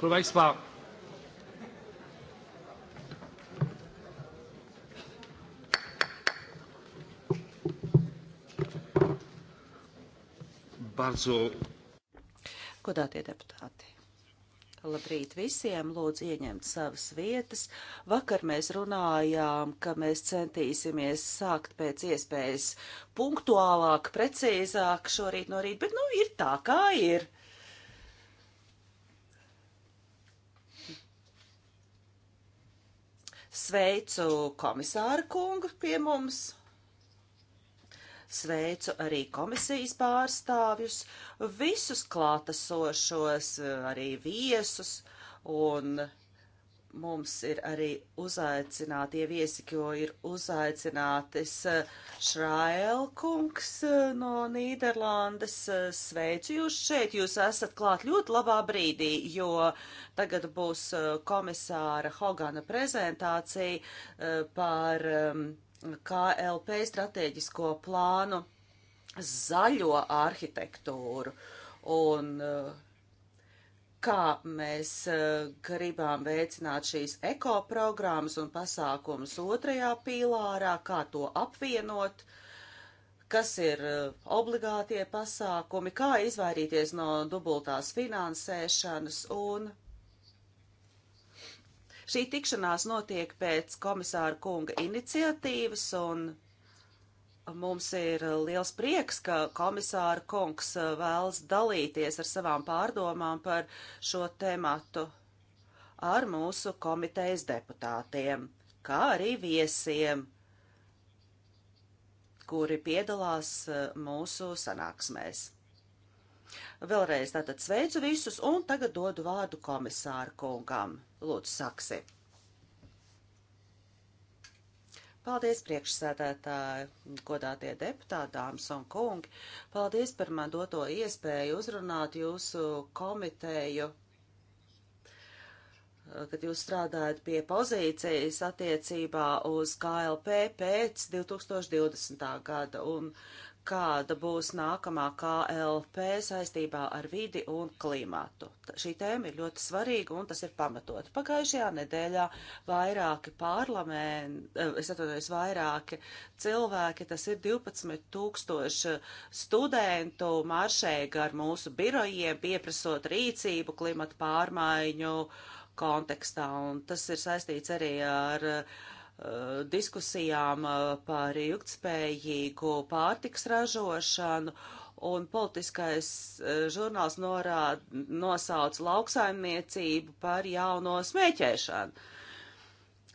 Proszę Państwa, bardzo. Godātie deputāti, labrīt visiem, lūdzu ieņemt savas vietas. Vakar mēs runājām, ka mēs centīsimies sākt pēc iespējas punktuālāk, precīzāk šorīt no rīta, bet nu ir tā, kā ir. Sveicu komisāru kungu pie mums. Sveicu arī komisijas pārstāvjus, visus klātesošos, arī viesus un mums ir arī uzaicinātie viesi, jo ir uzaicinātis eh, Šrailkungs eh, no Nīderlandes. Eh, sveicu jūs šeit, jūs esat klāt ļoti labā brīdī, jo tagad būs komisāra Hogana prezentācija par ehm, KLP strateģisko plānu zaļo arhitektūru. Un uh, kā mēs e, gribam veicināt šīs ekoprogrammas un pasākumus otrajā pīlārā, kā to apvienot, kas ir e, obligātie pasākumi, kā izvairīties no dubultās finansēšanas un Šī tikšanās notiek pēc komisāra kunga iniciatīvas un Mums ir liels prieks, ka komisāra kungs uh, vēlas dalīties ar savām pārdomām par šo tematu ar mūsu komitejas deputātiem, kā arī viesiem, kuri piedalās uh, mūsu sanāksmēs. Vēlreiz tātad sveicu visus un tagad dodu vārdu komisāra kungam. Lūdzu, saksi! Paldies priekšsēdētāji, godātie deputāti, dāmas un kungi. Paldies par man doto iespēju uzrunāt jūsu komiteju, kad jūs strādājat pie pozīcijas attiecībā uz KLP pēc 2020. gada. Un kāda būs nākamā KLP saistībā ar vidi un klimatu. Šī tēma ir ļoti svarīga un tas ir pamatot. Pagājušajā nedēļā vairāki parlamenti, eh, es atvainojos, vairāki cilvēki, tas ir 12 tūkstoši studentu maršēja gar mūsu birojiem, pieprasot rīcību klimatu pārmaiņu kontekstā, un tas ir saistīts arī ar uh, Eh, diskusijām eh, par ilgtspējīgu pārtiks ražošanu, un politiskais eh, žurnāls norād, nosauc lauksaimniecību par jauno smēķēšanu.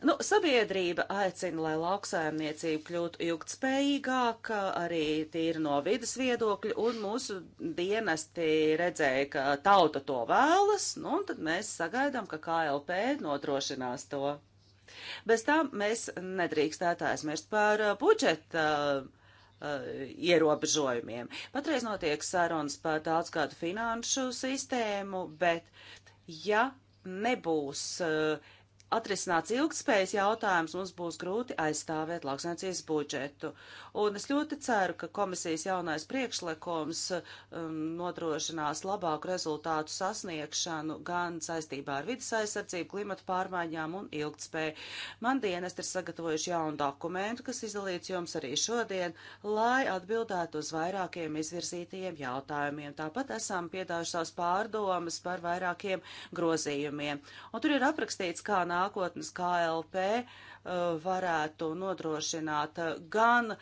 Nu, sabiedrība aicina, lai lauksaimniecība kļūtu ilgtspējīgāka, arī tīri no vidas viedokļa, un mūsu dienesti redzēja, ka tauta to vēlas, nu, un tad mēs sagaidām, ka KLP nodrošinās to. Bez tam mēs nedrīkstētu aizmirst par uh, budžeta uh, ierobežojumiem. Patreiz notiek sarunas par daudz kādu finanšu sistēmu, bet ja nebūs uh, atrisināts ilgspējas jautājums, mums būs grūti aizstāvēt lauksaimniecības budžetu. Un es ļoti ceru, ka komisijas jaunais priekšlikums um, nodrošinās labāku rezultātu sasniegšanu gan saistībā ar vidas aizsardzību, klimatu pārmaiņām un ilgspēju. Man dienest ir sagatavojuši jaunu dokumentu, kas izdalīts jums arī šodien, lai atbildētu uz vairākiem izvirzītajiem jautājumiem. Tāpat esam piedāvuši savus pārdomas par vairākiem grozījumiem. Un tur ir aprakstīts, kā nāk nākotnes KLP uh, varētu nodrošināt uh, gan uh,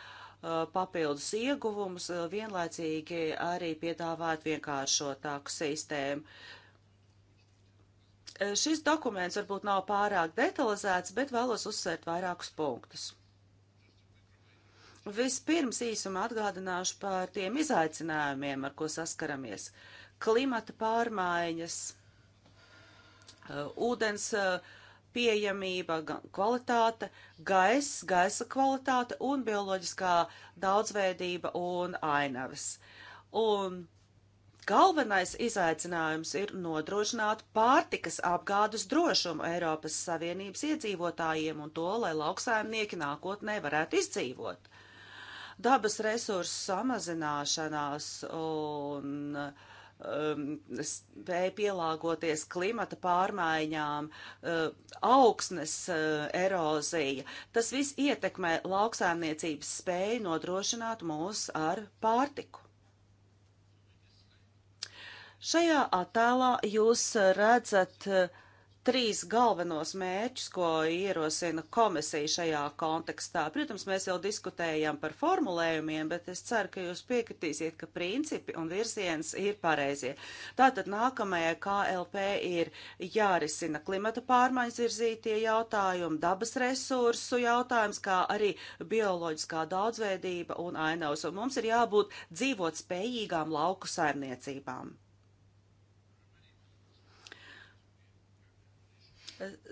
papildus ieguvumus, vienlaicīgi arī piedāvāt vienkāršotāku sistēmu. Šis dokuments varbūt nav pārāk detalizēts, bet vēlos uzsvērt vairākus punktus. Vispirms īsumā atgādināšu par tiem izaicinājumiem, ar ko saskaramies. Klimata pārmaiņas, ūdens uh, pieejamība, kvalitāte, gaiss, gaisa kvalitāte un bioloģiskā daudzveidība un ainavas. Un galvenais izaicinājums ir nodrošināt pārtikas apgādes drošumu Eiropas Savienības iedzīvotājiem un to, lai lauksaimnieki nākotnē varētu izdzīvot. Dabas resursu samazināšanās un uh, Um, spēja pielāgoties klimata pārmaiņām, uh, augsnes uh, erozija. Tas viss ietekmē lauksēmniecības spēju nodrošināt mūs ar pārtiku. Šajā attēlā jūs redzat uh, trīs galvenos mērķus, ko ierosina komisija šajā kontekstā. Protams, mēs jau diskutējam par formulējumiem, bet es ceru, ka jūs piekritīsiet, ka principi un virziens ir pareizie. Tātad nākamajai KLP ir jārisina klimata pārmaiņas virzītie jautājumi, dabas resursu jautājums, kā arī bioloģiskā daudzveidība un ainavs. Un mums ir jābūt dzīvot spējīgām lauku saimniecībām.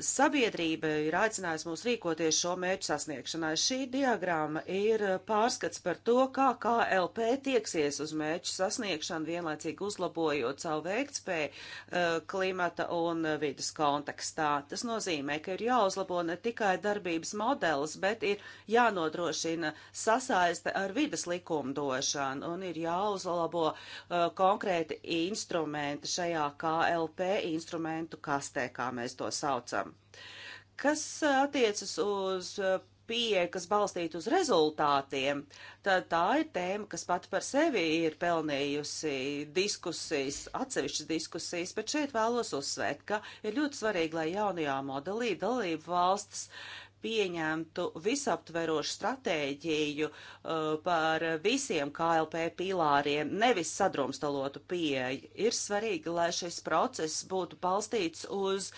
Sabiedrība ir aicinājusi mūs rīkoties šo mērķu sasniegšanai. Šī diagrama ir pārskats par to, kā KLP tieksies uz mērķu sasniegšanu, vienlaicīgi uzlabojot savu veiktspēju eh, klimata un vidas kontekstā. Tas nozīmē, ka ir jāuzlabo ne tikai darbības modelis, bet ir jānodrošina sasaiste ar vidas likumdošanu un ir jāuzlabo eh, konkrēti instrumenti šajā KLP instrumentu kastē, kā mēs to saucam saucam. Kas eh, attiecas uz eh, pieeja, kas balstīta uz rezultātiem, tad tā ir tēma, kas pat par sevi ir pelnījusi diskusijas, atsevišķas diskusijas, bet šeit vēlos uzsvērt, ka ir ļoti svarīgi, lai jaunajā modelī dalību valstis pieņemtu visaptverošu stratēģiju uh, par visiem KLP pīlāriem, nevis sadrumstalotu pieeju. Ir svarīgi, lai šis process būtu balstīts uz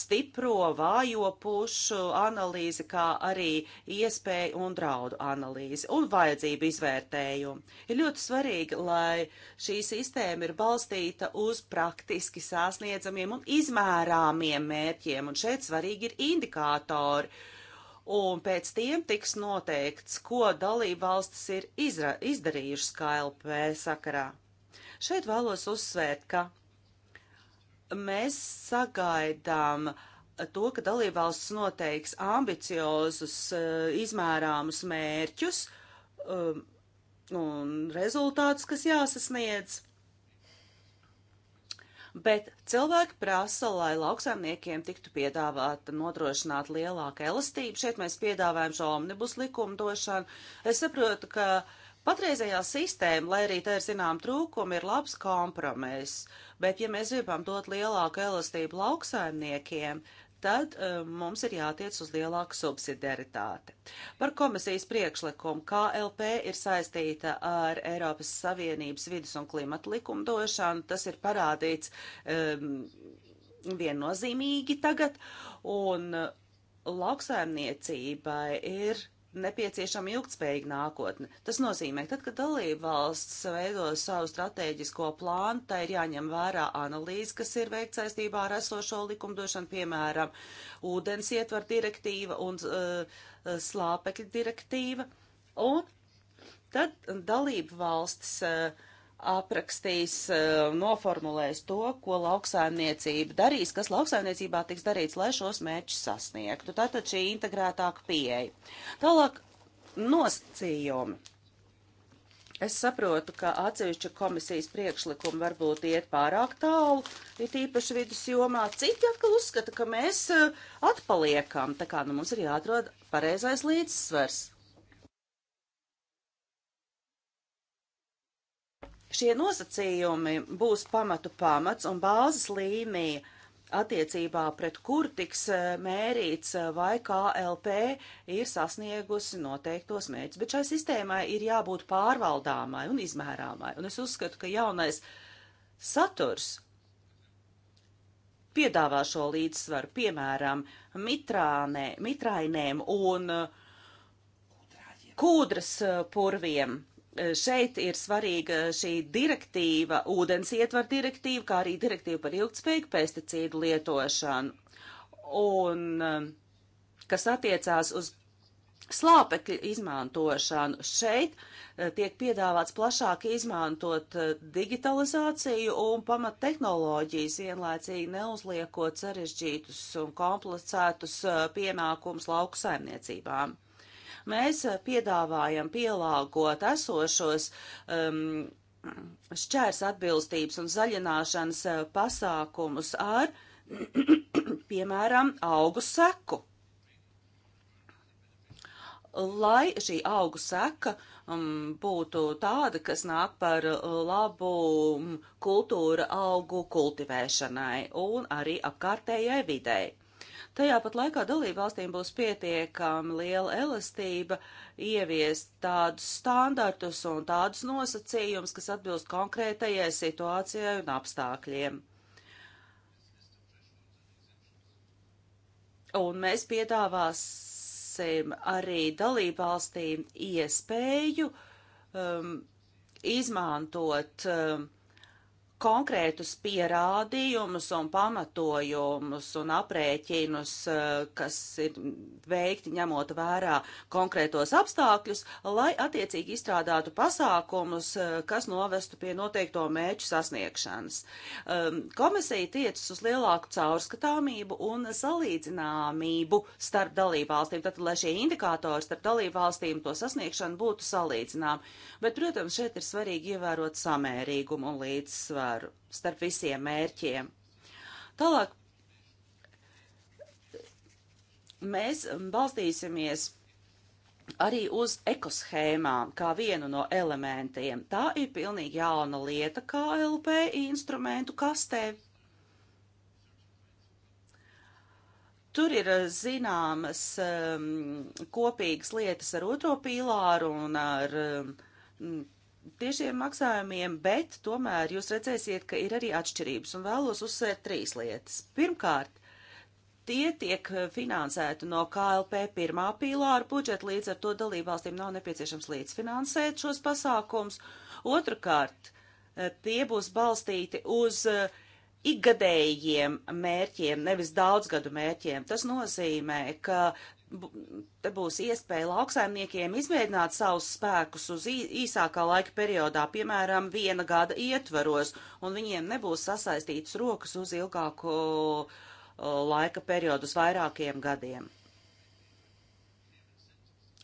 stipro vājo pušu analīzi, kā arī iespēju un draudu analīzi un vajadzību izvērtējumu. Ir ļoti svarīgi, lai šī sistēma ir balstīta uz praktiski sasniedzamiem un izmērāmiem mērķiem, un šeit svarīgi ir indikātori. Uh, un pēc tiem tiks noteikts, ko dalība valstis ir izra, izdarījušas KLP sakarā. Šeit vēlos uzsvērt, ka mēs sagaidām to, ka dalība valsts noteiks ambiciozus, eh, izmērāmus mērķus um, un rezultātus, kas jāsasniedz bet cilvēki prasa, lai lauksaimniekiem tiktu piedāvāta nodrošināt lielāku elastību. Šeit mēs piedāvājam šo omnibus likumdošanu. Es saprotu, ka patreizējā sistēma, lai arī tā ir zinām trūkumi, ir labs kompromiss, bet ja mēs gribam dot lielāku elastību lauksaimniekiem, uh, tad um, mums ir jātiec uz lielāku subsidiaritāti. Par komisijas priekšlikumu KLP ir saistīta ar Eiropas Savienības vidus un klimata likumdošanu. Tas ir parādīts um, viennozīmīgi tagad, un eh, lauksaimniecībai ir nepieciešama ilgtspējīga nākotne. Tas nozīmē, tad, kad dalība valsts veido savu strateģisko plānu, tai ir jāņem vērā analīze, kas ir veikts saistībā ar esošo likumdošanu, piemēram, ūdens ietvar direktīva un uh, slāpekļa direktīva. Un tad dalība valstis uh, aprakstīs, eh, noformulēs to, ko lauksaimniecība darīs, kas lauksaimniecībā tiks darīts, lai šos mērķus sasniegtu. Tātad šī integrētāka pieeja. Tālāk nosacījumi. Es saprotu, ka atsevišķa komisijas priekšlikumi varbūt iet pārāk tālu, ir īpaši vidus jomā. Citi atkal uzskata, ka mēs eh, atpaliekam, tā kā nu mums ir jāatrod pareizais līdzsvers. Šie nosacījumi būs pamatu pamats un bāzes līnija attiecībā pret kur tiks eh, mērīts, eh, vai KLP ir sasniegusi noteiktos mērķus. Bet šai sistēmai ir jābūt pārvaldāmai un izmērāmai. Un es uzskatu, ka jaunais saturs piedāvā šo līdzsvaru, piemēram, mitrānē, mitrainēm un eh, kūdras purviem šeit ir svarīga šī direktīva, ūdens ietvar direktīva, kā arī direktīva par ilgtspējīgu pesticīdu lietošanu. Un um, kas attiecās uz slāpekļa izmantošanu, šeit uh, tiek piedāvāts plašāk izmantot uh, digitalizāciju un pamattehnoloģijas, vienlaicīgi neuzliekot sarežģītus un komplicētus uh, pienākumus lauku saimniecībām. Mēs eh, piedāvājam pielāgot esošos um, šķērs atbilstības un zaļināšanas eh, pasākumus ar, piemēram, augu seku lai šī augu seka um, būtu tāda, kas nāk par labu mm, kultūra augu kultivēšanai un arī apkārtējai videi. Tajā pat laikā dalībvalstīm būs pietiekami liela elastība ieviest tādus standartus un tādus nosacījumus, kas atbilst konkrētajai situācijai un apstākļiem. Un mēs piedāvāsim arī dalībvalstīm iespēju um, izmantot um, konkrētus pierādījumus un pamatojumus un aprēķinus, eh, kas ir veikti ņemot vērā konkrētos apstākļus, lai attiecīgi izstrādātu pasākumus, eh, kas novestu pie noteikto mēķu sasniegšanas. Ehm, komisija tiecas uz lielāku caurskatāmību un salīdzināmību starp dalībvalstīm, tad, lai šie indikātori starp dalībvalstīm to sasniegšanu būtu salīdzināmi. Bet, protams, šeit ir svarīgi ievērot samērīgumu un līdzsvaru līdzsvaru starp visiem mērķiem. Tālāk mēs balstīsimies arī uz ekoshēmām kā vienu no elementiem. Tā ir pilnīgi jauna lieta KLP instrumentu kastē. Tur ir eh, zināmas um, kopīgas lietas ar otro pīlāru un ar um, tiešiem maksājumiem, bet tomēr jūs redzēsiet, ka ir arī atšķirības, un vēlos uzsvērt trīs lietas. Pirmkārt, tie tiek finansēti no KLP pirmā pīlāra budžeta, līdz ar to dalībvalstīm nav nepieciešams līdzfinansēt šos pasākums. Otrakārt, eh, tie būs balstīti uz eh, ikgadējiem mērķiem, nevis daudzgadu mērķiem. Tas nozīmē, ka te būs iespēja lauksaimniekiem izmēģināt savus spēkus uz īsākā laika periodā, piemēram, viena gada ietvaros, un viņiem nebūs sasaistītas rokas uz ilgāku laika periodu, uz vairākiem gadiem.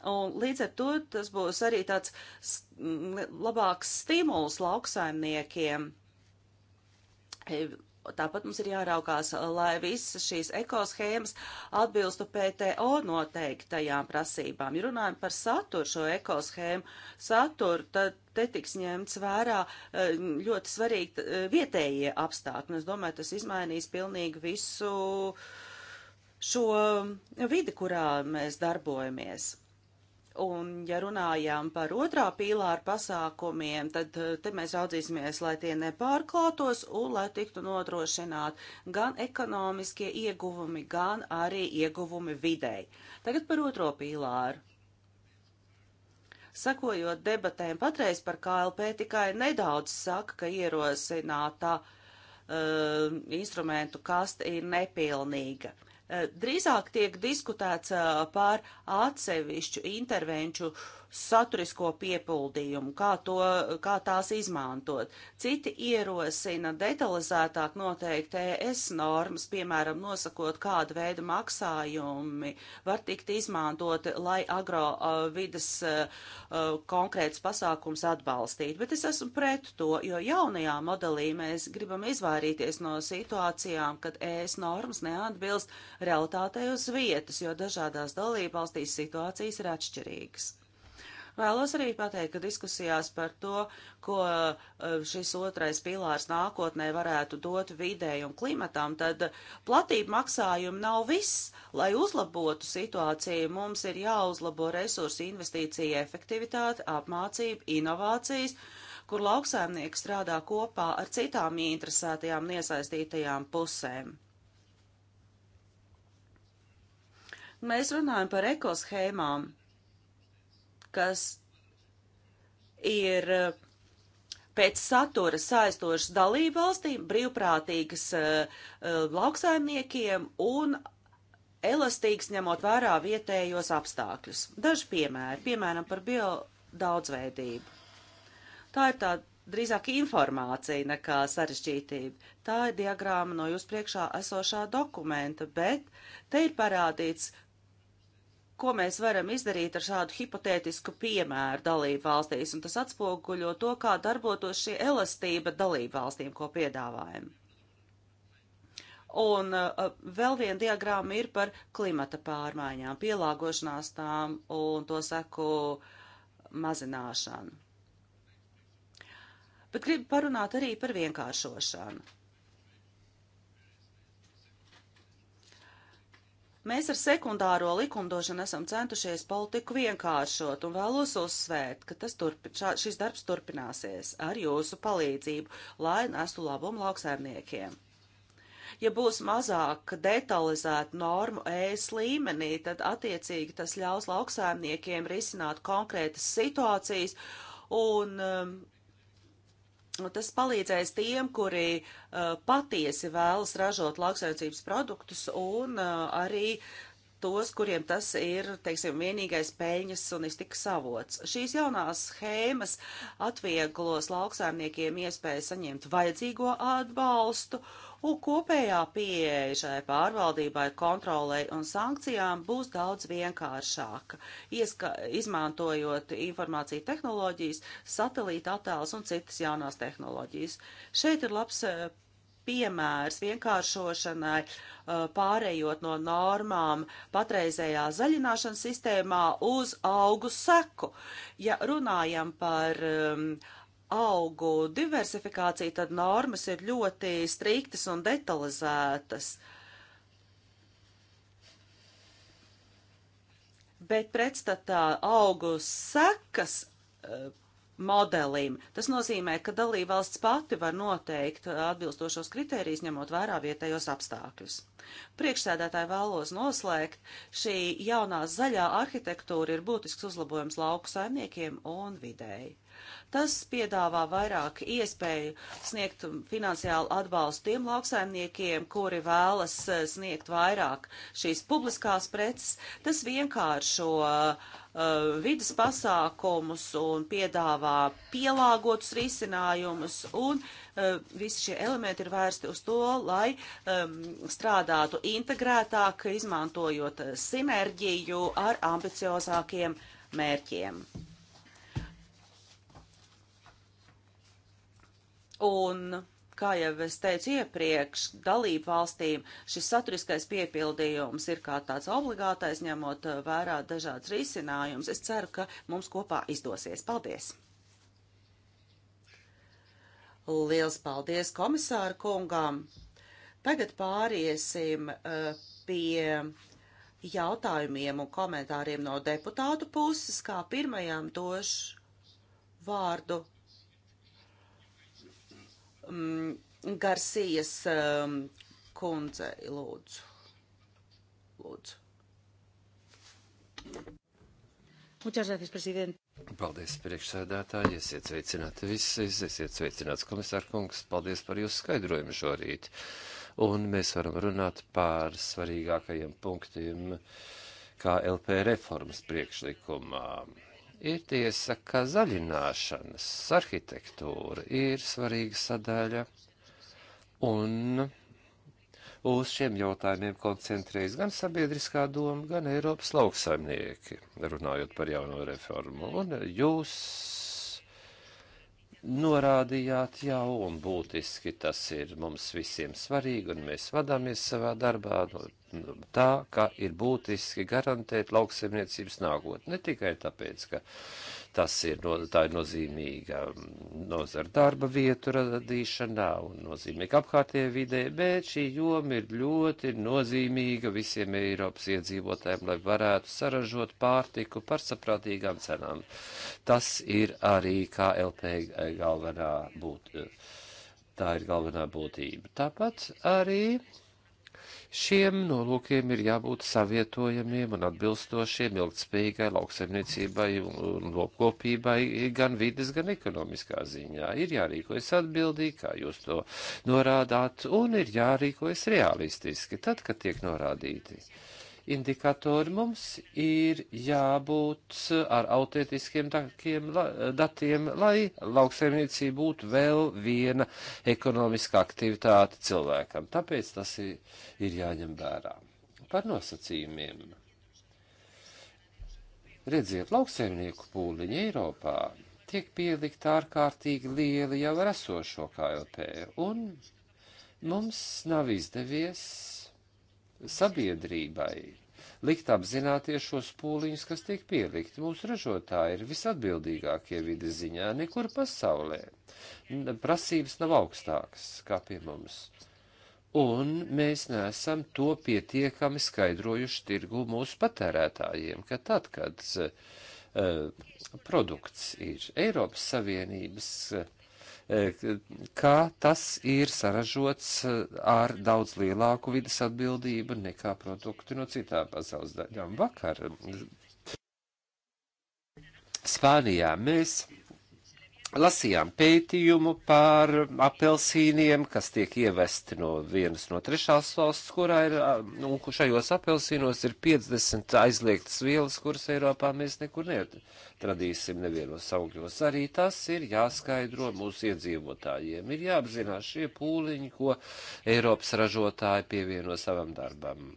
Un līdz ar to tas būs arī tāds labāks stimuls lauksaimniekiem Tāpat mums ir jāraukās, lai visas šīs ekoshēmas atbilstu PTO noteiktajām prasībām. Ja runājam par saturu šo ekoshēmu, saturu, tad te tiks ņemts vērā e, ļoti svarīgi e, vietējie apstākļi. Es domāju, tas izmainīs pilnīgi visu šo vidi, kurā mēs darbojamies. Un, ja runājām par otrā pīlāra pasākumiem, tad eh, te mēs raudzīsimies, lai tie nepārklātos un lai tiktu nodrošināt gan ekonomiskie ieguvumi, gan arī ieguvumi videi. Tagad par otro pīlāru. Sakojot debatēm patreiz par KLP, tikai nedaudz saka, ka ierosinātā uh, instrumentu kasta ir nepilnīga. Eh, drīzāk tiek diskutēts eh, par atsevišķu intervenču uh, saturisko piepildījumu, kā, to, kā tās izmantot. Citi ierosina detalizētāk noteikt ES normas, piemēram, nosakot, kāda veida maksājumi var tikt izmantoti, lai agrovidas konkrēts pasākums atbalstītu. Bet es esmu pret to, jo jaunajā modelī mēs gribam izvairīties no situācijām, kad ES normas neatbilst realitātei uz vietas, jo dažādās dalībvalstīs situācijas ir atšķirīgas. Vēlos arī pateikt, ka diskusijās par to, ko e, šis otrais pilārs nākotnē varētu dot videi un klimatam, tad platība maksājumi nav viss. Lai uzlabotu situāciju, mums ir jāuzlabo resursu investīcija efektivitāte, apmācība, inovācijas kur lauksaimnieki strādā kopā ar citām interesētajām un iesaistītajām pusēm. Mēs runājam par ekoshēmām, kas ir eh, pēc satura saistošas dalību valstīm, brīvprātīgas uh, lauksaimniekiem un elastīgs ņemot vērā vietējos apstākļus. Daži piemēri, piemēram, par bio daudzveidību. Tā ir tā drīzāk informācija nekā sarežģītība. Tā ir diagrāma no jūs priekšā esošā dokumenta, bet te ir parādīts, ko mēs varam izdarīt ar šādu hipotētisku piemēru dalību valstīs, un tas atspoguļo to, kā darbotos šī elastība dalību valstīm, ko piedāvājam. Un uh, vēl viena diagrāma ir par klimata pārmaiņām, pielāgošanās tām un to seku mazināšanu. Bet gribu parunāt arī par vienkāršošanu. Mēs ar sekundāro likumdošanu esam centušies politiku vienkāršot un vēlos uzsvērt, ka tas turpi, šā, šis darbs turpināsies ar jūsu palīdzību, lai nestu labumu lauksaimniekiem. Ja būs mazāk detalizēta normu ēs e līmenī, tad attiecīgi tas ļaus lauksaimniekiem risināt konkrētas situācijas un um, Nu, tas palīdzēs tiem, kuri uh, patiesi vēlas ražot lauksaimniecības produktus un uh, arī tos, kuriem tas ir, teiksim, vienīgais peļņas un iztikas avots. Šīs jaunās schēmas atvieglos lauksēmniekiem iespēju saņemt vajadzīgo atbalstu, un kopējā pieeja šai pārvaldībai, kontrolei un sankcijām būs daudz vienkāršāka, ieska, izmantojot informāciju tehnoloģijas, satelīta attēls un citas jaunās tehnoloģijas. Šeit ir labs eh, piemērs vienkāršošanai, uh, pārējot no normām patreizējā zaļināšanas sistēmā uz augu seku. Ja runājam par um, augu diversifikāciju, tad normas ir ļoti striktas un detalizētas. Bet pretstatā augu sekas uh, modelim. Tas nozīmē, ka dalībvalsts pati var noteikt atbilstošos kritērijus, ņemot vērā vietējos apstākļus. Priekšsēdētāji vēlos noslēgt, šī jaunā zaļā arhitektūra ir būtisks uzlabojums lauku saimniekiem un vidēji. Tas piedāvā vairāk iespēju sniegt finansiālu atbalstu tiem lauksaimniekiem, kuri vēlas eh, sniegt vairāk šīs publiskās preces. Tas vienkāršo uh, vidas pasākumus un piedāvā pielāgotus risinājumus, un uh, visi šie elementi ir vērsti uz to, lai um, strādātu integrētāk, izmantojot sinerģiju ar ambiciozākiem mērķiem. Un, kā jau es teicu iepriekš, dalību valstīm šis saturiskais piepildījums ir kā tāds obligātais, ņemot uh, vērā dažādas risinājumus. Es ceru, ka mums kopā izdosies. Paldies! Liels paldies komisāra kungām! Tagad pāriesim uh, pie jautājumiem un komentāriem no deputātu puses, kā pirmajām došu vārdu um, Garcijas um, kundzei lūdzu. lūdzu. Muchas gracias, presidente. Paldies, priekšsēdētāji, esiet sveicināti visi, esiet sveicināts komisārkungs, paldies par jūsu skaidrojumu šorīt. Un mēs varam runāt par svarīgākajiem punktiem, kā LP reformas priekšlikumā. Ir tiesa, ka zaļināšanas arhitektūra ir svarīga sadaļa, un uz šiem jautājumiem koncentrējas gan sabiedriskā doma, gan Eiropas lauksaimnieki, runājot par jauno reformu. Un jūs norādījāt jau, un būtiski tas ir mums visiem svarīgi, un mēs vadāmies savā darbā no, no, tā, ka ir būtiski garantēt lauksaimniecības nākotni. Ne tikai tāpēc, ka Tas ir, no, tā ir nozīmīga mm, nozara darba vietu radīšanā un nozīmīga apkārtējai vidē, bet šī joma ir ļoti nozīmīga visiem Eiropas iedzīvotājiem, lai varētu saražot pārtiku par saprātīgām cenām. Tas ir arī KLP galvenā būtība. Tā ir galvenā būtība. Tāpat arī Šiem nolūkiem ir jābūt savietojamiem un atbilstošiem ilgtspējīgai lauksaimniecībai un lopkopībai gan vides, gan ekonomiskā ziņā. Ir jārīkojas atbildīgi, kā jūs to norādāt, un ir jārīkojas realistiski, tad, kad tiek norādīti indikatori mums ir jābūt ar autentiskiem datiem, lai lauksaimniecība būtu vēl viena ekonomiska aktivitāte cilvēkam. Tāpēc tas ir, ir jāņem vērā. Par nosacījumiem. Redziet, lauksaimnieku pūliņi Eiropā tiek pielikt ārkārtīgi lieli jau ar esošo KLP, un mums nav izdevies sabiedrībai likt apzināties šos pūliņus, kas tiek pielikti. Mūsu ražotāji ir visatbildīgākie vides ziņā nekur pasaulē. Prasības nav augstākas kā pie mums. Un mēs neesam to pietiekami skaidrojuši tirgu mūsu patērētājiem, ka tad, kad uh, produkts ir Eiropas Savienības uh, kā tas ir saražots eh, ar daudz lielāku vidas atbildību nekā produkti no citām pasaules daļām. Vakar Spānijā mēs lasījām pētījumu par apelsīniem, kas tiek ievesti no vienas no trešās valsts, kurā ir, nu, un šajos apelsīnos ir 50 aizliegtas vielas, kuras Eiropā mēs nekur netradīsim nevienos augļos. Arī tas ir jāskaidro mūsu iedzīvotājiem. Ir jāapzinās šie pūliņi, ko Eiropas ražotāji pievieno savam darbam.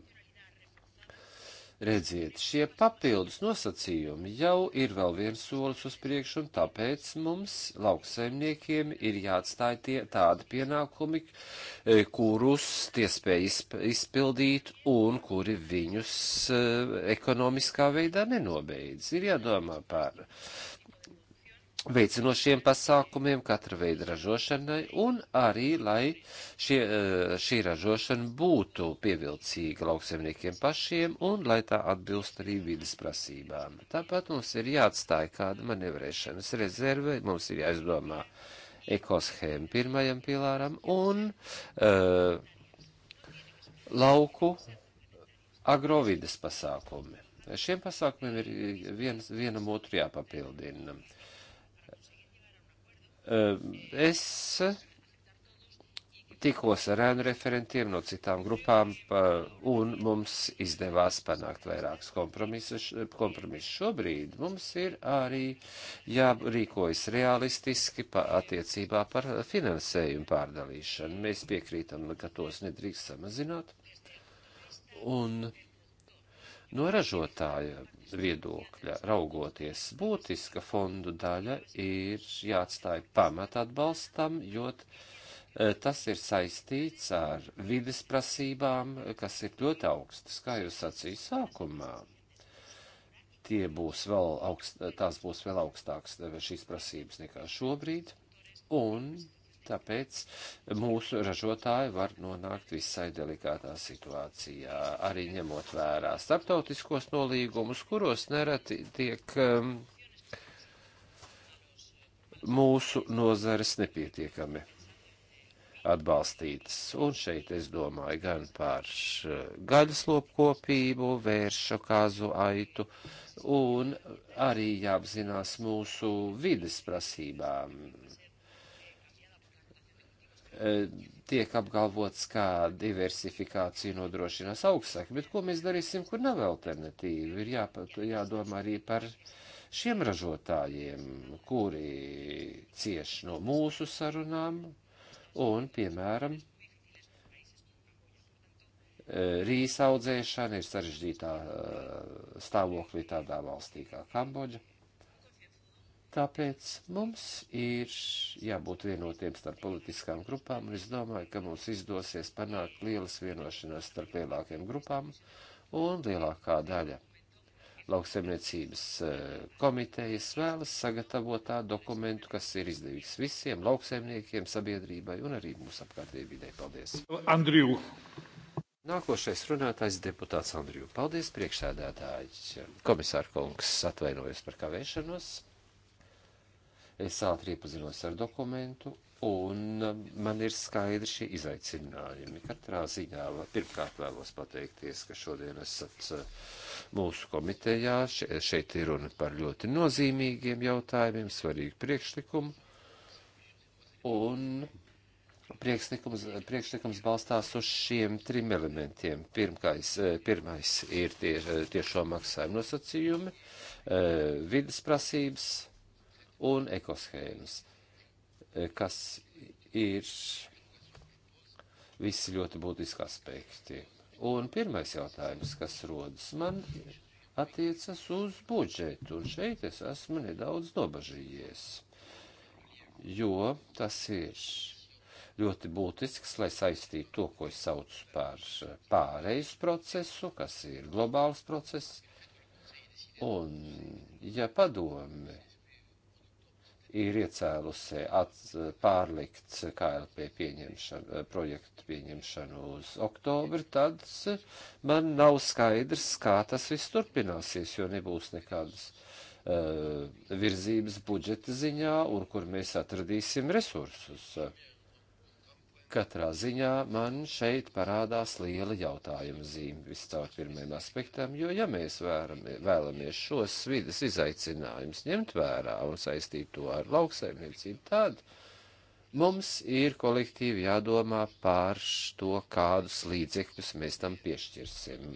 Redziet, šie papildus nosacījumi jau ir vēl viens solis uz priekšu, un tāpēc mums, lauksaimniekiem, ir jāatstāj tie tādi pienākumi, e, kurus tie spēj izpildīt un kuri viņus e, ekonomiskā veidā nenobeidz. Ir jādomā par veicinošiem pasākumiem katra veida ražošanai un arī, lai šie, eh, šī ražošana būtu pievilcīga lauksemniekiem pašiem un lai tā atbilst arī vidas prasībām. Tāpat mums ir jāatstāja kāda manevrēšanas rezerve, mums ir jāizdomā ekoshēma pirmajam pilāram un uh, lauku agrovides pasākumi. Šiem pasākumiem ir viens, vienam otru jāpapildina. Uh, Ehm, es tikos ar ēnu referentiem no citām grupām, un mums izdevās panākt vairākus kompromisus. kompromisus. Šobrīd mums ir arī jārīkojas realistiski pa attiecībā par finansējumu pārdalīšanu. Mēs piekrītam, ka tos nedrīkst samazināt. Un No ražotāja viedokļa raugoties, būtiska fondu daļa ir jāatstāja pamat atbalstam, jo e, tas ir saistīts ar vides prasībām, kas ir ļoti augstas, kā jūs sacījāt sākumā. Tie būs vēl augst, tās būs vēl augstākas e, šīs prasības nekā šobrīd, un tāpēc mūsu ražotāji var nonākt visai delikātā situācijā, arī ņemot vērā starptautiskos nolīgumus, kuros nereti tiek um, mūsu nozares nepietiekami atbalstītas. Un šeit es domāju gan par uh, gaļas lopkopību, vēršu, kāzu, aitu, un arī jāapzinās mūsu vides prasībām. E, tiek apgalvots, kā diversifikācija nodrošinās augstsāk, bet ko mēs darīsim, kur nav alternatīva? Ir jāpat, jādomā arī par šiem ražotājiem, kuri cieš no mūsu sarunām un, piemēram, e, rīsaudzēšana ir sarežģītā e, stāvoklī tādā valstī kā Kambodža. Tāpēc mums ir jābūt vienotiem starp politiskām grupām, un es domāju, ka mums izdosies panākt lielas vienošanās starp lielākiem grupām, un lielākā daļa lauksemniecības eh, komitejas vēlas sagatavot tādu dokumentu, kas ir izdevīgs visiem lauksemniekiem, sabiedrībai un arī mūsu apkārtējai vidē. Paldies! Andriju! Nākošais runātājs deputāts Andriju. Paldies, priekšsēdētāji! Komisāra kungs atvainojas par kavēšanos. Es ātri iepazinos ar dokumentu, un um, man ir skaidri šie izaicinājumi. Katrā ziņā pirmkārt vēlos pateikties, ka šodien esat uh, mūsu komitejā. Šeit ir runa par ļoti nozīmīgiem jautājumiem, svarīgu priekšlikumu. Un priekšlikums, priekšlikums balstās uz šiem trim elementiem. Pirmkais, eh, pirmais ir tie, eh, tiešo maksājumu nosacījumi, eh, vidas prasības un ekoshēmas, e, kas ir visi ļoti būtiski aspekti. Un pirmais jautājums, kas rodas man, attiecas uz budžetu, un šeit es esmu nedaudz nobažījies, jo tas ir ļoti būtisks, lai saistītu to, ko es saucu par pārejas procesu, kas ir globāls process. Un, ja padome ir iecēlusi pārlikt KLP pieņemšanu, projektu pieņemšanu uz oktobri, tad man nav skaidrs, kā tas viss turpināsies, jo nebūs nekādas uh, virzības budžeta ziņā un kur mēs atradīsim resursus. Uh, Katrā ziņā man šeit parādās liela jautājuma zīme viscaur pirmajam aspektam, jo ja mēs vēramie, vēlamies šos vidas izaicinājumus ņemt vērā un saistīt to ar lauksaimniecību, tad mums ir kolektīvi jādomā pār to, kādus līdzekļus mēs tam piešķirsim.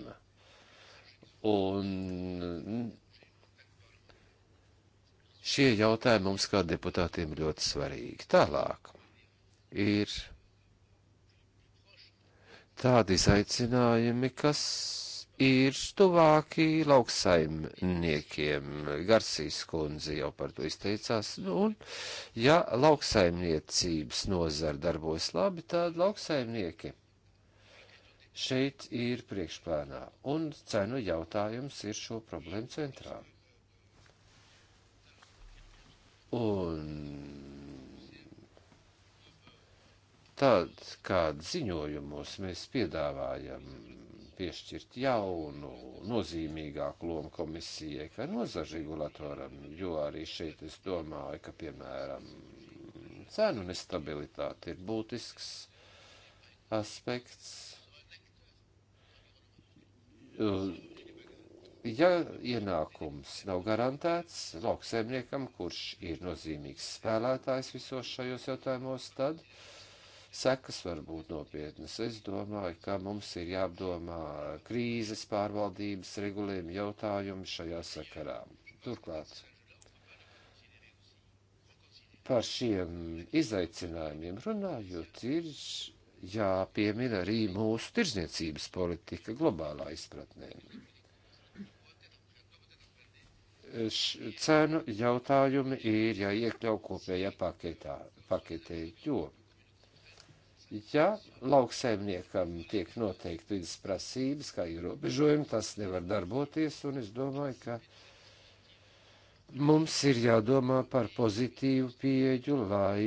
Un šie jautājumi mums kā deputātiem ļoti svarīgi. Tālāk ir tādi izaicinājumi, kas ir tuvāki lauksaimniekiem. Garsīs kundze jau par to izteicās. Nu, un, ja lauksaimniecības nozara darbos labi, tad lauksaimnieki šeit ir priekšplānā. Un cenu jautājums ir šo problēmu centrā. Un tad, kad ziņojumos mēs piedāvājam piešķirt jaunu, nozīmīgāku lomu komisijai, kā nozažu regulatoram, jo arī šeit es domāju, ka, piemēram, cenu nestabilitāte ir būtisks aspekts. Ja ienākums nav garantēts lauksēmniekam, kurš ir nozīmīgs spēlētājs visos šajos jautājumos, tad uh, sekas var būt nopietnas. Es domāju, ka mums ir jāapdomā krīzes pārvaldības regulējuma jautājumi šajā sakarā. Turklāt par šiem izaicinājumiem runājot, ir jāpiemina arī mūsu tirzniecības politika globālā izpratnē. Cenu jautājumi ir jāiekļau kopējā paketā, paketē, jo Ja lauksaimniekam tiek noteikti vidas prasības, kā ierobežojumi, tas nevar darboties, un es domāju, ka mums ir jādomā par pozitīvu pieeju, lai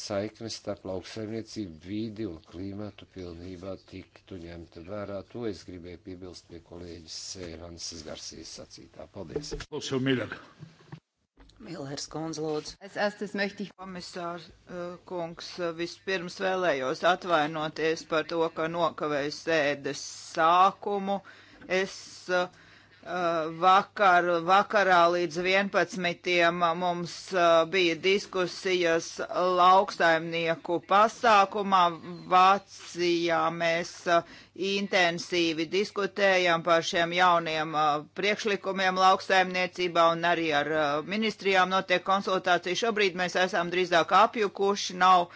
saiknes starp lauksaimniecību, vidi un klimatu pilnībā tiktu ņemta vērā. To es gribēju piebilst pie kolēģis Evansas Garsijas sacītā. Paldies! Klausimies, mīļāk! Millers kundze, lūdzu. Es esmu smēķis komisārs eh, kungs. Eh, vispirms vēlējos atvainoties par to, ka nokavēju sēdes sākumu. Es uh, Eh, vakar, vakarā līdz 11. mums eh, bija diskusijas lauksaimnieku pasākumā. Vācijā mēs eh, intensīvi diskutējam par šiem jauniem priekšlikumiem lauksaimniecībā un arī ar ministrijām notiek konsultācija. Šobrīd mēs esam drīzāk apjukuši, nav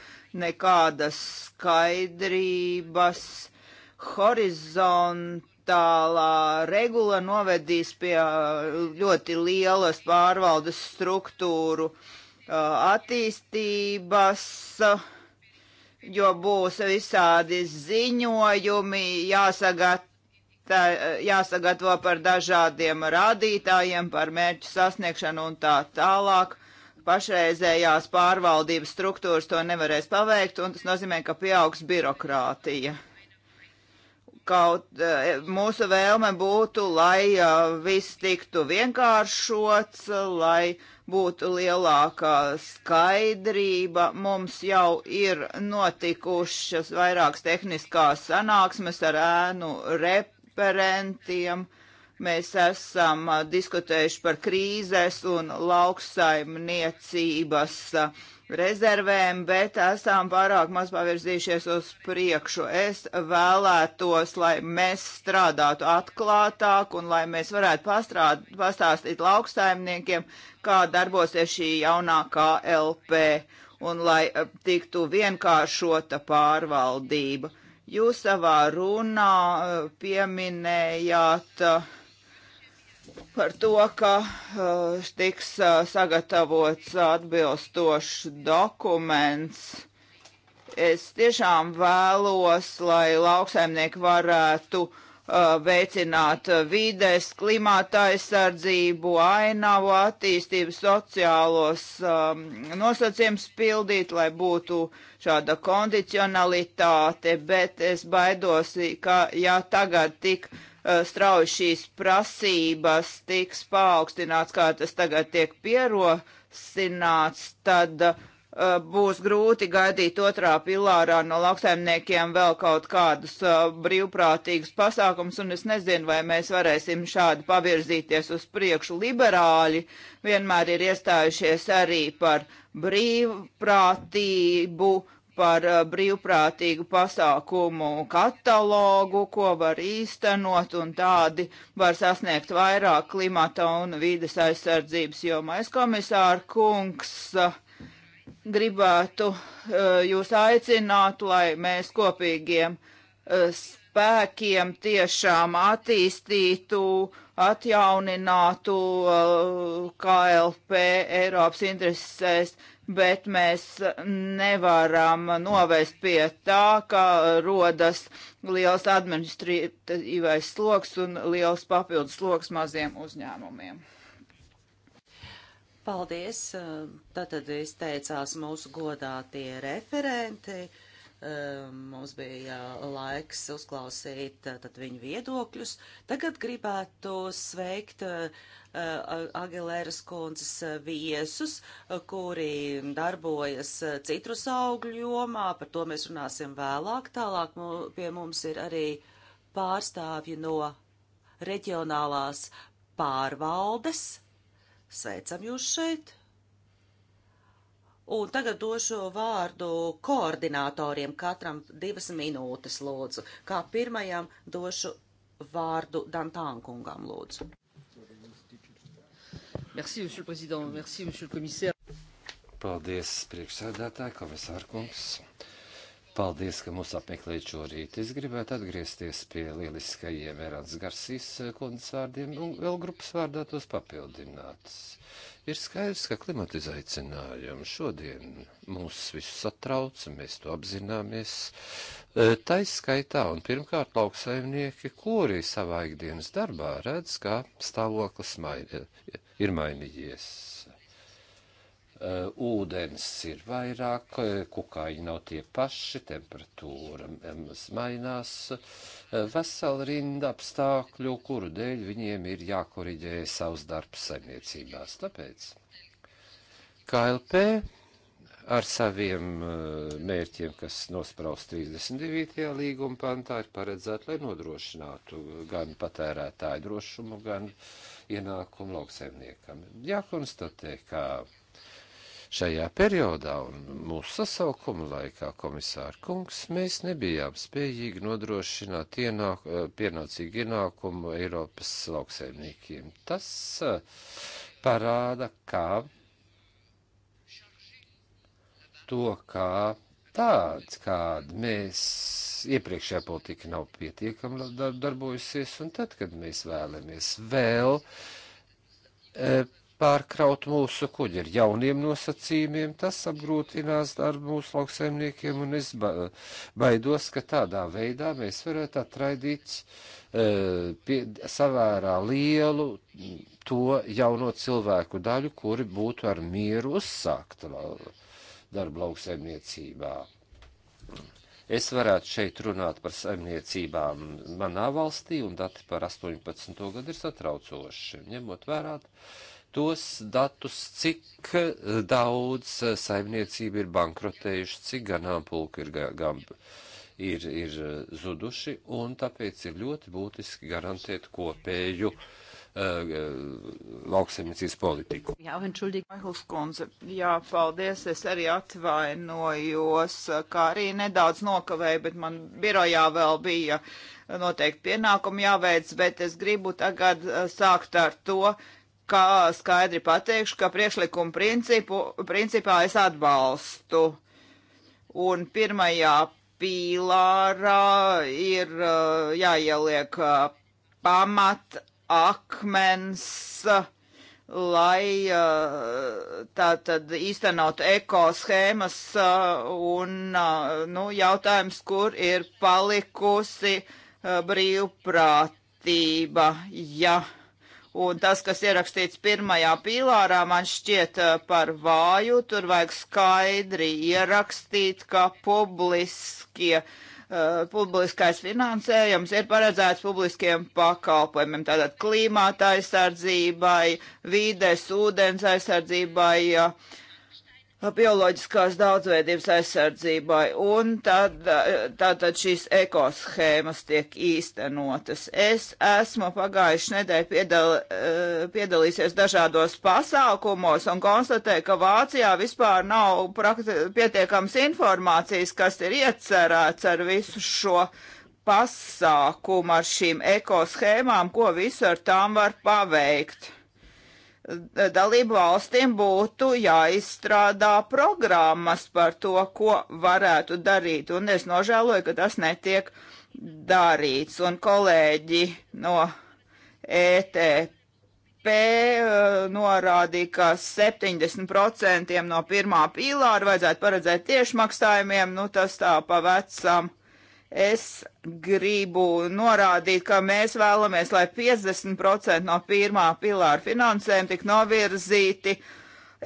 nekādas skaidrības horizonta digitālā regula novedīs pie uh, ļoti lielas pārvaldes struktūru uh, attīstības, uh, jo būs visādi ziņojumi jāsagat jāsagatavo par dažādiem rādītājiem, par mērķu sasniegšanu un tā tālāk pašreizējās pārvaldības struktūras to nevarēs paveikt, un tas nozīmē, ka pieaugs birokrātija kaut eh, mūsu vēlme būtu, lai eh, viss tiktu vienkāršots, lai būtu lielākā skaidrība. Mums jau ir notikušas vairākas tehniskās sanāksmes ar ēnu referentiem. Mēs esam eh, diskutējuši par krīzes un lauksaimniecības uh, rezervēm, bet esam pārāk maz pavirzījušies uz priekšu. Es vēlētos, lai mēs strādātu atklātāk un lai mēs varētu pastrād, pastāstīt lauksaimniekiem, kā darbosies šī jaunā KLP un lai eh, tiktu vienkāršota pārvaldība. Jūs savā runā eh, pieminējāt uh, par to, ka uh, tiks uh, sagatavots atbilstošs dokuments. Es tiešām vēlos, lai lauksaimnieki varētu uh, veicināt vides, klimata aizsardzību, ainavu attīstību, sociālos um, nosacījums pildīt, lai būtu šāda kondicionalitāte, bet es baidos, ka ja tagad tik uh, Eh, strauji šīs prasības tiks paaugstināts, kā tas tagad tiek pierosināts, tad uh, būs grūti gaidīt otrā pilārā no lauksaimniekiem vēl kaut kādus uh, brīvprātīgus pasākums, un es nezinu, vai mēs varēsim šādi pavirzīties uz priekšu. Liberāļi vienmēr ir iestājušies arī par brīvprātību par eh, brīvprātīgu pasākumu katalogu, ko var īstenot, un tādi var sasniegt vairāk klimata un vīdes aizsardzības jomā. Es komisāru kungs eh, gribētu eh, jūs aicināt, lai mēs kopīgiem spēkiem tiešām attīstītu, atjauninātu KLP Eiropas interesēs bet mēs nevaram novest pie tā, ka rodas liels administratīvais sloks un liels papildus sloks maziem uzņēmumiem. Paldies! Tātad izteicās mūsu godātie referenti. Ehm, mums bija eh, laiks uzklausīt eh, tad viņu viedokļus. Tagad gribētu sveikt eh, Agilēras kundzes viesus, kuri darbojas citrus augļu jomā. Par to mēs runāsim vēlāk. Tālāk pie mums ir arī pārstāvji no reģionālās pārvaldes. Sveicam jūs šeit! Un tagad došu vārdu koordinatoriem, katram divas minūtes lūdzu. Kā pirmajam došu vārdu Dantānkungam lūdzu. Merci, monsieur le président. Merci, monsieur le commissaire. Paldies, priekšsēdētāji, komisārkungs. Paldies, ka mūs apmeklējat šorīt. Es gribētu atgriezties pie lieliskajiem Erāns Garsīs kundzes vārdiem un vēl grupas vārdā tos papildināt. Uh, Ir skaidrs, ka klimata izaicinājumi šodien mūs visus satrauc, mēs to apzināmies. E, taiskaitā un pirmkārt lauksaimnieki, kuri savā ikdienas darbā redz, ka stāvoklis maini, ir mainījies. Uh, ūdens ir vairāk, uh, kukaiņi nav tie paši, temperatūra mainās, uh, vesela rinda apstākļu, kuru dēļ viņiem ir jākoriģē savs darbs saimniecībās. Tāpēc KLP ar saviem mērķiem, kas nospraust 32. līguma pantā, ir paredzēta, lai nodrošinātu gan patērētāju drošumu, gan ienākumu lauksaimniekam. Jākonstatē, ka Šajā periodā un mūsu sasaukuma laikā, komisāra kungs, mēs nebijām spējīgi nodrošināt ienāk, eh, pienācīgu ienākumu Eiropas lauksaimniekiem. Tas eh, parāda, kā to, kā tāds, kāda mēs iepriekšējā politika nav pietiekami darbojusies, un tad, kad mēs vēlamies vēl e, pārkraut mūsu kuģi ar jauniem nosacījumiem, tas apgrūtinās darbu mūsu lauksaimniekiem, un es ba baidos, ka tādā veidā mēs varētu atraidīt uh, pie, savērā lielu to jauno cilvēku daļu, kuri būtu ar mieru uzsākta darba lauksaimniecībā. Es varētu šeit runāt par saimniecībām manā valstī, un dati par 18. gadu ir satraucoši, ņemot vērā tos datus, cik eh, daudz eh, saimniecība ir bankrotējuši, cik ganāmpulku ir, gan, ir, ir eh, zuduši, un tāpēc ir ļoti būtiski garantēt kopēju uh, lauksaimniecības politiku. Jā, Maihls kundze, jā, paldies, es arī atvainojos, kā arī nedaudz nokavēju, bet man birojā vēl bija noteikti pienākumi jāveic, bet es gribu tagad sākt ar to, uh, kā skaidri pateikšu, ka priekšlikumu principu, principā es atbalstu. Un pirmajā pīlārā ir uh, jāieliek uh, pamat akmens, lai uh, tā tad īstenot ekoshēmas un, nu, jautājums, kur ir palikusi brīvprātība, ja. Un tas, kas ierakstīts pirmajā pīlārā, man šķiet eh, par vāju. Tur vajag skaidri ierakstīt, ka publiskie, uh, publiskais finansējums ir paredzēts publiskiem pakalpojumiem. Tātad klimāta aizsardzībai, vīdes, ūdens aizsardzībai. Uh, bioloģiskās daudzveidības aizsardzībai, un tad, tātad šīs ekoshēmas tiek īstenotas. Es esmu pagājuši nedēļu piedal, eh, piedalīsies dažādos pasākumos un konstatēju, ka Vācijā vispār nav pietiekams informācijas, kas ir iecerēts ar visu šo pasākumu, ar šīm ekoshēmām, ko visu ar tām var paveikt dalību valstīm būtu jāizstrādā programmas par to, ko varētu darīt, un es nožēloju, ka tas netiek darīts, un kolēģi no ETP uh, norādīja, ka 70% no pirmā pīlāra vajadzētu paredzēt tiešmaksājumiem, nu tas tā pa vecam Es gribu norādīt, ka mēs vēlamies, lai 50% no pirmā pilāra finansēm tik novirzīti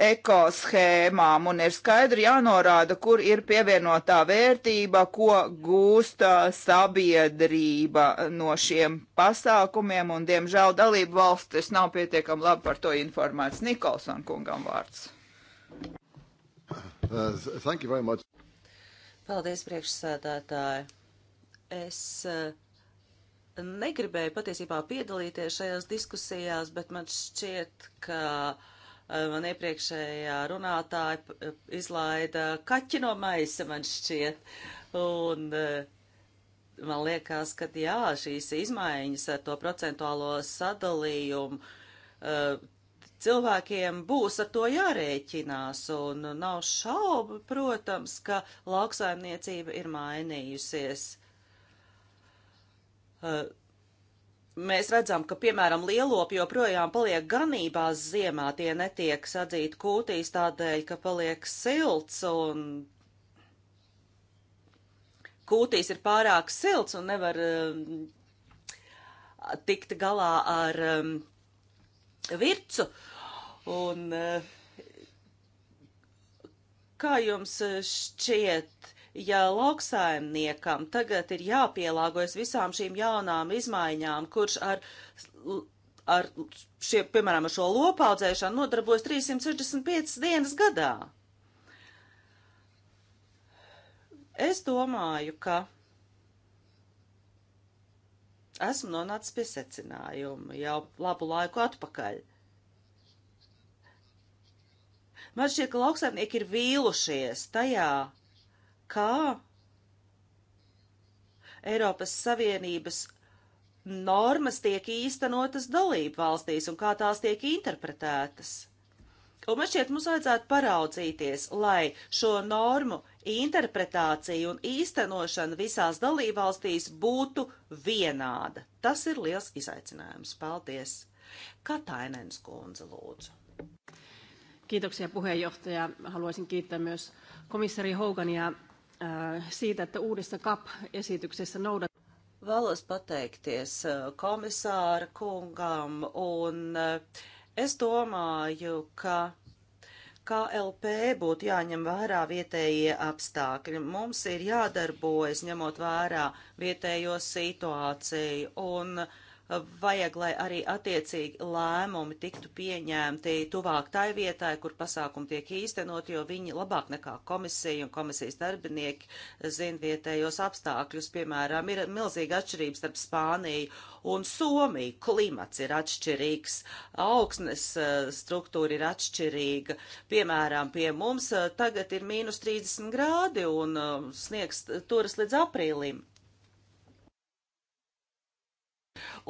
ekoshēmām un ir skaidri jānorāda, kur ir pievienotā vērtība, ko gūst uh, sabiedrība no šiem pasākumiem, un diemžēl dalību valstis nav pietiekami labi par to informēts. Nikolson kungam vārds. Uh, thank you very much. Paldies, priekšsēdētāji. Es eh, negribēju patiesībā piedalīties šajās diskusijās, bet man šķiet, ka eh, man iepriekšējā runātāja eh, izlaida kaķi no maisa, man šķiet. Un man liekas, ka jā, šīs izmaiņas ar to procentuālo sadalījumu cilvēkiem būs ar to jārēķinās, un nav šaubu, protams, ka lauksaimniecība ir mainījusies. Eh, mēs redzam, ka, piemēram, lielopi joprojām paliek ganībās ziemā, tie netiek sadzīti kūtīs tādēļ, ka paliek silts un kūtīs ir pārāk silts un nevar um, tikt galā ar um, vircu. Un, uh, kā jums šķiet, ja lauksaimniekam tagad ir jāpielāgojas visām šīm jaunām izmaiņām, kurš ar, ar šie, piemēram, ar šo lopaudzēšanu nodarbojas 365 dienas gadā? Es domāju, ka esmu nonācis pie secinājuma jau labu laiku atpakaļ. Man šķiet, ka lauksaimnieki ir vīlušies tajā, kā Eiropas Savienības normas tiek īstenotas dalību valstīs un kā tās tiek interpretētas. Un man šķiet, mums vajadzētu paraudzīties, lai šo normu interpretācija un īstenošana visās dalībvalstīs būtu vienāda. Tas ir liels izaicinājums. Paldies! Katainens kundze lūdzu. Kiitoksia puheenjohtaja. Haluaisin kiittää myös komissari Hogania Äh, siitä, että uudessa CAP-esityksessä noudat. Vēlos pateikties äh, komisāra kungam, un äh, es domāju, ka KLP būtu jāņem vērā vietējie apstākļi. Mums ir jādarbojas ņemot vērā vietējo situāciju, un uh, vajag, lai arī attiecīgi lēmumi tiktu pieņemti tuvāk tai vietai, kur pasākumi tiek īstenot, jo viņi labāk nekā komisija un komisijas darbinieki zina vietējos apstākļus. Piemēram, ir milzīga atšķirības starp Spāniju un Somiju. Klimats ir atšķirīgs, augsnes eh, struktūra ir atšķirīga. Piemēram, pie mums eh, tagad ir mīnus 30 grādi un eh, sniegs turas līdz aprīlim.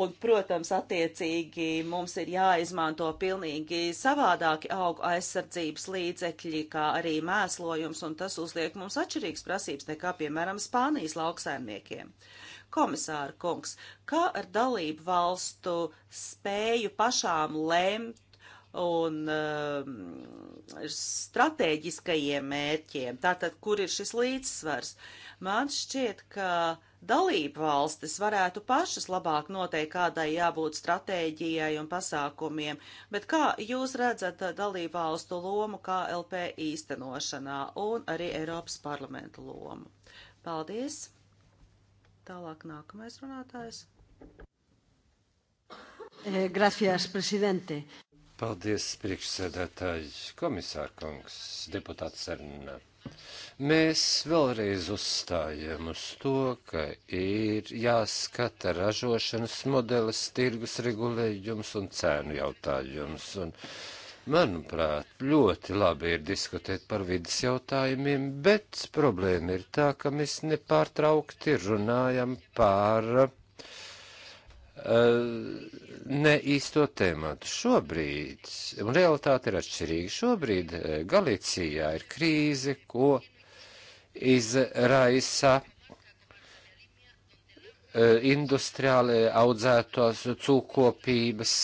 Un, protams, attiecīgi mums ir jāizmanto pilnīgi savādāki augu aizsardzības līdzekļi, kā arī mēslojums, un tas uzliek mums atšķirīgas prasības nekā, piemēram, Spānijas lauksaimniekiem. Komisāra kungs, kā ar dalību valstu spēju pašām lemt un um, stratēģiskajiem mērķiem, tātad kur ir šis līdzsvars? Man šķiet, ka uh, dalību valstis varētu pašas labāk noteikt, kādai jābūt stratēģijai un pasākumiem, bet kā jūs redzat dalību valstu lomu KLP īstenošanā un arī Eiropas parlamentu lomu? Paldies! Tālāk nākamais runātājs. Eh, gracias, presidente. Paldies, priekšsēdētāji, komisārkungs, deputāts Sarnā. Mēs vēlreiz uzstājam uz to, ka ir jāskata ražošanas modelis, tirgus regulējums un cēnu jautājums. Un, manuprāt, ļoti labi ir diskutēt par vidas jautājumiem, bet problēma ir tā, ka mēs nepārtraukti runājam par uh, Eh, ne īsto tēmatu. Šobrīd, un realitāte ir atšķirīga, šobrīd eh, Galicijā ir krīze, ko izraisa eh, industriāli audzētos cūkopības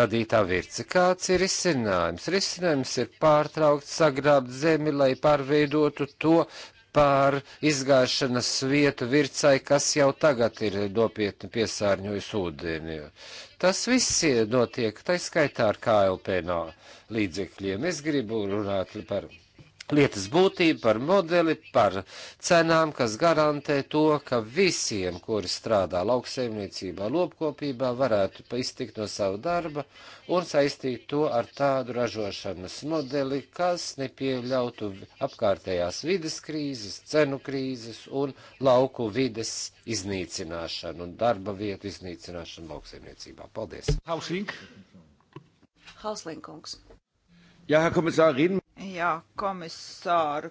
radītā virce. Kāds ir risinājums? Risinājums ir pārtraukt, sagrābt zemi, lai pārveidotu to par izgāšanas vietu vircai, kas jau tagad ir nopietni piesārņojis ūdeni. Tas viss notiek, tai skaitā ar KLP no līdzekļiem. Es gribu runāt par lietas būtību, par modeli, par cenām, kas garantē to, ka visiem, kuri strādā lauksaimniecībā, lopkopībā, varētu iztikt no sava darba un saistīt to ar tādu ražošanas modeli, kas nepieļautu apkārtējās vides krīzes, cenu krīzes un lauku vides iznīcināšanu un darba vietu iznīcināšanu lauksaimniecībā. Paldies! Hauslink! Hauslinkungs! Jā, komisār, rīn. Jā, komisār,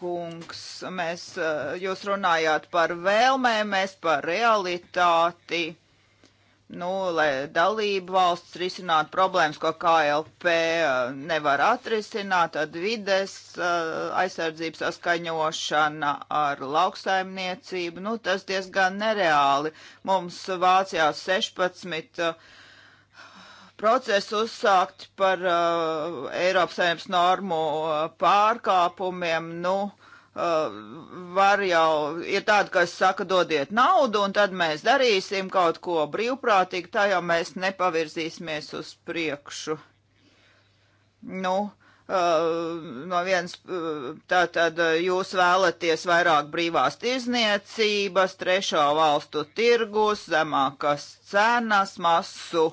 kungs, mēs, eh, jūs runājāt par vēlmēm, mēs par realitāti, nu, lai dalību valsts risinātu problēmas, ko KLP eh, nevar atrisināt, tad vides eh, aizsardzības saskaņošana ar lauksaimniecību, nu, tas diezgan nereāli. Mums Vācijā 16 procesu uzsākt par uh, Eiropas saimnes normu uh, pārkāpumiem, nu, uh, var jau, ir tādi, kas saka, dodiet naudu, un tad mēs darīsim kaut ko brīvprātīgi, tā jau mēs nepavirzīsimies uz priekšu. Nu, uh, Uh, no vienas, uh, tā tad uh, jūs vēlaties vairāk brīvās tirzniecības, trešo valstu tirgus, zemākas cenas, masu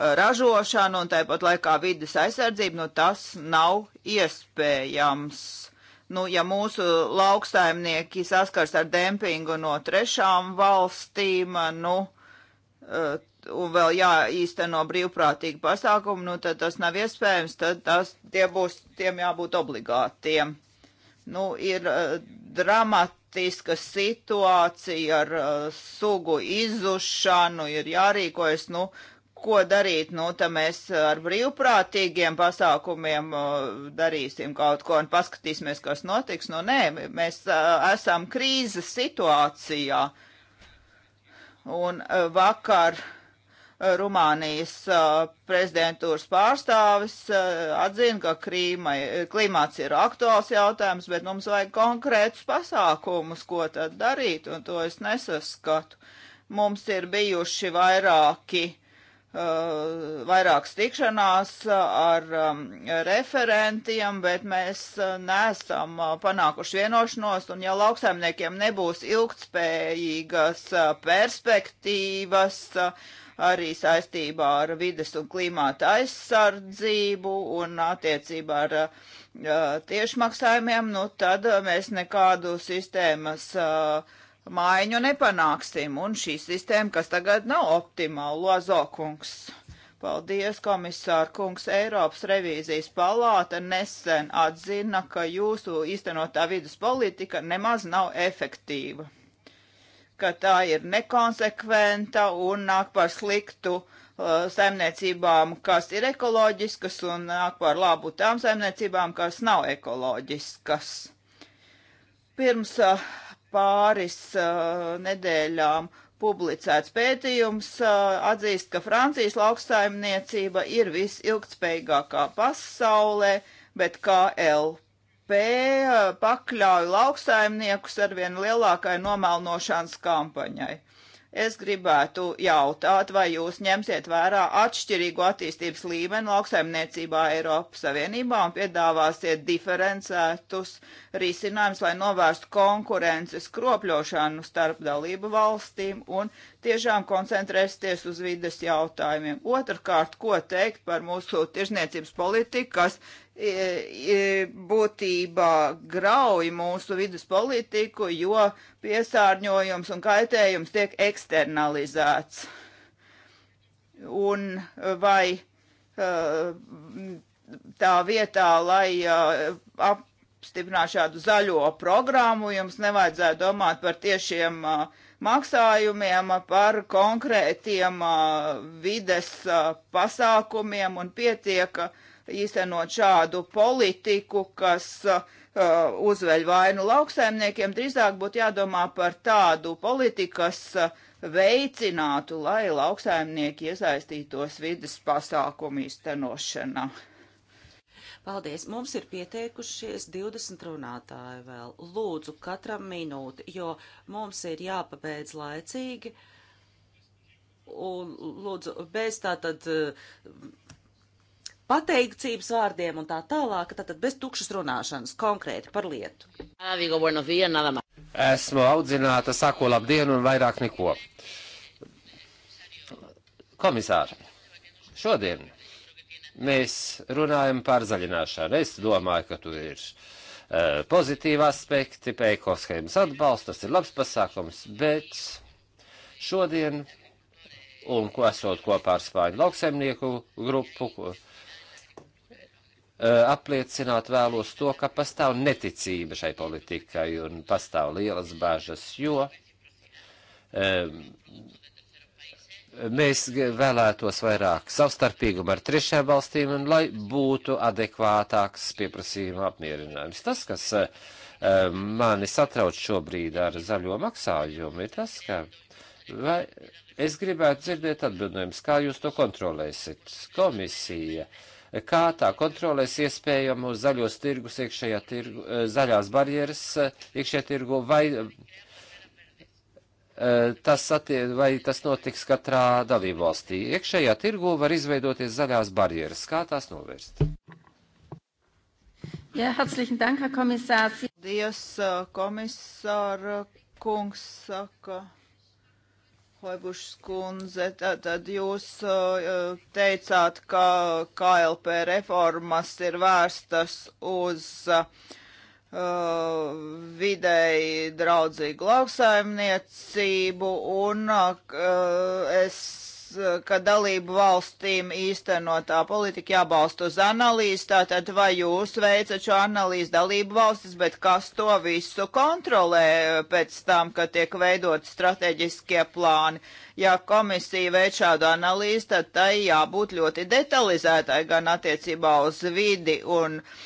ražošanu un tāpat laikā vidas aizsardzību, nu tas nav iespējams. Nu, ja mūsu lauksaimnieki saskars ar dempingu no trešām valstīm, nu, eh, un vēl jāīsteno brīvprātīgi pasākumi, nu, tad tas nav iespējams, tad tas, tie būs, tiem jābūt obligātiem. Nu, ir uh, eh, dramat, dramatiska situācija ar uh, sugu izzušanu, ir jārīkojas, nu, ko darīt, nu, tad mēs eh, ar brīvprātīgiem pasākumiem eh, darīsim kaut ko un paskatīsimies, kas notiks. Nu, nē, mēs eh, esam krīzes situācijā. Un vakar Rumānijas prezidentūras pārstāvis atzina, ka krīma, klimāts ir aktuāls jautājums, bet mums vajag konkrētus pasākumus, ko tad darīt, un to es nesaskatu. Mums ir bijuši vairāki Eh, vairākas tikšanās eh, ar um, referentiem, bet mēs eh, neesam panākuši vienošanos, un ja lauksaimniekiem nebūs ilgtspējīgas perspektīvas arī saistībā ar vides un klimāta aizsardzību un attiecībā ar tiešmaksājumiem, nu tad mēs nekādu sistēmas uh, maiņu nepanāksim, un šī sistēma, kas tagad nav optimāla, lozokungs. Paldies, komisāra kungs. Eiropas revīzijas palāta nesen atzina, ka jūsu īstenotā vidus politika nemaz nav efektīva, ka tā ir nekonsekventa un nāk par sliktu uh, saimniecībām, kas ir ekoloģiskas, un nāk par labu tām saimniecībām, kas nav ekoloģiskas. Pirms uh, pāris uh, nedēļām publicēts pētījums uh, atzīst, ka Francijas lauksaimniecība ir visilgtspējīgākā pasaulē, bet KLP uh, pakļauj lauksaimniekus ar vien lielākai nomelnošanas kampaņai. Uh, Es gribētu jautāt, vai jūs ņemsiet vērā atšķirīgu attīstības līmeni lauksaimniecībā Eiropas Savienībā un piedāvāsiet diferencētus risinājumus, lai novērstu konkurences kropļošanu starp dalību valstīm un tiešām koncentrēsties uz vides jautājumiem. Otrkārt, ko teikt par mūsu tirzniecības politiku, kas būtībā grauj mūsu vidus politiku, jo piesārņojums un kaitējums tiek eksternalizēts. Un vai e, tā vietā, lai e, apstiprināt šādu zaļo programmu, jums nevajadzētu domāt par tiešiem e, maksājumiem, par konkrētiem vides pasākumiem un pietiek, ka īstenot šādu politiku, kas uh, uzveļ vainu lauksaimniekiem, drīzāk būtu jādomā par tādu politiku, kas uh, veicinātu, lai lauksaimnieki iesaistītos vidas pasākumu īstenošanā. Paldies! Mums ir pieteikušies 20 runātāji vēl. Lūdzu, katram minūti, jo mums ir jāpabeidz laicīgi. Un, lūdzu, bez tā tad pateicības vārdiem un tā tālāk, tātad bez tukšas runāšanas konkrēti par lietu. Esmu audzināta, saku labdien un vairāk neko. Komisāri, šodien mēs runājam par zaļināšanu. Es domāju, ka tur ir uh, pozitīvi aspekti, Peikosheimas atbalsts, tas ir labs pasākums, bet šodien, un ko esot kopā ar Spāņu lauksaimnieku grupu, Eh, apliecināt vēlos to, ka pastāv neticība šai politikai un pastāv lielas bažas, jo um, mēs vēlētos vairāk savstarpīgumu ar trešajām valstīm un lai būtu adekvātāks pieprasījuma apmierinājums. Tas, kas uh, mani satrauc šobrīd ar zaļo maksājumu, ir tas, ka vai, es gribētu dzirdēt atbildējumus, kā jūs to kontrolēsiet. Komisija uh, kā tā kontrolēs iespējamo zaļos tirgus, iekšējā tirgu, eh, zaļās barjeras eh, iekšējā tirgu, vai eh, tas, attie, vai tas notiks katrā dalībvalstī. Iekšējā tirgu var izveidoties zaļās barjeras. Kā tās novērst? Jā, ja, herzlichen Dank, Herr Kommissar. Paldies, komisāra kungs saka. Hoibušs kundze, tad jūs uh, teicāt, ka KLP reformas ir vērstas uz uh, videi draudzīgu lauksaimniecību, un uh, es Eh, ka dalību valstīm īstenotā politika jābalst uz analīzi, tātad vai jūs veicat šo analīzi dalību valstis, bet kas to visu kontrolē pēc tam, kad tiek veidot strateģiskie plāni? Ja komisija veic šādu analīzi, tad tai jābūt ļoti detalizētai gan attiecībā uz vidi un uh,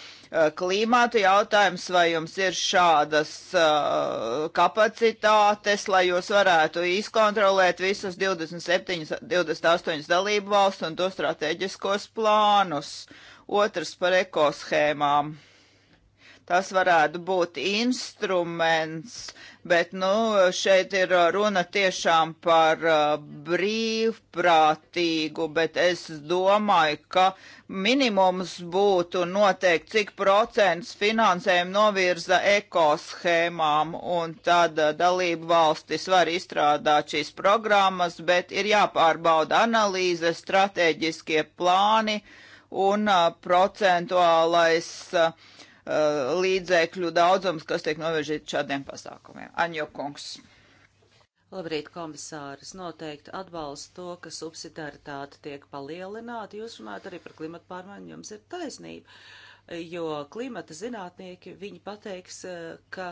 Eh, klimātu jautājums, vai jums ir šādas uh, kapacitātes, lai jūs varētu izkontrolēt visus 27, 28 dalību valstu un to strateģiskos plānus. Otrs par ekoshēmām tas varētu būt instruments, bet, nu, šeit ir uh, runa tiešām par uh, brīvprātīgu, bet es domāju, ka minimums būtu noteikti, cik procents finansējumu novirza ekoshēmām, un tad uh, dalību valstis var izstrādāt šīs programmas, bet ir jāpārbauda analīze, stratēģiskie plāni un uh, procentuālais uh, Uh, līdzekļu daudzums, kas tiek novirzīti šādiem pasākumiem. Aņo kungs. Labrīt, komisāris. Noteikti atbalsta to, ka subsidiaritāte tiek palielināta. Jūs runājat arī par klimatu pārmaiņu, jums ir taisnība, jo klimata zinātnieki, viņi pateiks, uh, ka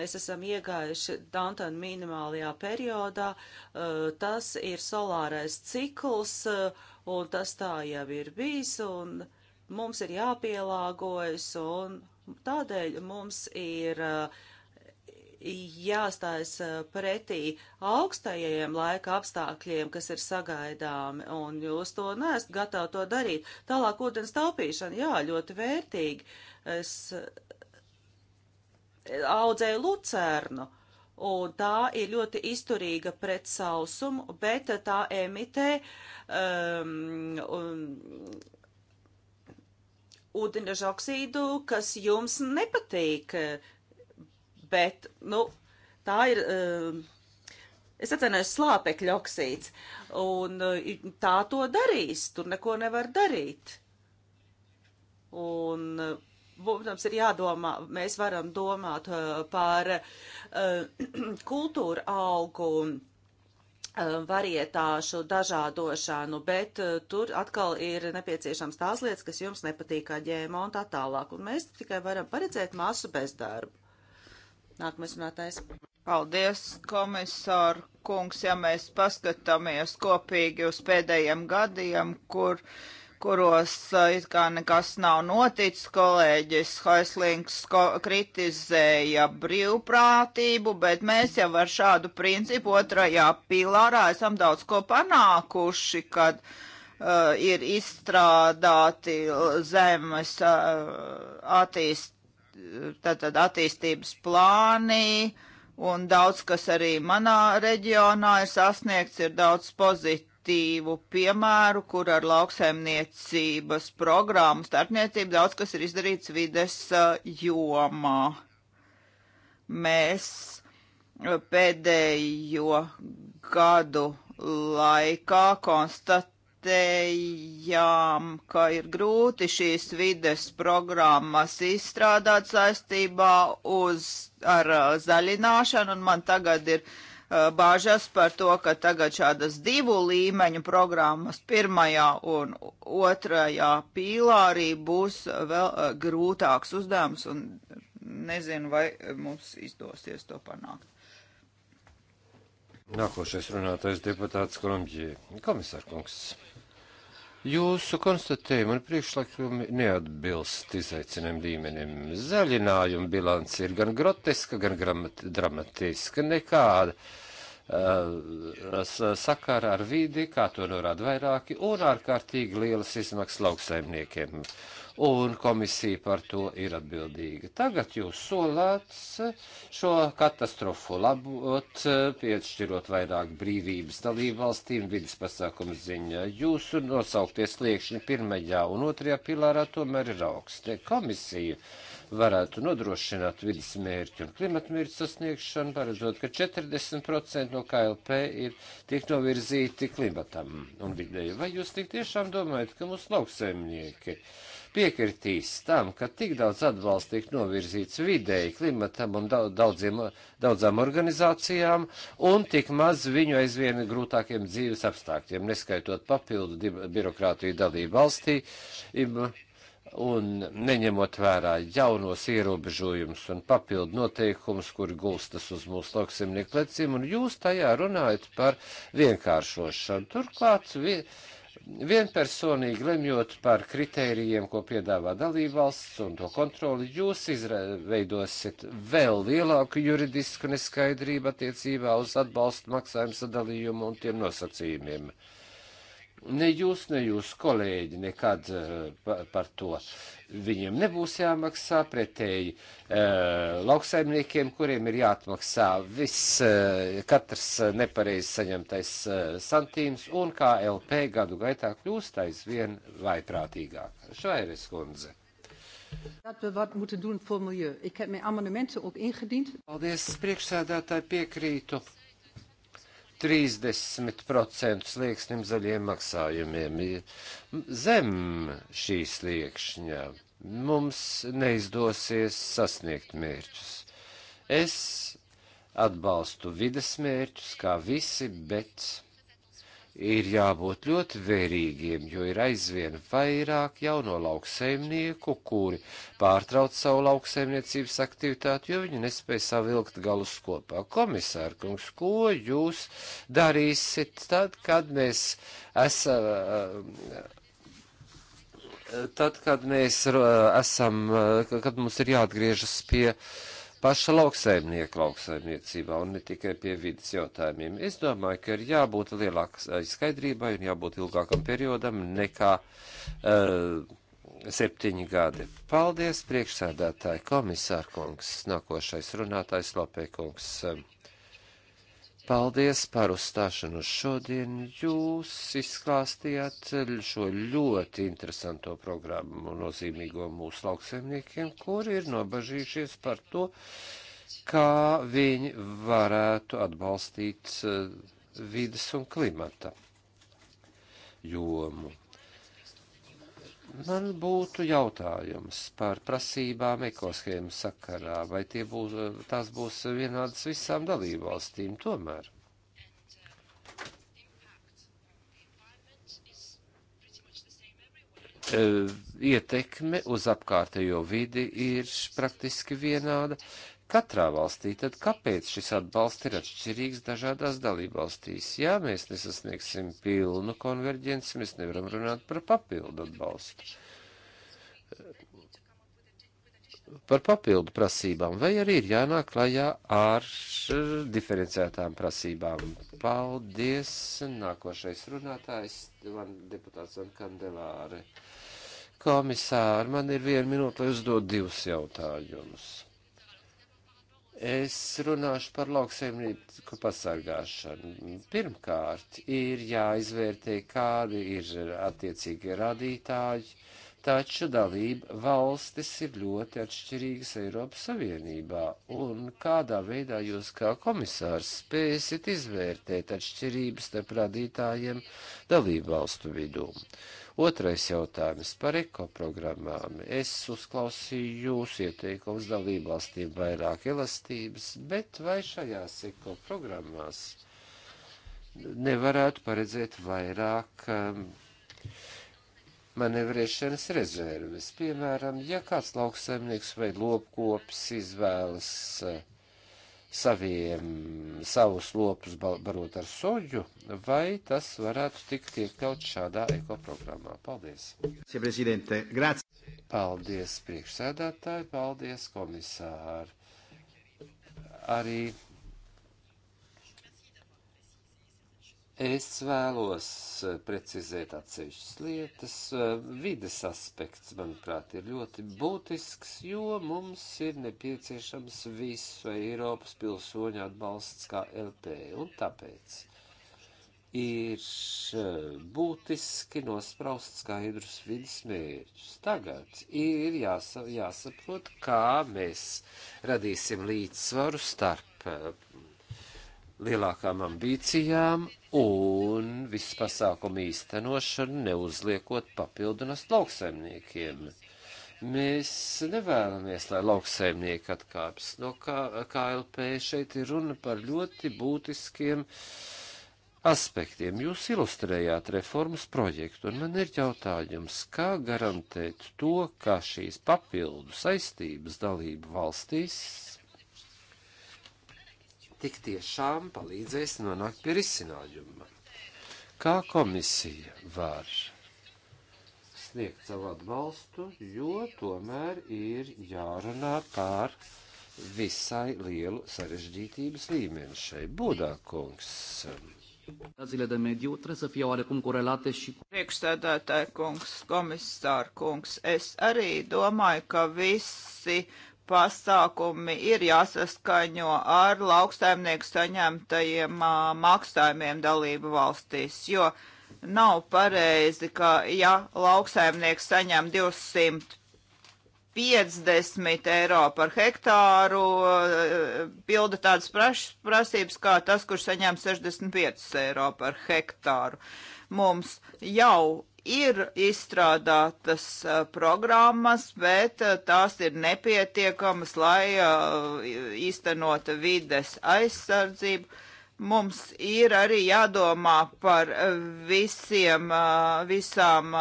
mēs esam iegājuši Dantona minimālajā periodā. Uh, tas ir solārais cikls, un tas tā jau ir bijis, un Mums ir jāpielāgojas un tādēļ mums ir eh, jāstājas eh, pretī augstajiem laika apstākļiem, kas ir sagaidāmi, un jūs to neesat gatavi to darīt. Tālāk ūdens taupīšana, jā, ļoti vērtīgi. Es eh, audzēju lucernu. Un tā ir ļoti izturīga pret sausumu, bet tā emitē um, um, ūdeņraža oksīdu, kas jums nepatīk, bet, nu, tā ir. Eh, es atceros slāpekļa oksīds, un eh, tā to darīs, tur neko nevar darīt. Un, eh, protams, ir jādomā, mēs varam domāt par kultūra augu un Um, varietāšu dažādošanu, bet uh, tur atkal ir nepieciešams tās lietas, kas jums nepatīk kā ģēma un tā tālāk. Un mēs tikai varam paredzēt masu bezdarbu. Nākamais runātājs. Paldies, komisār kungs, ja mēs paskatāmies kopīgi uz pēdējiem gadiem, kur. Uh, kuros eh, it kā nekas nav noticis. Kolēģis Haislings ko kritizēja brīvprātību, bet mēs jau ar šādu principu otrajā pilārā esam daudz ko panākuši, kad uh, ir izstrādāti zemes uh, attīst, tātad attīstības plāni. Un daudz, kas arī manā reģionā ir sasniegts, ir daudz pozitīvi pozitīvu piemēru, kur ar lauksaimniecības programmu starpniecību daudz kas ir izdarīts vides eh, jomā. Mēs eh, pēdējo gadu laikā konstatējām, ka ir grūti šīs vides programmas izstrādāt saistībā uz, ar eh, zaļināšanu, un man tagad ir uh, Eh, bāžas par to, ka tagad šādas divu līmeņu programmas pirmajā un otrajā pīlārī būs vēl eh, grūtāks uzdevums un nezinu, vai mums izdosies to panākt. Nākošais runātais deputāts Kolumbijai. Komisārkungs. Jūsu konstatējumi un priekšlikumi neatbilst izaicinājuma līmenim. Zaļinājuma bilance ir gan groteska, gan gramat, dramatiska. Nekāda uh, sakara ar vidi, kā to norāda vairāki, un ārkārtīgi lielas izmaksas lauksaimniekiem. Uh, un komisija par to ir atbildīga. Tagad jūs solāt šo katastrofu labot, piešķirot vairāk brīvības dalību valstīm vidas pasākumu ziņā. Jūsu nosaukties liekšņi pirmajā un otrajā pilārā tomēr ir augsti. Komisija varētu nodrošināt vidas mērķu un klimata mērķu sasniegšanu, paredzot, ka 40% no KLP ir tiek novirzīti klimatam un vidēji. Vai jūs tik tiešām domājat, ka mūsu lauksaimnieki? Uh, piekritīs tam, ka tik daudz atbalsta tiek novirzīts vidēji klimatam un daudziem, daudzām organizācijām, un tik maz viņu aizvien grūtākiem dzīves apstākļiem, neskaitot papildu birokrātiju dalību valstī. Un neņemot vērā jaunos ierobežojumus un papildu noteikumus, kuri gulstas uz mūsu lauksimnieku pleciem, un jūs tajā runājat par vienkāršošanu. Turklāt, vi, uh, vienpersonīgi lemjot par kritērijiem, ko piedāvā dalībvalsts un to kontroli, jūs izveidosiet vēl lielāku juridisku neskaidrību attiecībā uz atbalstu maksājumu sadalījumu un tiem nosacījumiem. Uh, Ne jūs, ne jūs kolēģi nekad eh, par to. Viņiem nebūs jāmaksā pretēji eh, lauksaimniekiem, kuriem ir jāatmaksā viss, eh, katrs nepareizi saņemtais santīms un kā LP gadu gaitā kļūst aizvien vaiprātīgāk. Šairis Hundze. Dat we wat moeten doen voor milieu. Ik heb mijn amendementen ook ingediend. Paldies, priekšsēdētāji piekrītu 30% slieksnim zaļiem maksājumiem. Zem šī sliekšņa mums neizdosies sasniegt mērķus. Es atbalstu vides mērķus kā visi, bet ir jābūt ļoti vērīgiem, jo ir aizvien vairāk jauno lauksaimnieku, kuri pārtrauc savu lauksaimniecības aktivitāti, jo viņi nespēja savilkt galus kopā. Komisārkungs, ko jūs darīsit tad, kad mēs esam. Tad, kad mēs esam, kad mums ir jāatgriežas pie uh, paša lauksaimnieka lauksaimniecībā un ne tikai pie vidas jautājumiem. Es domāju, ka ir jābūt lielākai skaidrībai un jābūt ilgākam periodam nekā uh, septiņi gadi. Paldies, priekšsēdētāji, komisārkungs, nākošais runātājs Lopēkungs. Uh, Paldies par uzstāšanos šodien. Jūs izklāstījāt šo ļoti interesanto programmu nozīmīgo mūsu lauksaimniekiem, kuri ir nobažījušies par to, kā viņi varētu atbalstīt eh, vidas un klimata jomu. Man būtu jautājums par prasībām ekoshēmu sakarā, vai tie būs, tās būs vienādas visām dalībvalstīm tomēr. E, ietekme uz apkārtējo vidi ir praktiski vienāda katrā valstī, tad kāpēc šis atbalsts ir atšķirīgs dažādās dalībvalstīs? Jā, mēs nesasniegsim pilnu konverģenci, mēs nevaram runāt par papildu atbalstu. Par papildu prasībām, vai arī ir jānāk klajā ar diferencētām prasībām. Paldies! Nākošais runātājs, man deputāts Van Kandelāre. Komisāri, man ir viena minūte, lai uzdod divus jautājumus Es runāšu par lauksaimnieku pasargāšanu. Pirmkārt, ir jāizvērtē, kādi ir attiecīgie radītāji, taču dalība valstis ir ļoti atšķirīgas Eiropas Savienībā, un kādā veidā jūs kā komisārs spēsit izvērtēt atšķirības starp radītājiem dalību valstu vidū. Uh, Otrais jautājums par ekoprogrammām. Es uzklausīju jūsu ieteikumus dalībvalstīm vairāk elastības, bet vai šajās ekoprogrammās nevarētu paredzēt vairāk um, manevrēšanas rezerves? Piemēram, ja kāds lauksaimnieks vai lopkops izvēlas uh, saviem, savus lopus barot ar soļu, vai tas varētu tikt iekļaut šādā ekoprogrammā. Paldies! Paldies, priekšsēdētāji, paldies, komisāri! Arī Es vēlos eh, precizēt atsevišķas lietas. Eh, vides aspekts, manuprāt, ir ļoti būtisks, jo mums ir nepieciešams visu Eiropas pilsoņu atbalsts kā LP. Un tāpēc ir eh, būtiski nospraust skaidrus vidas mērķus. Tagad ir jāsa, jāsaprot, kā mēs radīsim līdzsvaru starp lielākām ambīcijām un visu pasākumu īstenošanu neuzliekot papildunas lauksaimniekiem. Mēs nevēlamies, lai lauksaimnieki atkāps no KLP. Šeit ir runa par ļoti būtiskiem aspektiem. Jūs ilustrējāt reformas projektu, un man ir jautājums, kā garantēt to, ka šīs papildu saistības dalību valstīs tik tiešām palīdzēs nonākt pie risinājuma. Kā komisija var sniegt savu atbalstu, jo tomēr ir jārunā par visai lielu sarežģītības līmeni šai Budākungs. Gazile de mediu trebuie să fie oarecum corelate și... Priekšstādātāji kungs, komisār kungs, es arī domāju, ka visi uh, pasākumi ir jāsaskaņo ar lauksaimnieku saņemtajiem maksājumiem dalību valstīs, jo nav pareizi, ka ja lauksaimnieks saņem 250 eiro par hektāru, pilda tādas prasības kā tas, kurš saņem 65 eiro par hektāru. Uh, Mums jau ir izstrādātas programmas, bet tās ir nepietiekamas, lai īstenota vides aizsardzību. Mums ir arī jādomā par visiem, visām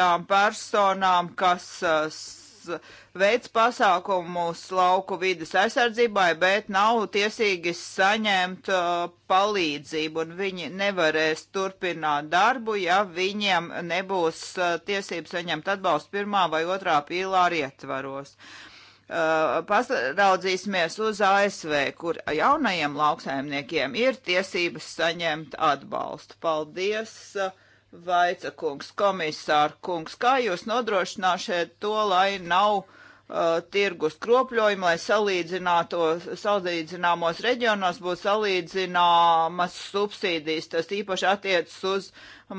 tām personām, kas veids pasākumus lauku vidas aizsardzībai, bet nav tiesīgi saņemt uh, palīdzību, un viņi nevarēs turpināt darbu, ja viņiem nebūs uh, tiesības saņemt atbalstu pirmā vai otrā pīlāra ietvaros. Uh, Paraudzīsimies uz ASV, kur jaunajiem lauksaimniekiem ir tiesības saņemt atbalstu. Paldies! Uh, Vaica kungs, komisāra kungs, kā jūs nodrošināsiet to, lai nav uh, tirgus kropļojumi, lai salīdzināmos reģionos būtu salīdzināmas subsīdijas. Tas īpaši attiecas uz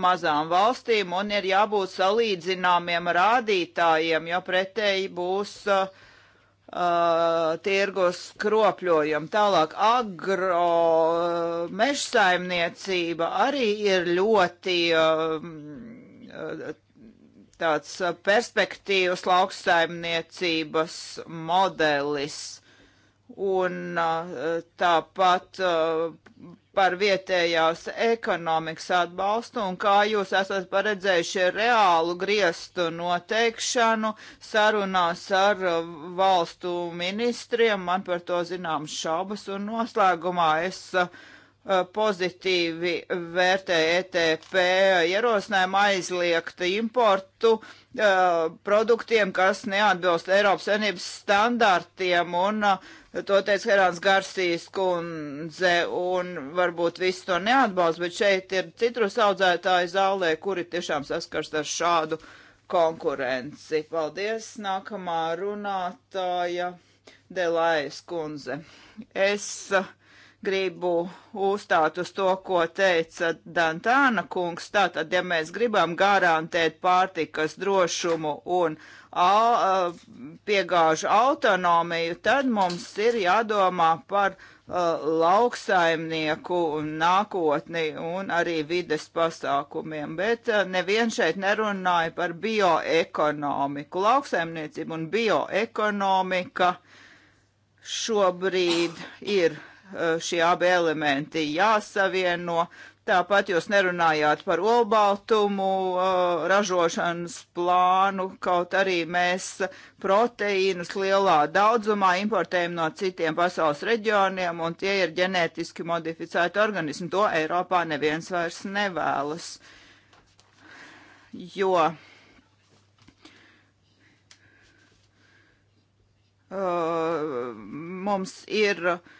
mazām valstīm un ir jābūt salīdzināmiem rādītājiem, jo pretēji būs uh, Uh, tirgus kropļojumu. Tālāk agro uh, mežsaimniecība arī ir ļoti um, uh, tāds uh, perspektīvas lauksaimniecības modelis un eh, tāpat eh, par vietējās ekonomikas atbalstu un kā jūs esat paredzējuši reālu griestu noteikšanu sarunās ar eh, valstu ministriem. Man par to zinām šaubas un noslēgumā es pozitīvi vērtē ETP ierosinājumu aizliegt importu uh, produktiem, kas neatbilst Eiropas Savienības standartiem un uh, To teica Herāns Garsīs kundze, un varbūt visi to neatbalsta, bet šeit ir citrus audzētāji zālē, kuri tiešām saskars ar šādu konkurenci. Paldies, nākamā runātāja Delais kundze. Es uh, gribu uzstāt uz to, ko teica Dantāna kungs. Tātad, ja mēs gribam garantēt pārtikas drošumu un al, eh, piegāžu autonomiju, tad mums ir jādomā par uh, lauksaimnieku nākotni un arī vides pasākumiem. Bet uh, eh, neviens šeit nerunāja par bioekonomiku. Lauksaimniecība un bioekonomika šobrīd ir Eh, šie abi elementi jāsavieno. Tāpat jūs nerunājāt par olbaltumu eh, ražošanas plānu, kaut arī mēs proteīnus lielā daudzumā importējam no citiem pasaules reģioniem, un tie ir ģenētiski modificēti organismi. To Eiropā neviens vairs nevēlas, jo uh, mums ir uh,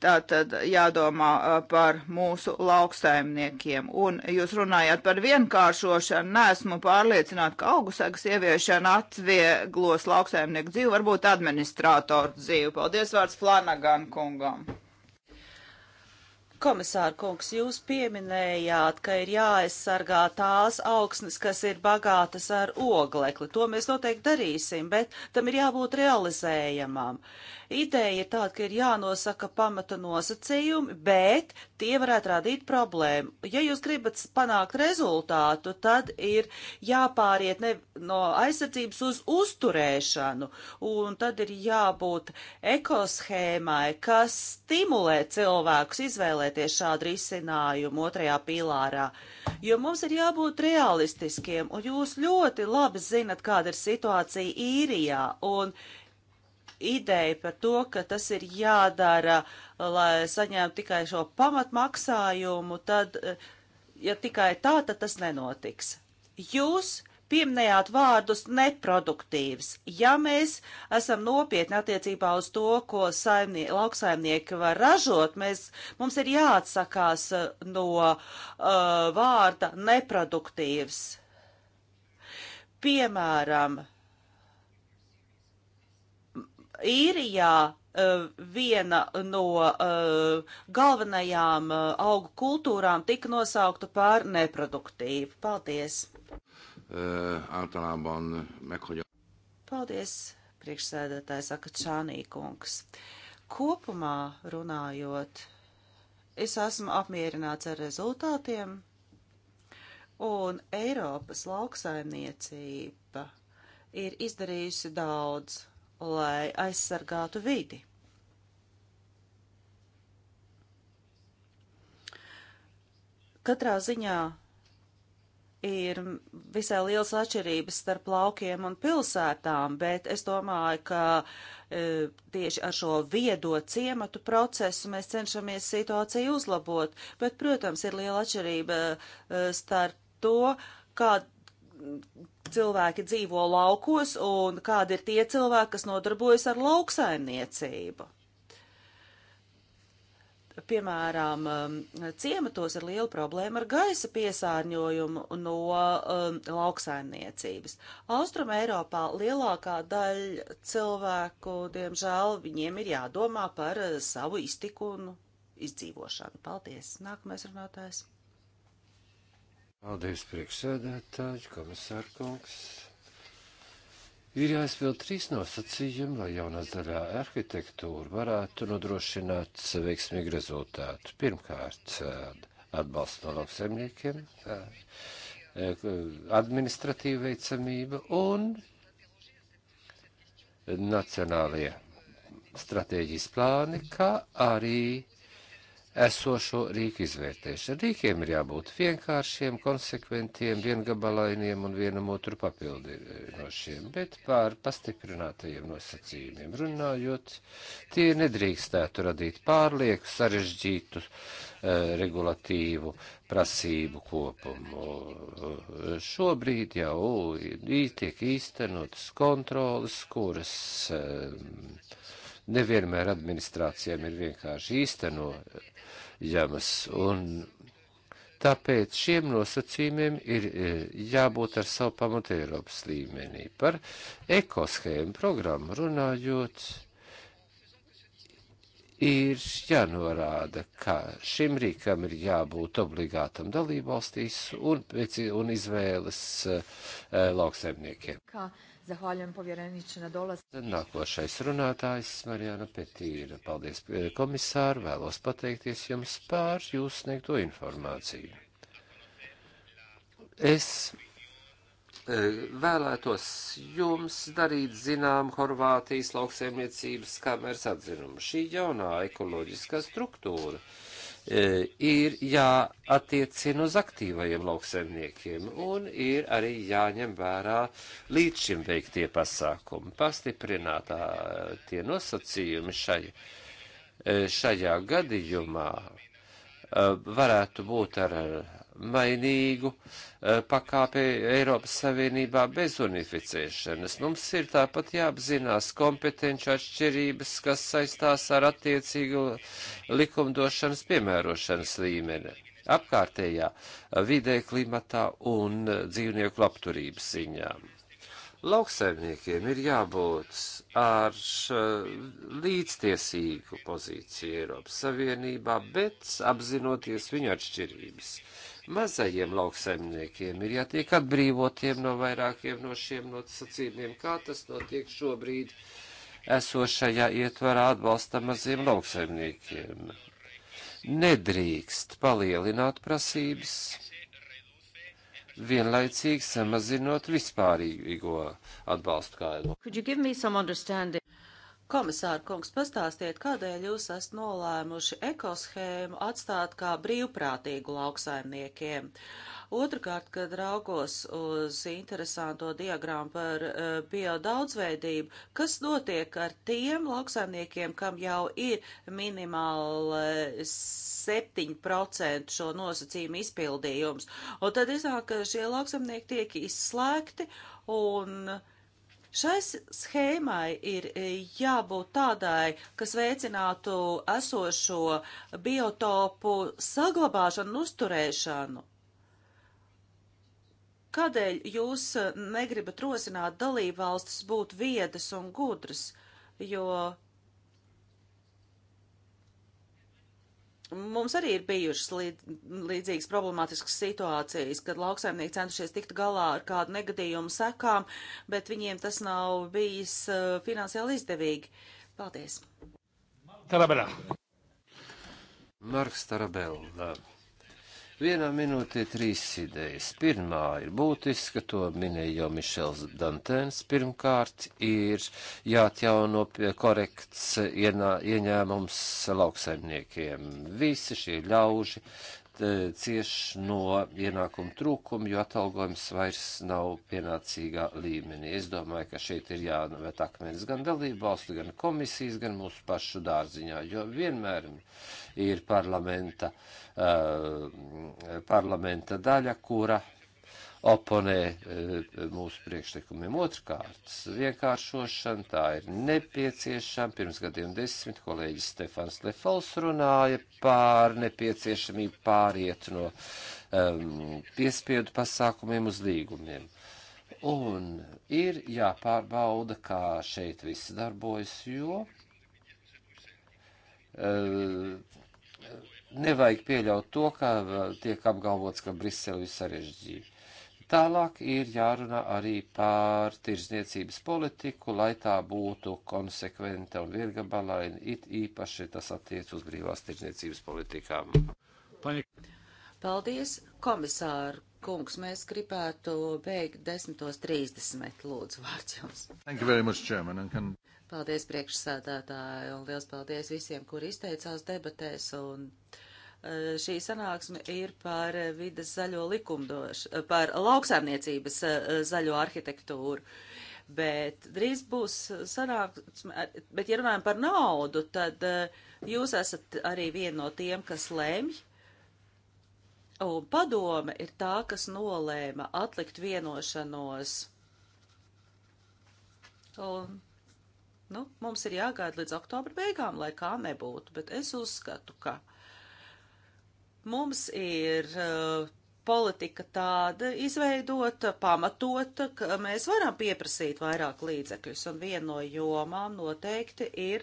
Tā tad jādomā par mūsu lauksaimniekiem. Un jūs runājāt par vienkāršošanu. Nesmu pārliecināta, ka augusagas ieviešana atvieglos lauksaimnieku dzīvi, varbūt administrātoru dzīvi. Paldies vārds Flanagan kungam. Komisāra kungs, jūs pieminējāt, ka ir jāaizsargā tās augsnes, kas ir bagātas ar oglekli. To mēs noteikti darīsim, bet tam ir jābūt realizējamam. Uh, Ideja ir tāda, ka ir jānosaka pamata nosacījumi, bet tie varētu radīt problēmu. Ja jūs gribat panākt rezultātu, tad ir jāpāriet ne, no aizsardzības uz uzturēšanu, un tad ir jābūt ekoshēmai, kas stimulē cilvēkus izvēlēties šādu risinājumu otrajā pīlārā, jo mums ir jābūt realistiskiem, un jūs ļoti labi zinat, kāda ir situācija īrijā, un ideja par to, ka tas ir jādara, lai saņemtu tikai šo pamatmaksājumu, tad, ja tikai tā, tad tas nenotiks. Jūs pieminējāt vārdus neproduktīvs. Ja mēs esam nopietni attiecībā uz to, ko saimnie, lauksaimnieki var ražot, mēs, mums ir jāatsakās uh, no uh, vārda neproduktīvs. Piemēram, uh, īrijā eh, viena no uh, galvenajām uh, augu kultūrām tika nosaukta par neproduktīvu. Paldies! Általában meghagyom. Paldies, priekšsēdētājs Akačānī kungs. Kopumā runājot, es esmu apmierināts ar rezultātiem, un Eiropas lauksaimniecība ir izdarījusi daudz lai aizsargātu vidi. Katrā ziņā ir visai liels atšķirības starp laukiem un pilsētām, bet es domāju, ka e, tieši ar šo viedo ciematu procesu mēs cenšamies situāciju uzlabot, bet, protams, ir liela atšķirība e, starp to, kā cilvēki dzīvo laukos un kādi ir tie cilvēki, kas nodarbojas ar lauksaimniecību. Piemēram, um, ciematos ir liela problēma ar gaisa piesārņojumu no um, lauksaimniecības. Austrum Eiropā lielākā daļa cilvēku, diemžēl, viņiem ir jādomā par uh, savu iztiku un izdzīvošanu. Paldies! Nākamais runātājs! Paldies, priekšsēdētāji, komisārkungs. Ir jāizpild trīs nosacījumi, lai jaunā zaļā arhitektūra varētu nodrošināt veiksmīgu rezultātu. Pirmkārt, atbalsts no lauksaimniekiem, eh, administratīva veicamība un nacionālie stratēģijas plāni, kā arī esošo rīku izvērtēšana. Rīkiem ir jābūt vienkāršiem, konsekventiem, viengabalainiem un vienam otru papildinošiem, bet pār pastiprinātajiem nosacījumiem runājot, tie nedrīkstētu radīt pārlieku sarežģītu eh, regulatīvu prasību kopumu. Šobrīd jau tiek īstenotas kontrolas, kuras eh, nevienmēr administrācijām ir vienkārši īstenot jamas. Un tāpēc šiem nosacījumiem ir e, jābūt ar savu pamatu Eiropas līmenī. Par ekoshēmu programmu runājot ir jānorāda, ka šim rīkam ir jābūt obligātam dalībvalstīs un, un izvēles e, lauksaimniekiem. Kā Zahvaljujem povjereniče na dolaz. Nākošais runātājs Marijana Petīra. Paldies, eh, komisāri, vēlos pateikties jums pār jūs sniegto informāciju. Es eh, vēlētos jums darīt zinām Horvātijas lauksaimniecības kameras atzinumu. Šī jaunā ekoloģiskā struktūra E, ir jāattiecina uz aktīvajiem lauksaimniekiem un ir arī jāņem vērā līdz šim veiktie pasākumi, pastiprinātā tie nosacījumi šai, e, šajā gadījumā e, varētu būt ar vainīgu eh, pakāpi Eiropas Savienībā bez unificēšanas. Mums ir tāpat jāapzinās kompetenci atšķirības, kas saistās ar attiecīgu likumdošanas piemērošanas līmeni apkārtējā vidē, klimatā un dzīvnieku labturības ziņā. Lauksaimniekiem ir jābūt ar eh, līdztiesīgu pozīciju Eiropas Savienoībā, bet apzinoties viņu atšķirības. Uh, mazajiem lauksaimniekiem ir jātiek atbrīvotiem no vairākiem no šiem nosacījumiem, kā tas notiek šobrīd esošajā ietvarā atbalsta maziem lauksaimniekiem. Nedrīkst palielināt prasības, vienlaicīgi samazinot vispārīgo atbalstu kādu. Komisāra kungs, pastāstiet, kādēļ jūs esat nolēmuši ekoshēmu atstāt kā brīvprātīgu lauksaimniekiem? Otrakārt, kad raugos uz interesanto diagrammu par uh, biodaudzveidību, kas notiek ar tiem lauksaimniekiem, kam jau ir minimāli 7% šo nosacījumu izpildījums? Un tad iznāk, ka šie lauksaimnieki tiek izslēgti un uh, Šai schēmai ir e, jābūt tādai, kas veicinātu esošo biotopu saglabāšanu un uzturēšanu. Kādēļ jūs e, negribat rosināt dalību valstis būt viedas un gudras, jo Mums arī ir bijušas līd, līdzīgas problemātiskas situācijas, kad lauksaimnieki centušies tikt galā ar kādu negadījumu sekām, bet viņiem tas nav bijis uh, finansiāli izdevīgi. Paldies! Tarabela. Marks Tarabela. Vienā minūtē trīs idejas. Pirmā ir būtiska, to minēja jau Mišels Dantēns. Pirmkārt, ir jāatjauno korekts ienā, ieņēmums lauksaimniekiem. Visi šie ļauži Eh, cieš no ienākuma trūkuma, jo atalgojums vairs nav pienācīgā līmenī. Es domāju, ka šeit ir jānovērt akmenis gan dalību valstu, gan komisijas, gan mūsu pašu dārziņā, jo vienmēr ir parlamenta, uh, parlamenta daļa, kura oponē eh, mūsu priekšlikumiem. Otrkārt, vienkāršošana tā ir nepieciešama. Pirms gadiem desmit kolēģis Stefans Lefals runāja pār nepieciešamību pāriet no um, piespiedu pasākumiem uz līgumiem. Un ir jāpārbauda, kā šeit viss darbojas, jo. Uh, Nevajag pieļaut to, ka eh, tiek apgalvots, ka Brisele ir sarežģīta Tālāk ir jārunā arī pār tirzniecības politiku, lai tā būtu konsekventa un virgabalaina, it īpaši tas attiec uz brīvās tirzniecības politikām. Paldies, komisāra kungs. Mēs gribētu beigt 10.30. Lūdzu, vārds jums. Thank you very much, Chairman. And can... Paldies, priekšsēdētāji, un liels paldies visiem, kuri izteicās debatēs. Un... Uh, Eh, šī sanāksme ir par vidas zaļo likumdošanu, par lauksaimniecības eh, zaļo arhitektūru. Bet drīz būs sanāksme, bet ja runājam par naudu, tad eh, jūs esat arī viena no tiem, kas lemj. Un padome ir tā, kas nolēma atlikt vienošanos. Un Nu, mums ir jāgaida līdz oktobra beigām, lai kā nebūtu, bet es uzskatu, ka uh, Mums ir uh, politika tāda izveidota, pamatota, ka mēs varam pieprasīt vairāk līdzekļus, un viena no jomām noteikti ir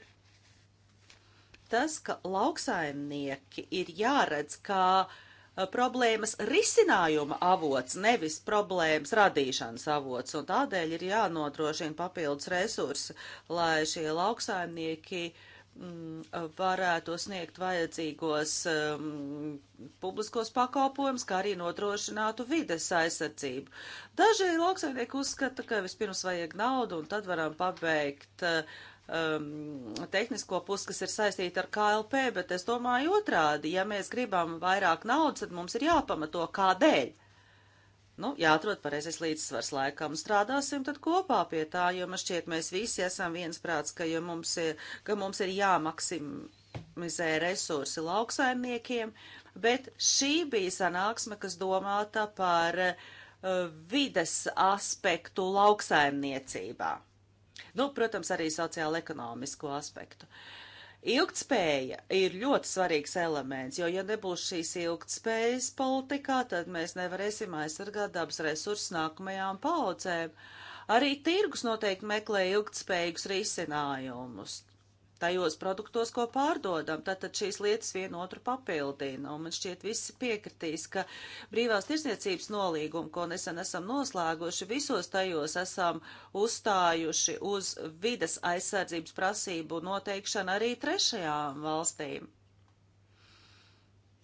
tas, ka lauksaimnieki ir jāredz kā uh, problēmas risinājuma avots, nevis problēmas radīšanas avots, un tādēļ ir jānodrošina papildus resursi, lai šie lauksaimnieki uh, Mm, varētu sniegt vajadzīgos um, publiskos pakalpojumus, kā arī nodrošinātu vides aizsardzību. Daži lauksaimnieki uzskata, ka vispirms vajag naudu un tad varam pabeigt um, tehnisko pusi, kas ir saistīta ar KLP, bet es domāju otrādi, ja mēs gribam vairāk naudas, tad mums ir jāpamato kādēļ. Nu, jāatrod pareizais līdzsvars laikam. Strādāsim tad kopā pie tā, jo man šķiet, mēs visi esam viensprāts, ka, mums ir, ka mums ir jāmaksimizē resursi lauksaimniekiem, bet šī bija sanāksme, kas domāta par uh, vides aspektu lauksaimniecībā. Nu, protams, arī sociāla ekonomisko aspektu. Uh, Ilgtspēja ir ļoti svarīgs elements, jo, ja nebūs šīs ilgtspējas politikā, tad mēs nevarēsim aizsargāt dabas resursus nākamajām paudzēm. Arī tirgus noteikti meklē ilgtspējīgus risinājumus tajos produktos, ko pārdodam. Tātad šīs lietas vienotru papildina, un man šķiet visi piekritīs, ka brīvās tirsniecības nolīgumu, ko nesen esam noslēguši, visos tajos esam uzstājuši uz vides aizsardzības prasību noteikšanu arī trešajām valstīm.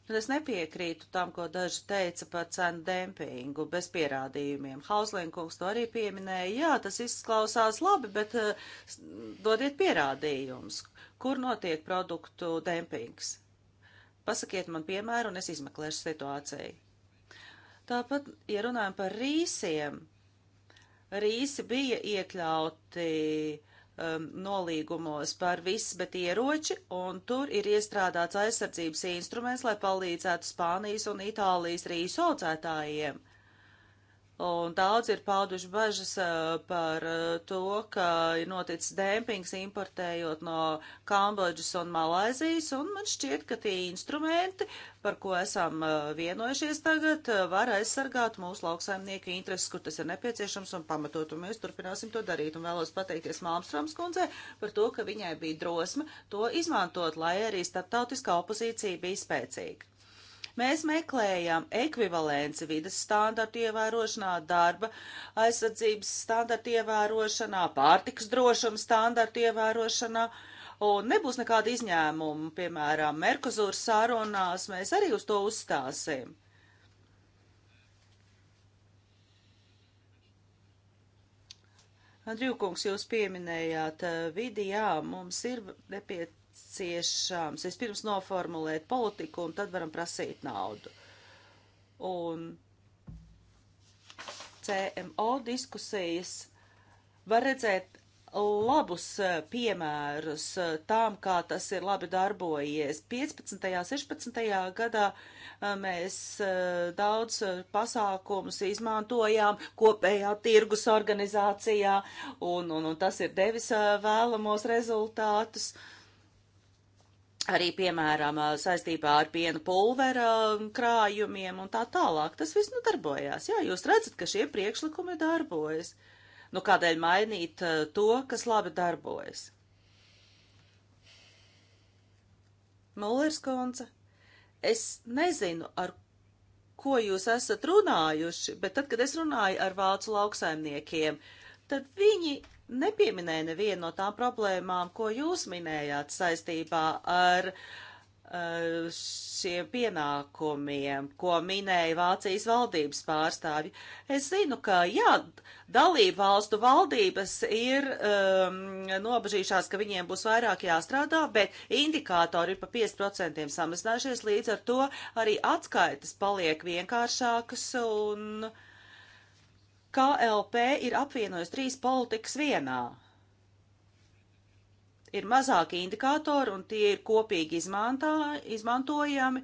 Un es nepiekrītu tam, ko daži teica par cenu dempingu bez pierādījumiem. Hauslinkungs to arī pieminēja. Jā, tas izklausās labi, bet uh, dodiet pierādījumus kur notiek produktu dempings. Pasakiet man piemēru, un es izmeklēšu situāciju. Tāpat, ja runājam par rīsiem, rīsi bija iekļauti um, nolīgumos par viss, bet ieroči, un tur ir iestrādāts aizsardzības instruments, lai palīdzētu Spānijas un Itālijas rīsu audzētājiem. Un daudz ir pauduši bažas par to, ka ir noticis dēmpings importējot no Kambodžas un Malaizijas, un man šķiet, ka tie instrumenti, par ko esam vienojušies tagad, var aizsargāt mūsu lauksaimnieku intereses, kur tas ir nepieciešams un pamatot, un mēs turpināsim to darīt. Un vēlos pateikties Malmstroms kundzei par to, ka viņai bija drosme to izmantot, lai arī starptautiskā opozīcija bija spēcīga. Mēs meklējam ekvivalenci vidas standartu ievērošanā, darba aizsardzības standartu ievērošanā, pārtiks drošuma standartu ievērošanā. Un nebūs nekāda izņēmuma, piemēram, Merkuzūra sārunās, mēs arī uz to uzstāsim. Andriju kungs, jūs pieminējāt eh, vidi, jā, mums ir nepiet, nepieciešams vispirms noformulēt politiku un tad varam prasīt naudu. Un CMO diskusijas var redzēt labus eh, piemērus eh, tām, kā tas ir labi darbojies. 15. un 16. gadā eh, mēs daudz pasākumus izmantojām kopējā tirgus organizācijā, un, un, un tas ir devis vēlamos rezultātus. Uh, arī, piemēram, saistībā ar piena pulvera krājumiem un tā tālāk. Tas viss nu darbojās. Jā, jūs redzat, ka šie priekšlikumi darbojas. Nu, kādēļ mainīt to, kas labi darbojas? Mullers konce, es nezinu, ar ko jūs esat runājuši, bet tad, kad es runāju ar vācu lauksaimniekiem, tad viņi nepieminēja nevienu no tām problēmām, ko jūs minējāt saistībā ar eh, šiem pienākumiem, ko minēja Vācijas valdības pārstāvji. Es zinu, ka jā, dalību valstu valdības ir um, nobežījušās, ka viņiem būs vairāk jāstrādā, bet indikātori ir pa 5% samazinājušies, līdz ar to arī atskaitas paliek vienkāršākas un uh, KLP ir apvienojis trīs politikas vienā. Ir mazāki indikātori, un tie ir kopīgi izmantā, izmantojami,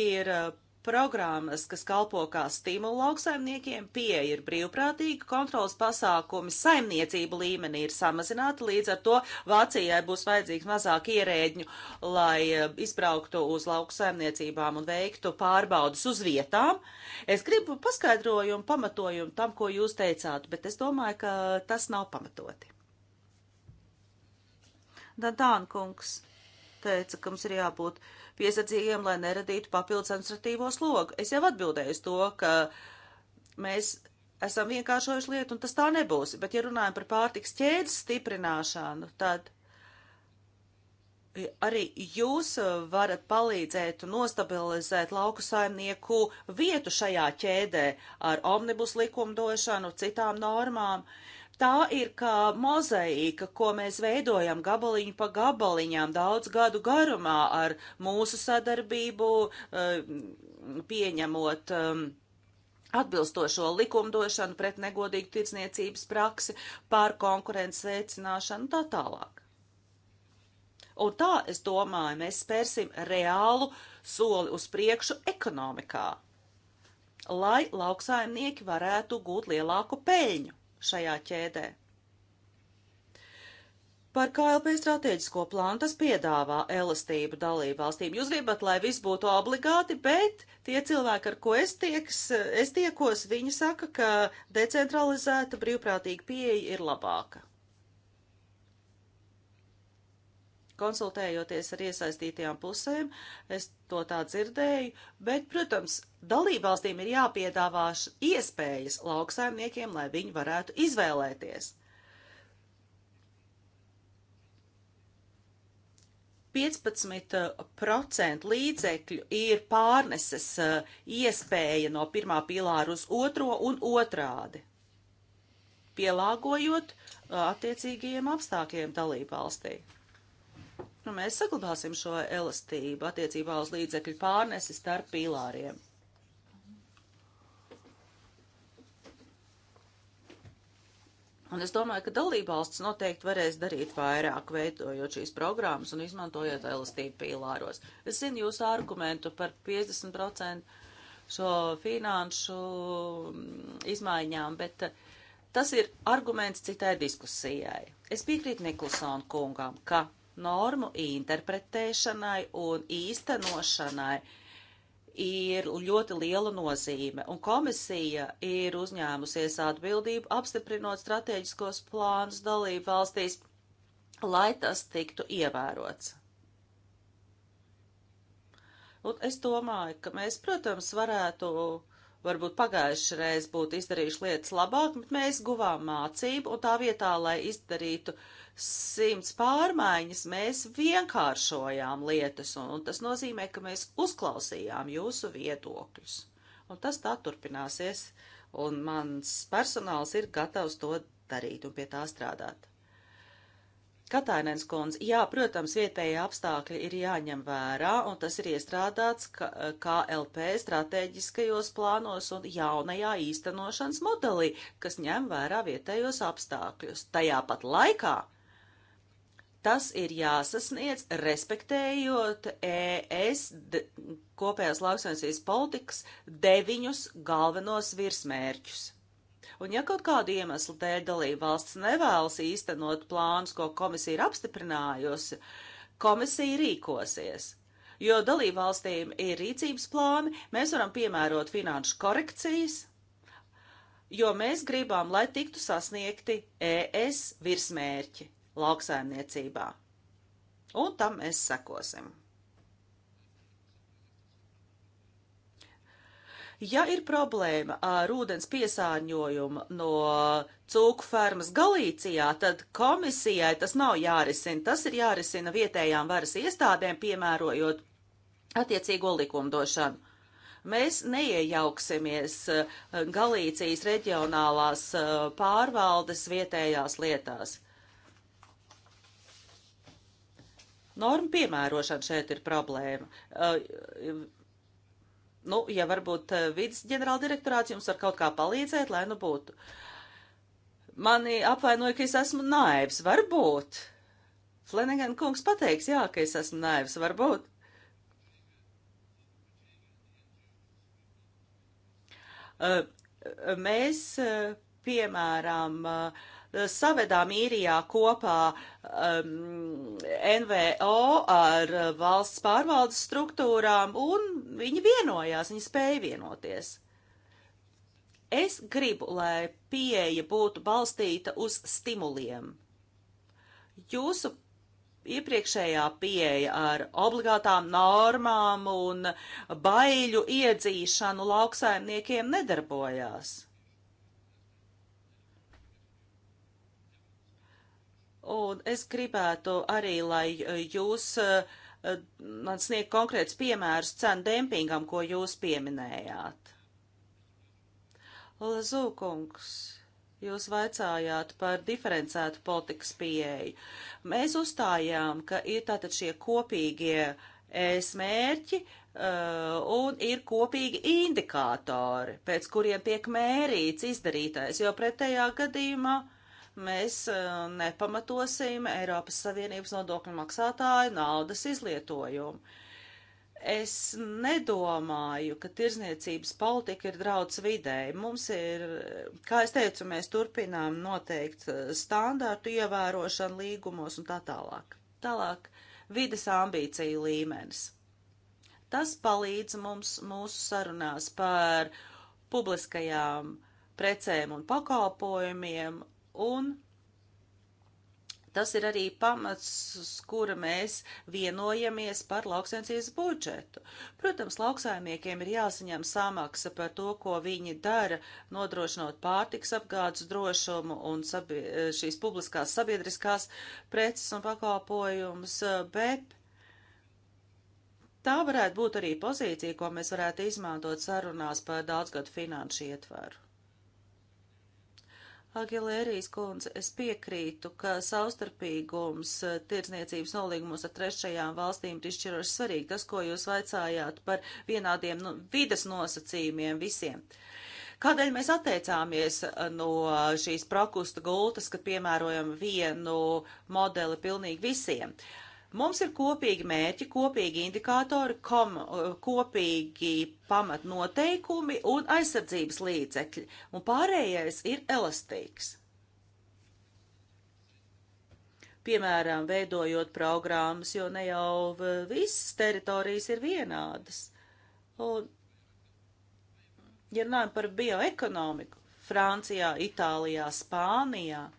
ir uh, programmas, kas kalpo kā stimulu lauksaimniekiem, pieeja ir brīvprātīga, kontrolas pasākumi saimniecību līmenī ir samazināti, līdz ar to Vācijai būs vajadzīgs mazāk ierēģņu, lai eh, izbrauktu uz lauksaimniecībām un veiktu pārbaudas uz vietām. Es gribu paskaidrojumu, pamatojumu tam, ko jūs teicāt, bet es domāju, ka tas nav pamatoti. Dantānkungs teica, ka mums ir jābūt uh, piesardzīgiem, lai neradītu papildus administratīvo slogu. Es jau atbildēju uz to, ka mēs esam vienkāršojuši lietu, un tas tā nebūs. Bet, ja runājam par pārtiks ķēdes stiprināšanu, tad arī jūs varat palīdzēt un nostabilizēt lauku saimnieku vietu šajā ķēdē ar omnibus likumdošanu, citām normām. Uh, Tā ir kā mozaīka, ko mēs veidojam gabaliņu pa gabaliņām daudz gadu garumā ar mūsu sadarbību, eh, pieņemot ehm, atbilstošo likumdošanu pret negodīgu tirdzniecības praksi, pār konkurences veicināšanu tā tālāk. Un tā, es domāju, mēs spērsim reālu soli uz priekšu ekonomikā, lai lauksaimnieki varētu gūt lielāku peļņu šajā ķēdē. Par KLP strateģisko plānu tas piedāvā elastību dalību valstīm. Jūs gribat, lai viss būtu obligāti, bet tie cilvēki, ar ko es, tieks, es tiekos, viņi saka, ka decentralizēta brīvprātīga pieeja ir labāka. konsultējoties ar iesaistītajām pusēm, es to tā dzirdēju, bet, protams, dalībvalstīm ir jāpiedāvā iespējas lauksaimniekiem, lai viņi varētu izvēlēties. 15% līdzekļu ir pārneses iespēja no pirmā pilāra uz otro un otrādi, pielāgojot attiecīgajiem apstākļiem dalībvalstī. valstī nu, mēs saglabāsim šo elastību attiecībā uz līdzekļu pārnesi starp pīlāriem. Un es domāju, ka dalībvalsts noteikti varēs darīt vairāk, veidojot šīs programmas un izmantojot elastību pīlāros. Es zinu jūsu argumentu par 50% šo finanšu mm, izmaiņām, bet eh, tas ir arguments citai diskusijai. Es piekrītu Niklsonu kungam, ka normu interpretēšanai un īstenošanai ir ļoti liela nozīme, un komisija ir uzņēmusies atbildību apstiprinot strateģiskos plānus dalību valstīs, lai tas tiktu ievērots. Un es domāju, ka mēs, protams, varētu uh, varbūt pagājuši reiz būtu izdarījuši lietas labāk, bet mēs guvām mācību un tā vietā, lai izdarītu simts pārmaiņas, mēs vienkāršojām lietas un, un tas nozīmē, ka mēs uzklausījām jūsu viedokļus. Un tas tā turpināsies un mans personāls ir gatavs to darīt un pie tā strādāt. Katainēns kundze, jā, protams, vietējie apstākļi ir jāņem vērā, un tas ir iestrādāts KLP strateģiskajos plānos un jaunajā īstenošanas modelī, kas ņem vērā vietējos apstākļus. Tajā pat laikā tas ir jāsasniedz, respektējot ES kopējās lauksaimniecības politikas deviņus galvenos virsmērķus. Un ja kaut kādu iemeslu dēļ dalība valsts nevēlas īstenot plānus, ko komisija ir apstiprinājusi, komisija rīkosies. Jo dalību valstīm ir rīcības plāni, mēs varam piemērot finanšu korekcijas, jo mēs gribam, lai tiktu sasniegti ES virsmērķi lauksaimniecībā. Un tam mēs sekosim. Ja ir problēma ar ūdens piesārņojumu no cūku fermas Galīcijā, tad komisijai tas nav jārisina. Tas ir jārisina vietējām varas iestādēm, piemērojot attiecīgo likumdošanu. Mēs neiejauksimies eh, Galīcijas reģionālās eh, pārvaldes vietējās lietās. Norma piemērošana šeit ir problēma. Eh, nu, ja varbūt eh, vidas ģenerāldirektorāts jums var kaut kā palīdzēt, lai nu būtu. Mani apvainoja, ka es esmu naivs, varbūt. Flanagan kungs pateiks, jā, ka es esmu naivs, varbūt. Eh, eh, mēs, piemēram, uh, savedām īrijā kopā um, NVO ar valsts pārvaldes struktūrām, un viņi vienojās, viņi spēja vienoties. Es gribu, lai pieeja būtu balstīta uz stimuliem. Jūsu iepriekšējā pieeja ar obligātām normām un baiļu iedzīšanu lauksaimniekiem nedarbojās. Un es gribētu arī, lai eh, jūs eh, man sniegt konkrēts piemērs cenu dempingam, ko jūs pieminējāt. Lazūkungs, jūs vaicājāt par diferencētu politikas pieeju. Mēs uzstājām, ka ir tātad šie kopīgie ES mērķi uh, un ir kopīgi indikātori, pēc kuriem tiek mērīts izdarītais, jo pretējā gadījumā uh, mēs eh, nepamatosim Eiropas Savienības nodokļu maksātāju naudas izlietojumu. Es nedomāju, ka tirzniecības politika ir draudz vidēji. Mums ir, kā es teicu, mēs turpinām noteikt eh, standārtu ievērošanu līgumos un tā tālāk. Tālāk vides ambīcija līmenis. Tas palīdz mums mūsu sarunās par publiskajām precēm un pakalpojumiem un tas ir arī pamats, uz kura mēs vienojamies par lauksaimniecības budžetu. Protams, lauksaimniekiem ir jāsaņem samaksa par to, ko viņi dara, nodrošinot pārtiks apgādes drošumu un sabi šīs publiskās sabiedriskās preces un pakalpojumus, bet tā varētu būt arī pozīcija, ko mēs varētu izmantot sarunās par daudzgadu finanšu ietvaru. Agilērijas kundze, es piekrītu, ka savstarpīgums eh, tirdzniecības nolīgumos ar trešajām valstīm ir izšķiroši svarīgi. Tas, ko jūs vaicājāt par vienādiem nu, vides nosacījumiem visiem. Kādēļ mēs atteicāmies eh, no šīs prakusta gultas, ka piemērojam vienu modeli pilnīgi visiem? Uh, Mums ir kopīgi mērķi, kopīgi indikātori, kom, eh, kopīgi pamatnoteikumi un aizsardzības līdzekļi, un pārējais ir elastīgs. Piemēram, veidojot programmas, jo ne jau visas teritorijas ir vienādas. Un, ja runājam par bioekonomiku, Francijā, Itālijā, Spānijā –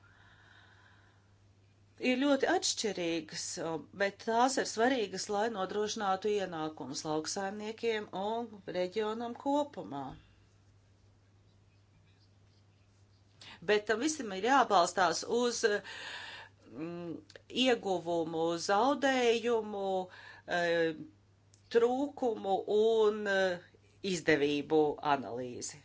ir ļoti atšķirīgas, bet tās ir svarīgas, lai nodrošinātu ienākumus lauksaimniekiem un reģionam kopumā. Bet tam visam ir jābalstās uz mm, ieguvumu, zaudējumu, e, trūkumu un e, izdevību analīzi.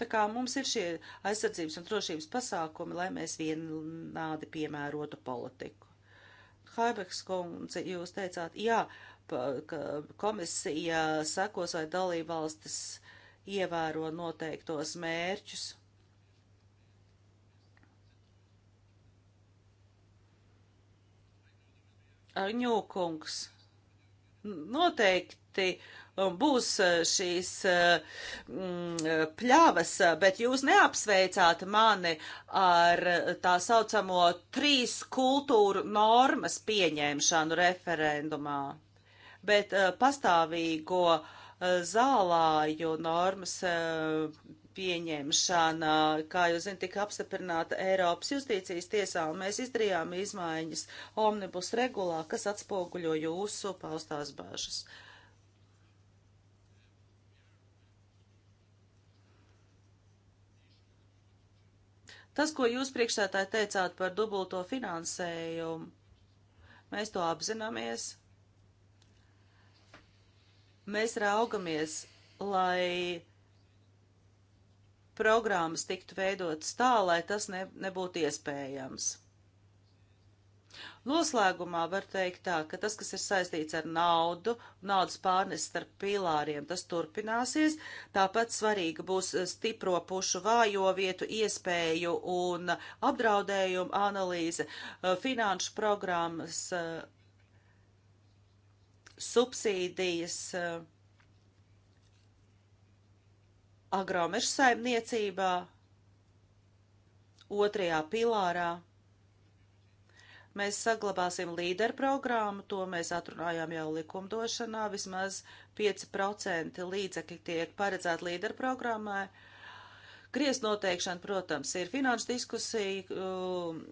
Tā kā mums ir šie aizsardzības un drošības pasākumi, lai mēs vienādi piemērotu politiku. Haibeks kundze, jūs teicāt, jā, ka komisija sekos vai dalībvalstis ievēro noteiktos mērķus. Arņūkungs, noteikti būs eh, šīs eh, mm, eh, pļavas, bet jūs neapsveicāt mani ar tā saucamo trīs kultūru normas pieņemšanu referendumā, bet pastāvīgo zālāju normas pieņemšana, kā jūs zināt, tika apstiprināta Eiropas justīcijas tiesā, un mēs izdarījām izmaiņas omnibus regulā, kas atspoguļo jūsu paustās bāžas. Uh, Tas, ko jūs priekšsētāji teicāt par dubulto finansējumu, mēs to apzināmies. Mēs raugamies, lai programmas tiktu veidotas tā, lai tas ne, nebūtu iespējams. Noslēgumā var teikt tā, ka tas, kas ir saistīts ar naudu, naudas pārnes starp pīlāriem, tas turpināsies. Tāpat svarīga būs eh, stipro pušu vājo vietu iespēju un apdraudējumu analīze, eh, finanšu programmas, eh, subsīdijas agromežsaimniecībā, otrajā pilārā. Mēs saglabāsim līderu programmu, to mēs atrunājām jau likumdošanā, vismaz 5% līdzekļi tiek paredzēti līderu programmai. Griezt noteikšana, protams, ir finanšu diskusija um,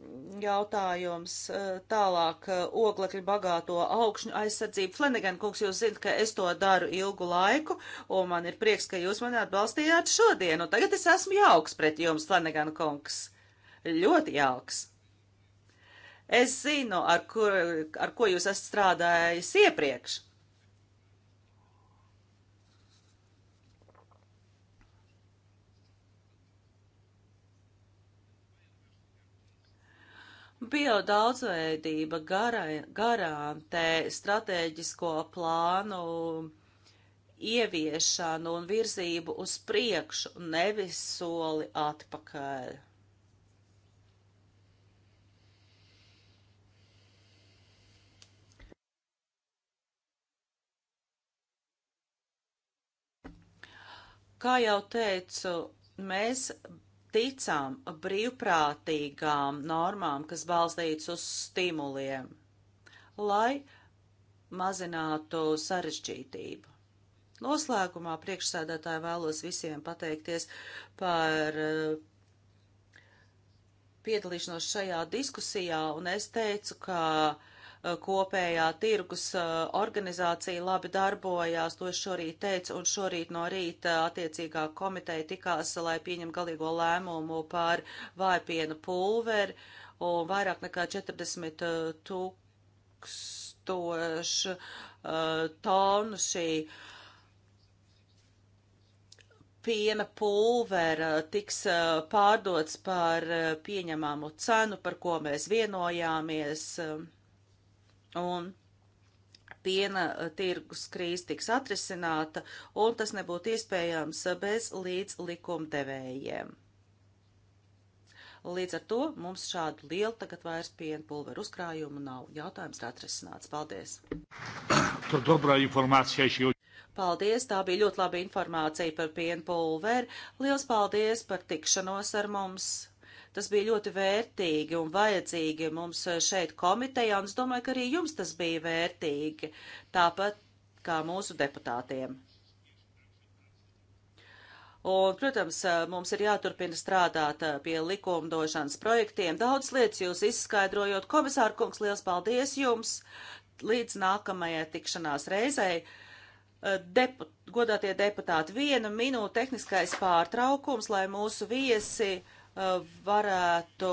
jautājums, uh, tālāk uh, oglekļu bagāto augšņu aizsardzību. Flanagan kungs, jūs zinat, ka es to daru ilgu laiku, un man ir prieks, ka jūs mani atbalstījāt šodien, un tagad es esmu jauks pret jums, Flanagan kungs. Ļoti jauks. Es zinu, ar, kur, ar ko jūs esat strādājis iepriekš. biodaudzveidība garantē stratēģisko plānu ieviešanu un virzību uz priekšu, nevis soli atpakaļ. Kā jau teicu, mēs ticām brīvprātīgām normām, kas balstīts uz stimuliem, lai mazinātu sarežģītību. Noslēgumā priekšsēdētāji vēlos visiem pateikties par eh, piedalīšanos šajā diskusijā, un es teicu, ka kopējā tirgus organizācija labi darbojās, to es šorīt teicu, un šorīt no rīta attiecīgā komiteja tikās, lai pieņem galīgo lēmumu par vājpienu pulveri, un vairāk nekā 40 tūkstoši tonu šī piena pulvera tiks pārdots par pieņemamu cenu, par ko mēs vienojāmies un piena eh, tirgus krīze tiks atrisināta, un tas nebūtu iespējams eh, bez līdz likumdevējiem. Līdz ar to mums šādu lielu tagad vairs piena pulveru uzkrājumu nav. Jautājums ir atrisināts. Paldies! Paldies, tā bija ļoti laba informācija par piena pulveri. Liels paldies par tikšanos ar mums! Tas bija ļoti vērtīgi un vajadzīgi mums šeit komitejā, un es domāju, ka arī jums tas bija vērtīgi, tāpat kā mūsu deputātiem. Un, protams, mums ir jāturpina strādāt pie likumdošanas projektiem. Daudz lietas jūs izskaidrojot. Komisāra kungs, liels paldies jums! Līdz nākamajai tikšanās reizei. Depu, godātie deputāti, viena minūte tehniskais pārtraukums, lai mūsu viesi varētu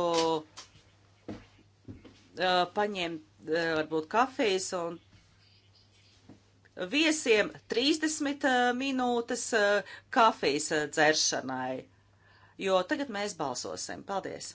paņemt varbūt kafijas un viesiem 30 minūtes kafijas dzeršanai, jo tagad mēs balsosim. Paldies!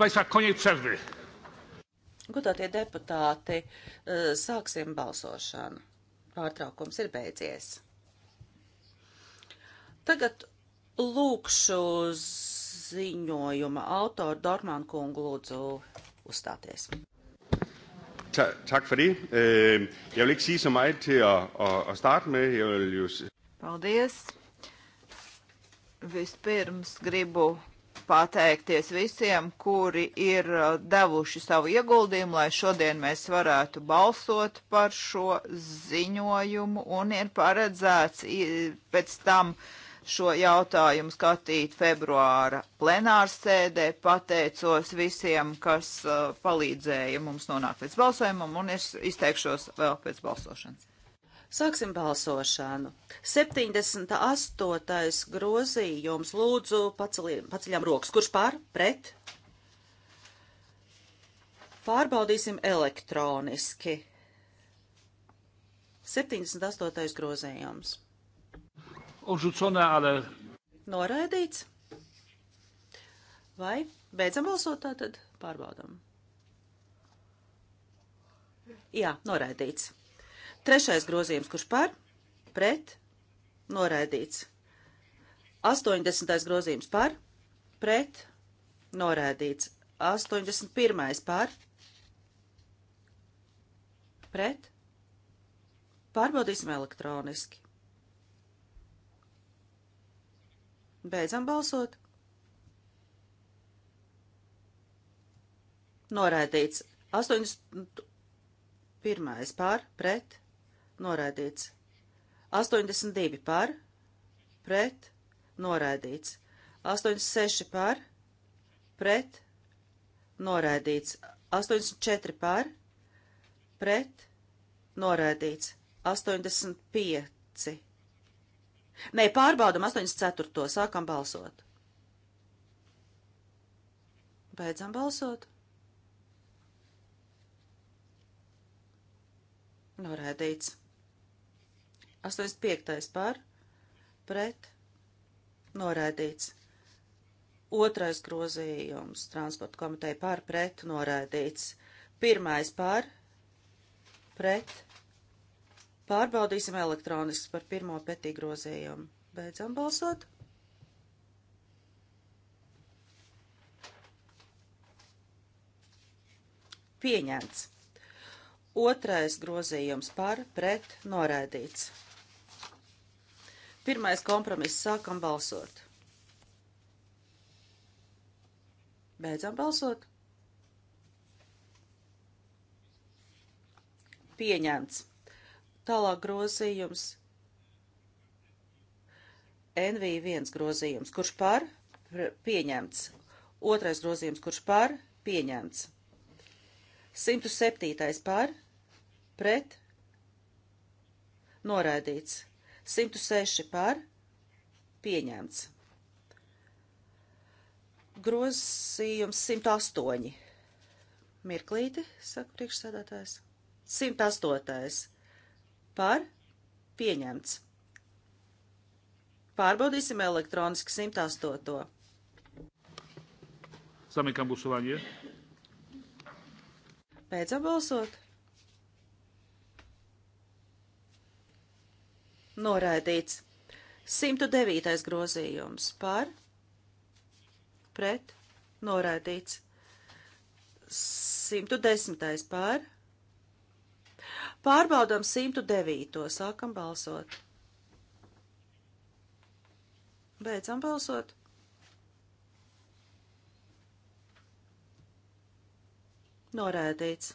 Państwa, koniec przerwy. Gudotie deputāti, e, sāksim balsošanu. Pārtraukums ir beidzies. Tagad lūkšu ziņojuma autoru Dormānu kungu lūdzu uzstāties. Ta, tak for det. Øh, jeg vil ikke sige så meget til at, at, at starte med. Jeg vil jo... Paldies. Vispirms gribu pateikties visiem, kuri ir uh, devuši savu ieguldījumu, lai šodien mēs varētu balsot par šo ziņojumu un ir paredzēts pēc tam šo jautājumu skatīt februāra plenārsēdē. Pateicos visiem, kas uh, palīdzēja mums nonākt līdz balsojumam un es izteikšos vēl pēc balsošanas. Sāksim balsošanu. 78. grozījums. Lūdzu, paceļam rokas. Kurš pār? Pret? Pārbaudīsim elektroniski. 78. grozījums. Odrzucone, ale. Noraidīts. Vai beidzam balsot tātad? Pārbaudam. Jā, noraidīts. Trešais grozījums, kurš par, pret, noraidīts. 80. grozījums par, pret, norēdīts. 81. par, pret, pārbaudīsim elektroniski. Beidzam balsot. Norēdīts. 81. par, pret, noraidīts. 82 par, pret, noraidīts. 86 par, pret, noraidīts. 84 par, pret, noraidīts. 85. Nē, pārbaudam 84. Sākam balsot. Beidzam balsot. Noraidīts. 85. par pret noraidīts. Otrais grozījums transporta komiteja par pret noraidīts. Pirmais par pret. Pārbaudīsim elektroniski par pirmo petī grozījumu. Beidzam balsot. Pieņemts. Otrais grozījums par pret noraidīts. Pirmais kompromiss. Sākam balsot. Beidzam balsot. Pieņemts. Tālāk grozījums. NV1 grozījums. Kurš par? Pieņemts. Otrais grozījums. Kurš par? Pieņemts. 107. par? Pret? Noraidīts. 106 par pieņemts. Grozījums 108. Mirklīti, saka priekšsēdētājs. 108. par pieņemts. Pārbaudīsim elektroniski 108. Zamykam głosowanie. Beidzam balsot. noraidīts. 109. grozījums par, pret, noraidīts. 110. par. Pārbaudām 109. sākam balsot. Beidzam balsot. Norēdīts.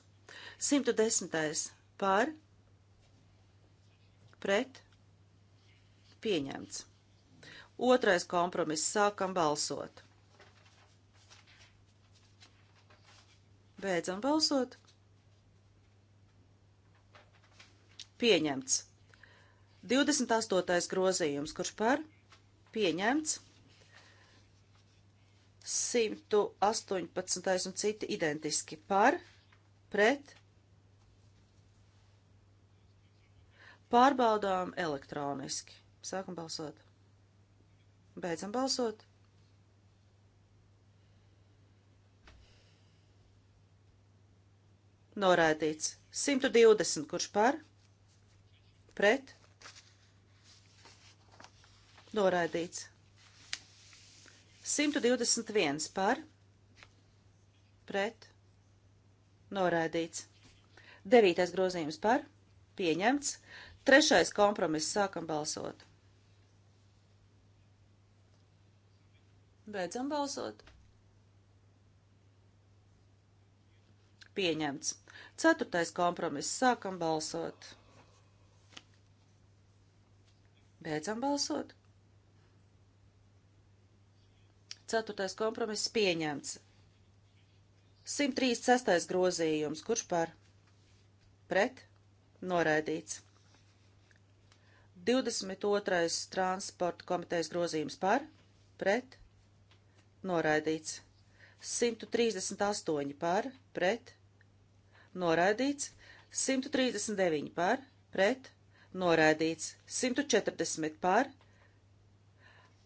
110. par. Pret pieņemts. Otrais kompromiss. Sākam balsot. Beidzam balsot. Pieņemts. 28. grozījums, kurš par pieņemts 118. un citi identiski par, pret, pārbaudām elektroniski. Sākam balsot. Beidzam balsot. Norādīts 120, kurš par, pret, norādīts 121 par, pret, norādīts 9. grozījums par, pieņemts, 3. kompromiss sākam balsot. Beidzam balsot. Pieņemts. Ceturtais kompromiss. Sākam balsot. Beidzam balsot. Ceturtais kompromiss pieņemts. 136. grozījums. Kurš par? Pret? Noraidīts. 22. transporta komitejas grozījums par? Pret? noraidīts. 138 par, pret, noraidīts. 139 par, pret, noraidīts. 140 par.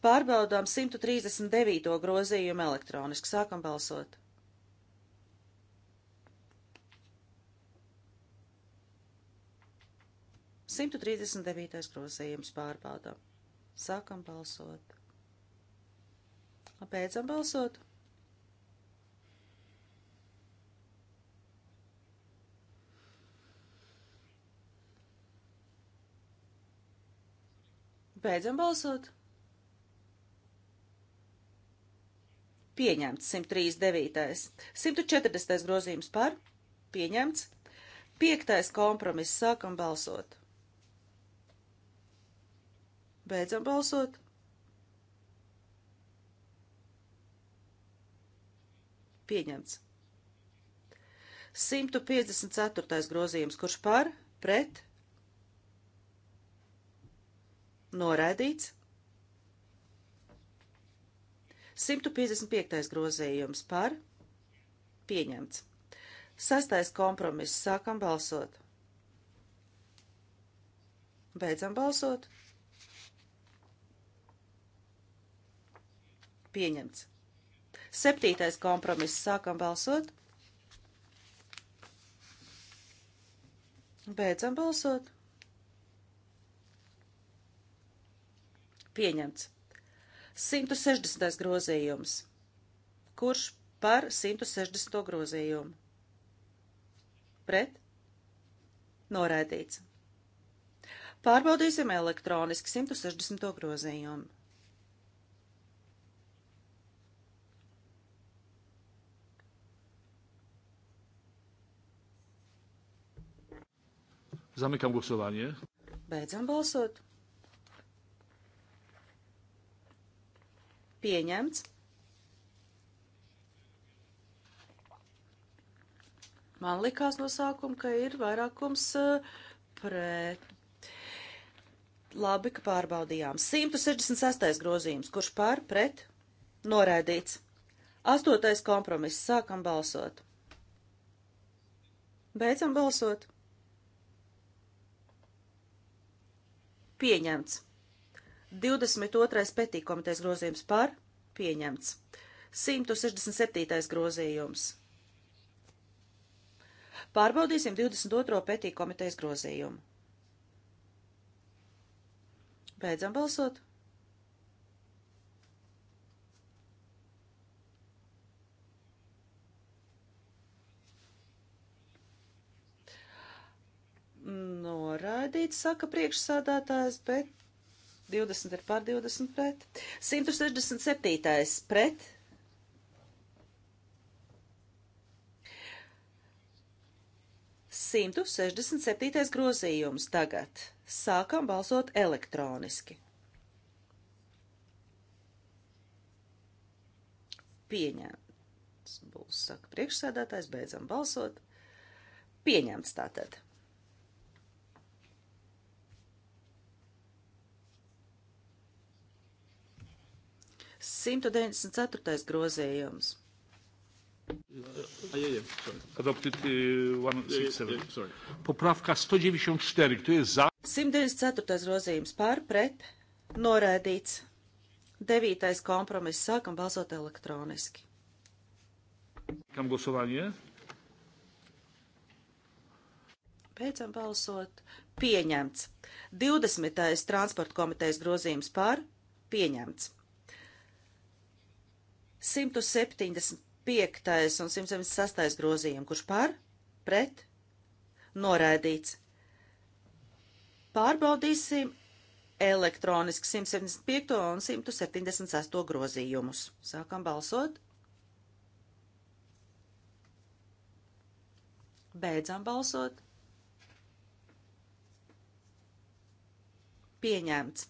Pārbaudām 139. grozījumu elektroniski. Sākam balsot. Simtu trīsdesmit devītais grozījums pārbaudām. Sākam balsot. Beidzam balsot. Beidzam balsot. Pieņemts 139. 140. grozījums par. Pieņemts. Piektais kompromiss. Sākam balsot. Beidzam balsot. pieņemts. 154. grozījums, kurš par, pret, noraidīts. 155. grozījums par, pieņemts. Sastais kompromiss, sākam balsot. Beidzam balsot. Pieņemts. Septītais kompromiss. Sākam balsot. Beidzam balsot. Pieņemts. 160. grozījums. Kurš par 160. grozījumu? Pret? Noraidīts. Pārbaudīsim elektroniski 160. grozījumu. Zamykam głosowanie. Beidzam balsot. Pieņemts. Man likās no sākuma, ka ir vairākums eh, pret. Labi, ka pārbaudījām. 166. grozījums, kurš pār pret noraidīts. Astotais kompromiss. Sākam balsot. Beidzam balsot. Pieņemts. 22. petīkomitejas grozījums par. Pieņemts. 167. grozījums. Pārbaudīsim 22. petīkomitejas grozījumu. Beidzam balsot. noraidīts, saka priekšsādātājs, bet 20 ir pār 20 pret. 167. pret. Simtu sešdesmit septītais grozījums tagad. Sākam balsot elektroniski. Pieņemts būs, saka priekšsēdētājs, beidzam balsot. Pieņemts tātad. 194. grozījums. Adopted, uh, one, uh, Poprawka 194, kto jest za? 194. grozījums par, pret, noraidīts. 9. kompromiss sākam balsot elektroniski. Kam głosowanie? Beidzam balsot. Pieņemts. 20. transporta komitejas grozījums par, pieņemts. 175. un 176. grozījumi, kurš par, pret, noraidīts. Pārbaudīsim elektroniski 175. un 176. grozījumus. Sākam balsot. Beidzam balsot. Pieņemts.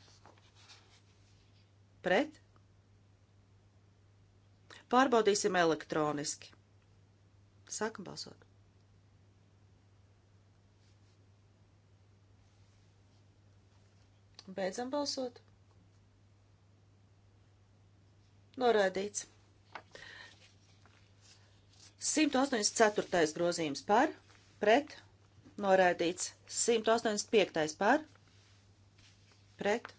Pret? Pārbaudīsim elektroniski. Sākam balsot. Beidzam balsot. Noraidīts. 184. grozījums par, pret, noraidīts. 185. par, pret,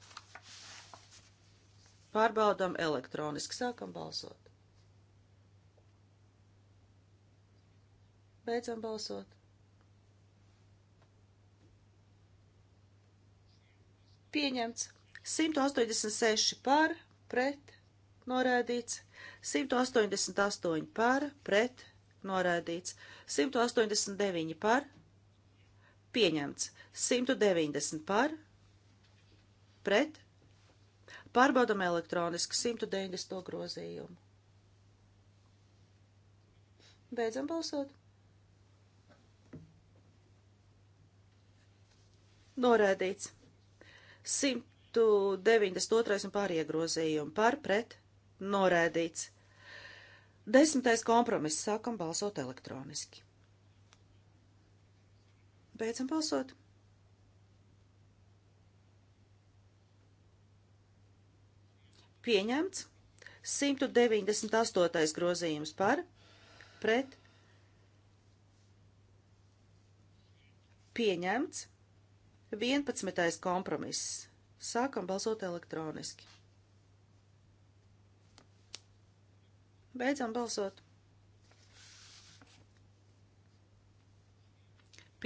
Pārbaudam elektroniski, sākam balsot. Beidzam balsot. Pieņemts. 186 par, pret, norādīts. 188 par, pret, norādīts. 189 par, pieņemts. 190 par, pret, norādīts Pārbaudam elektroniski 190. grozījumu. Beidzam balsot. Norēdīts. 192. un pārējie grozījumi par pret norēdīts. Desmitais kompromiss sākam balsot elektroniski. Beidzam balsot. Pieņemts. 198. grozījums par pret pieņemts 11. kompromiss. Sākam balsot elektroniski. Beidzam balsot.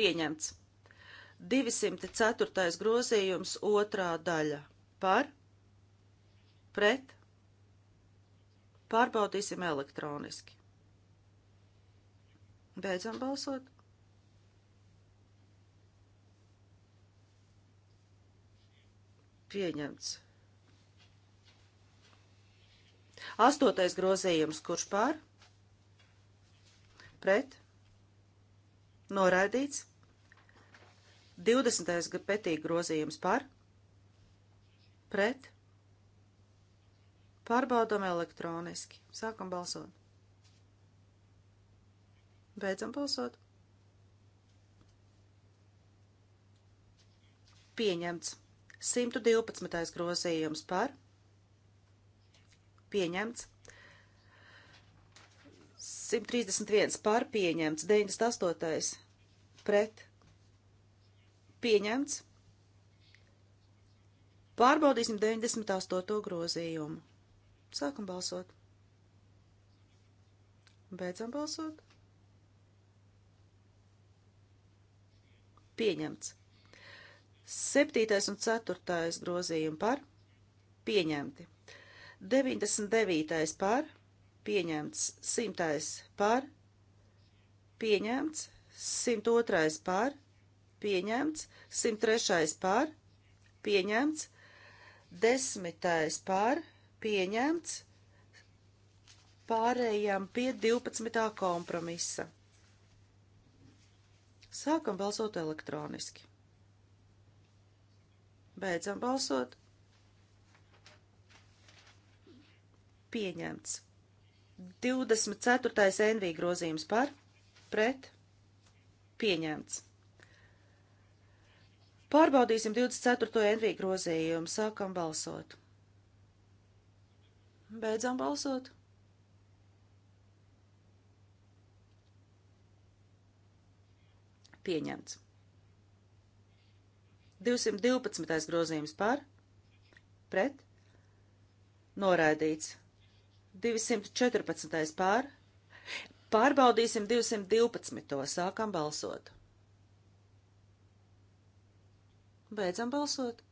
Pieņemts. 204. grozījums otrā daļa par pret, pārbaudīsim elektroniski. Beidzam balsot. Pieņemts. Astotais grozījums, kurš pār? Pret? Noraidīts. 20. petī grozījums par? Pret? Pārbaudam elektroniski. Sākam balsot. Beidzam balsot. Pieņemts. 112. grozījums par. Pieņemts. 131 par pieņemts. 98. pret. Pieņemts. Pārbaudīsim 98. grozījumu. Sākam balsot. Beidzam balsot. Pieņemts. Septītais un ceturtais grozījumi par. Pieņemti. 99. par. Pieņemts. Simtais par. Pieņemts. 102. par. Pieņemts. 103. par. Pieņemts. Desmitais par. Pieņemts pieņemts. Pārējām pie 12. kompromisa. Sākam balsot elektroniski. Beidzam balsot. Pieņemts. 24. NV grozījums par, pret, pieņemts. Pārbaudīsim 24. NV grozījumu, sākam balsot. Beidzam balsot. Pieņemts. 212. grozījums par, pret, noraidīts. 214. pār, pārbaudīsim 212. sākam balsot. Beidzam balsot.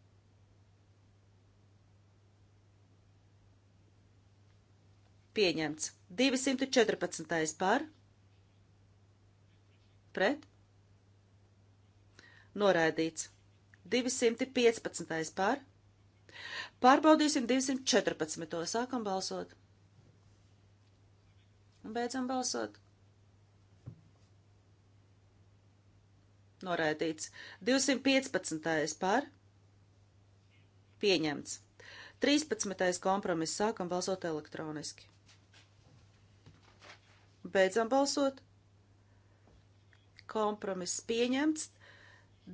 pieņemts. 214. par, pret, noraidīts. 215. par, pārbaudīsim 214. sākam balsot. Un beidzam balsot. Noraidīts. 215. par, pieņemts. 13. kompromiss sākam balsot elektroniski. Beidzam balsot. Kompromiss pieņemts.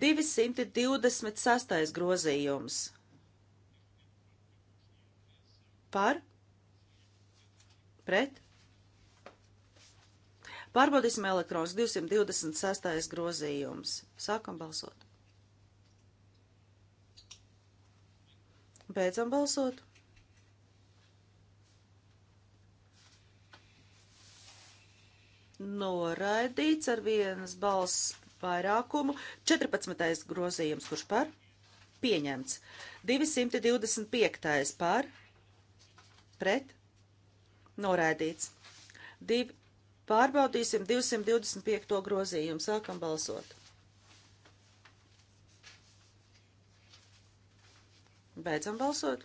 226. grozījums. Par? Pret? Pārbaudīsim elektrons 226. grozījums. Sākam balsot. Beidzam balsot. noraidīts ar vienas balss vairākumu. 14. grozījums, kurš par? Pieņemts. 225. par? Pret? Noraidīts. Div... Pārbaudīsim 225. grozījumu. Sākam balsot. Beidzam balsot.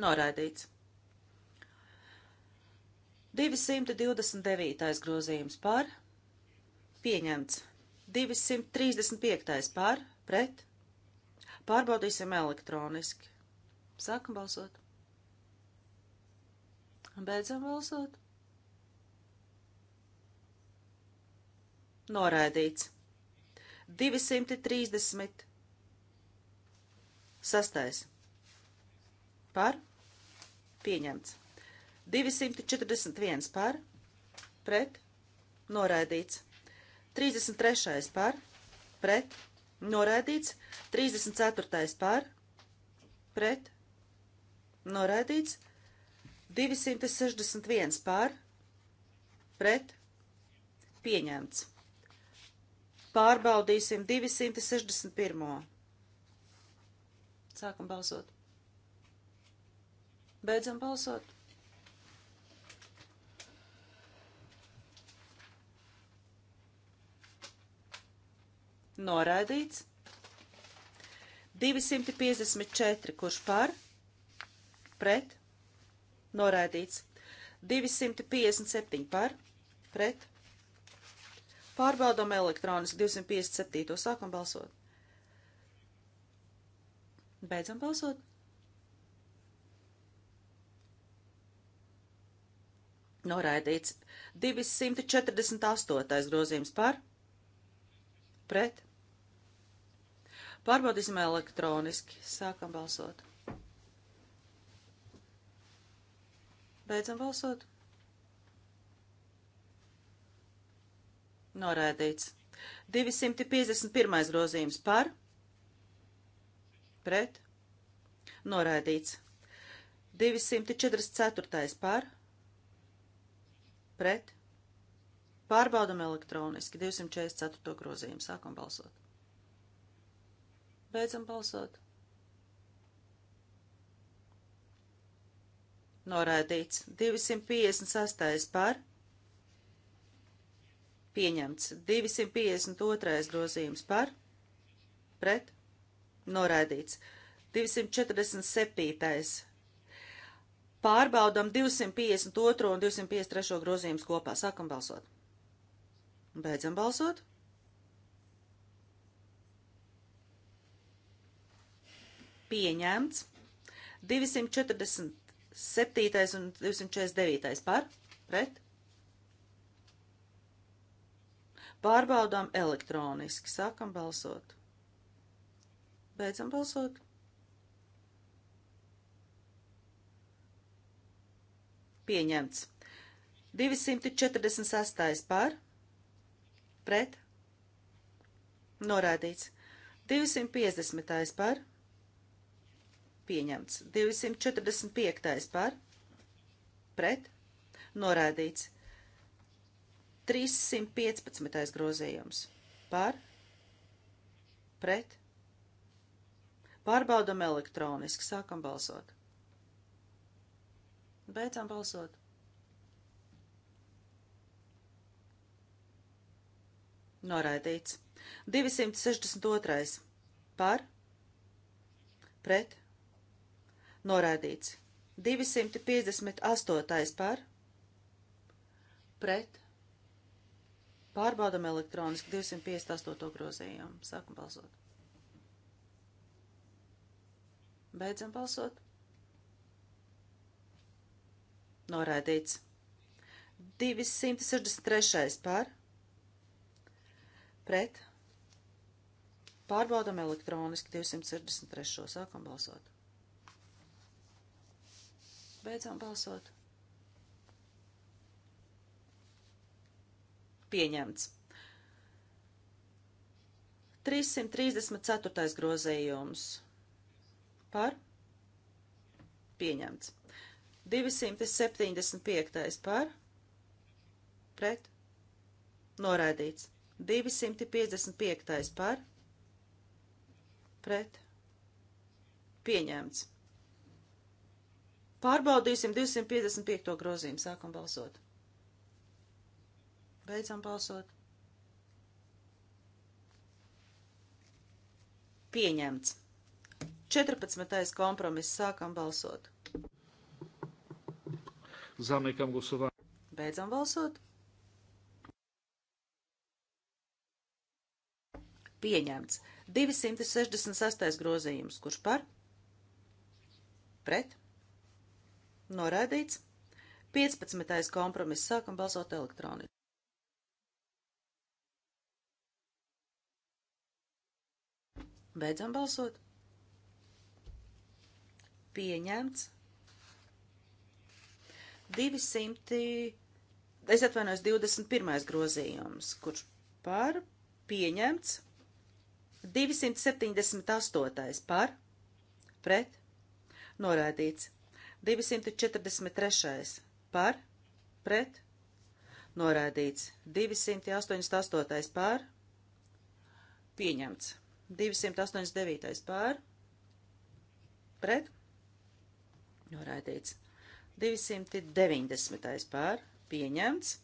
Noraidīts. 229. grozījums par, pieņemts. 235. par, pret. Pārbaudīsim elektroniski. Sākam balsot. Beidzam balsot. Noraidīts. 230. Sastais. Par. Pieņemts. 241 par, pret, noraidīts. 33 par, pret, noraidīts. 34 par, pret, noraidīts. 261 par, pret, pieņemts. Pārbaudīsim 261. Sākam balsot. Beidzam balsot. noraidīts. 254, kurš par, pret, noraidīts. 257 par, pret. Pārbaudām elektroniski 257. Sākam balsot. Beidzam balsot. Noraidīts 248. grozījums par, pret, Pārbaudīsim elektroniski. Sākam balsot. Beidzam balsot. Norēdīts. 251. grozījums par, pret, norēdīts. 244. par, pret, pārbaudam elektroniski. 244. grozījumu sākam balsot. Beidzam balsot. Noraidīts. 256. par. Pieņemts. 252. grozījums par. Pret. Noraidīts. 247. Pārbaudam 252 un 253 grozījumus kopā. Sākam balsot. Beidzam balsot. pieņemts. 247. un 249. par pret. Pārbaudām elektroniski. Sākam balsot. Beidzam balsot. Pieņemts. 246. par pret. Norādīts. 250. par pieņemts. 245. par, pret, noraidīts. 315. grozījums par, pret. Pārbaudam elektroniski, sākam balsot. Beidzam balsot. Noraidīts. 262. par, pret, Norādīts. 258. par. Pret. Pārbaudam elektroniski 258. grozījumu. Sākam balsot. Beidzam balsot. Norādīts. 263. par. Pret. Pārbaudam elektroniski 263. Sākam balsot. Beidzam balsot. Pieņemts. 334. grozējums par pieņemts. 275. par pret noraidīts. 255. par pret pieņemts. Pārbaudīsim 255. grozījumu. Sākam balsot. Beidzam balsot. Pieņemts. 14. kompromiss. Sākam balsot. Zamykam głosowanie. Beidzam balsot. Pieņemts. 266. grozījums. Kurš par? Pret? Noraidīts. 15. kompromiss. Sākam balsot elektroniski. Beidzam balsot. Pieņemts. 200. Es atvainojos 21. grozījums, kurš par pieņemts. 278. par pret noraidīts. 243. par, pret, noraidīts. 288. par, pieņemts. 289. par, pret, noraidīts. 290. par, pieņemts.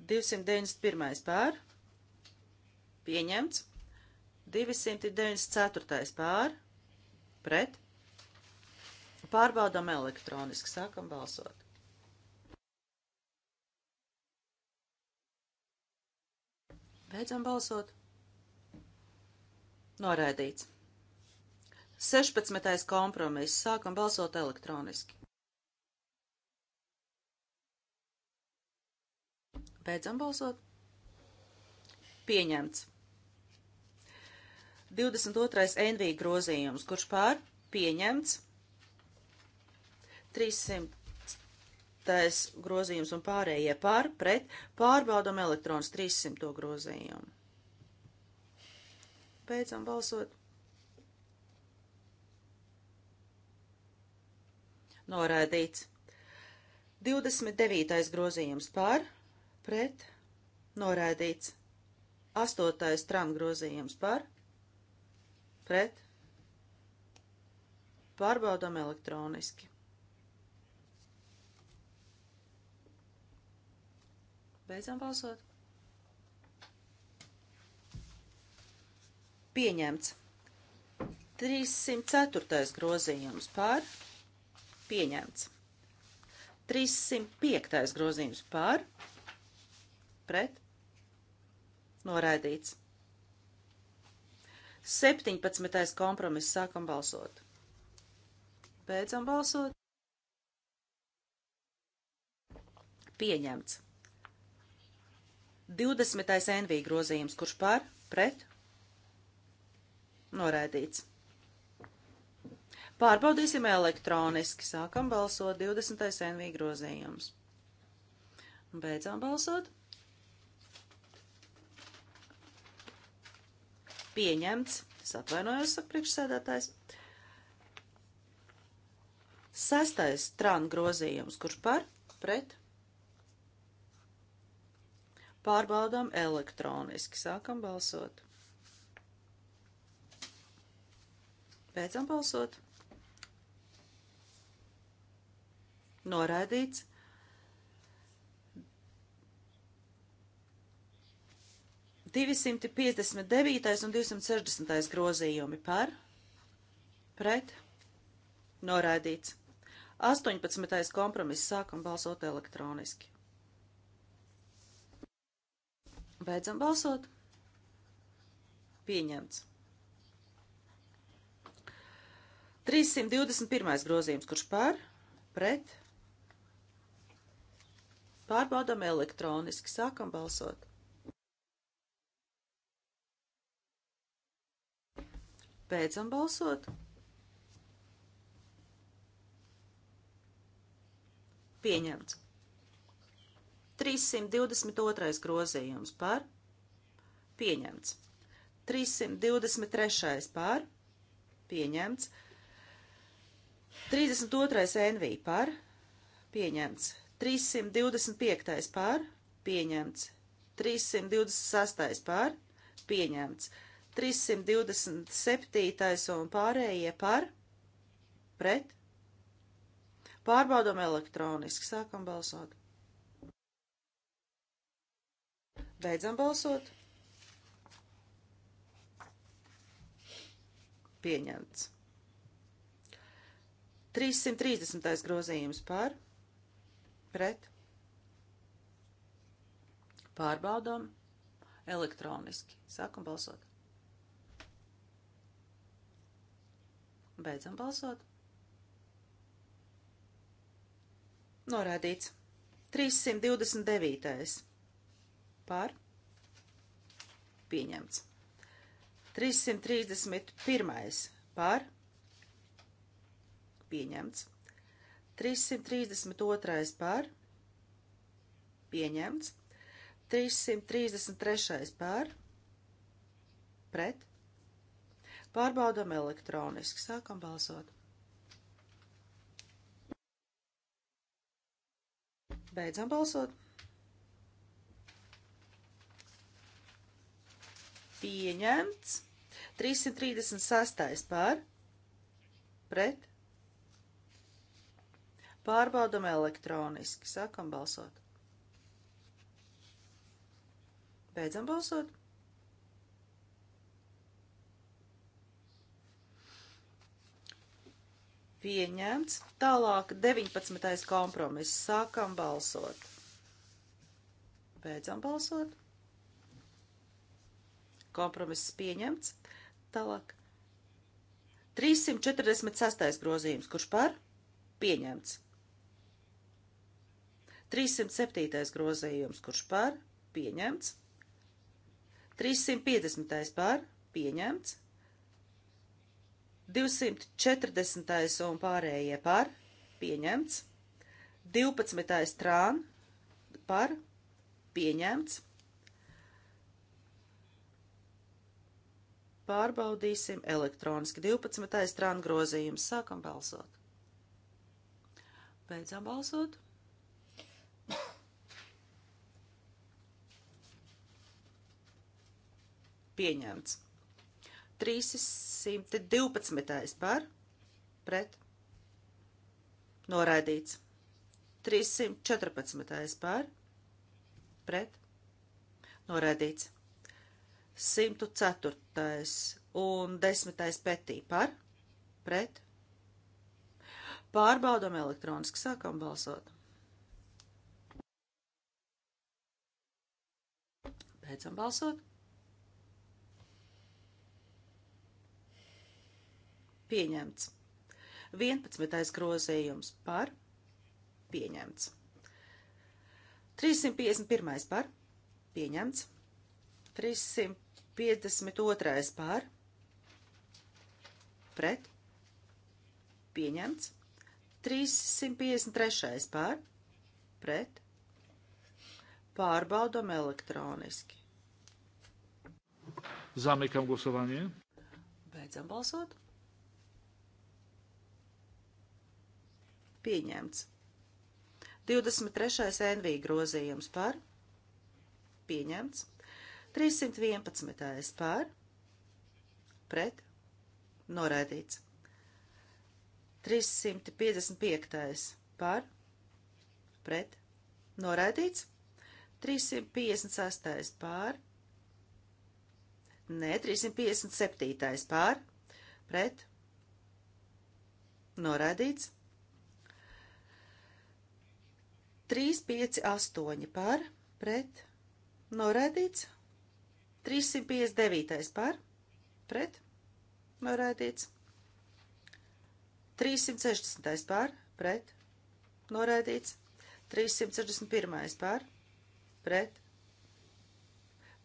291. par, pieņemts. 294. pār, pret, Pārbaudam elektroniski, sākam balsot. Beidzam balsot. Noraidīts. 16. kompromiss. Sākam balsot elektroniski. Beidzam balsot. Pieņemts. 22. NV grozījums. Kurš pār? Pieņemts. 300. grozījums un pārējie par, pret, pārbaudam elektrons 300. grozījumu. Beidzam balsot. Norādīts. 29. grozījums par, pret, norādīts. 8. tram grozījums par, pret, pārbaudām elektroniski. Beidzam balsot. Pieņemts. 304. grozījums par pieņemts. 305. grozījums par pret noraidīts. 17. kompromiss sākam balsot. Beidzam balsot. Pieņemts. 20. NV grozījums, kurš par, pret, noraidīts. Pārbaudīsim elektroniski. Sākam balsot 20. NV grozījums. Beidzām balsot. Pieņemts. Es atvainojos, saka priekšsēdētājs. Sestais tran grozījums, kurš par, pret, Pārbaudām elektroniski. Sākam balsot. Beidzam balsot. Noraidīts. Divsimti piecdesmit devītais un divsimt sešdesmitais grozījumi par, pret, noraidīts. Astoņpadsmitais kompromiss sākam balsot elektroniski. Beidzam balsot. Pieņemts. 321. grozījums, kurš par, pret, pārbaudam elektroniski, sākam balsot. Beidzam balsot. Pieņemts. 322. grozījums par pieņemts. 323. par pieņemts. 32. NV par pieņemts. 325. par pieņemts. 326. par pieņemts. 327. un pārējie par pret. Pārbaudam elektroniski, sākam balsot. Beidzam balsot. Pieņemts. 330. grozījums par, pret, pārbaudām elektroniski. Sākam balsot. Beidzam balsot. Norādīts. 329 par pieņemts. 331. par pieņemts. 332. par pieņemts. 333. par pret. Pārbaudam elektroniski. Sākam balsot. Beidzam balsot. pieņemts. 336. par pret. Pārbaudam elektroniski. Sākam balsot. Beidzam balsot. Pieņemts. Tālāk 19. kompromiss. Sākam balsot. Beidzam balsot kompromiss pieņemts. Tālāk. 346. grozījums, kurš par? Pieņemts. 307. grozījums, kurš par? Pieņemts. 350. par? Pieņemts. 240. un pārējie par? Pieņemts. 12. trān par? Pieņemts. Pārbaudīsim elektroniski 12. strāna grozījums. Sākam balsot. Beidzam balsot. Pieņemts. 312. par pret noraidīts. 314. par pret noraidīts. 104. un 10. petī par, pret. Pārbaudam elektroniski, sākam balsot. Beidzam balsot. Pieņemts. 11. grozījums par pieņemts. 351. par pieņemts. 300 52. pār pret pieņemts. 353. pār pret pārbaudam elektroniski. Zamykam głosowanie. Beidzam balsot. Pieņemts. 23. NV grozījums par. Pieņemts. 311. pār pret noraidīts. 355. pār pret noraidīts. 356. pār Nē, 357. pār pret noraidīts. 358 pār pret noraidīts. 359. par pret norēdīts. 360. par pret norēdīts. 361. par pret.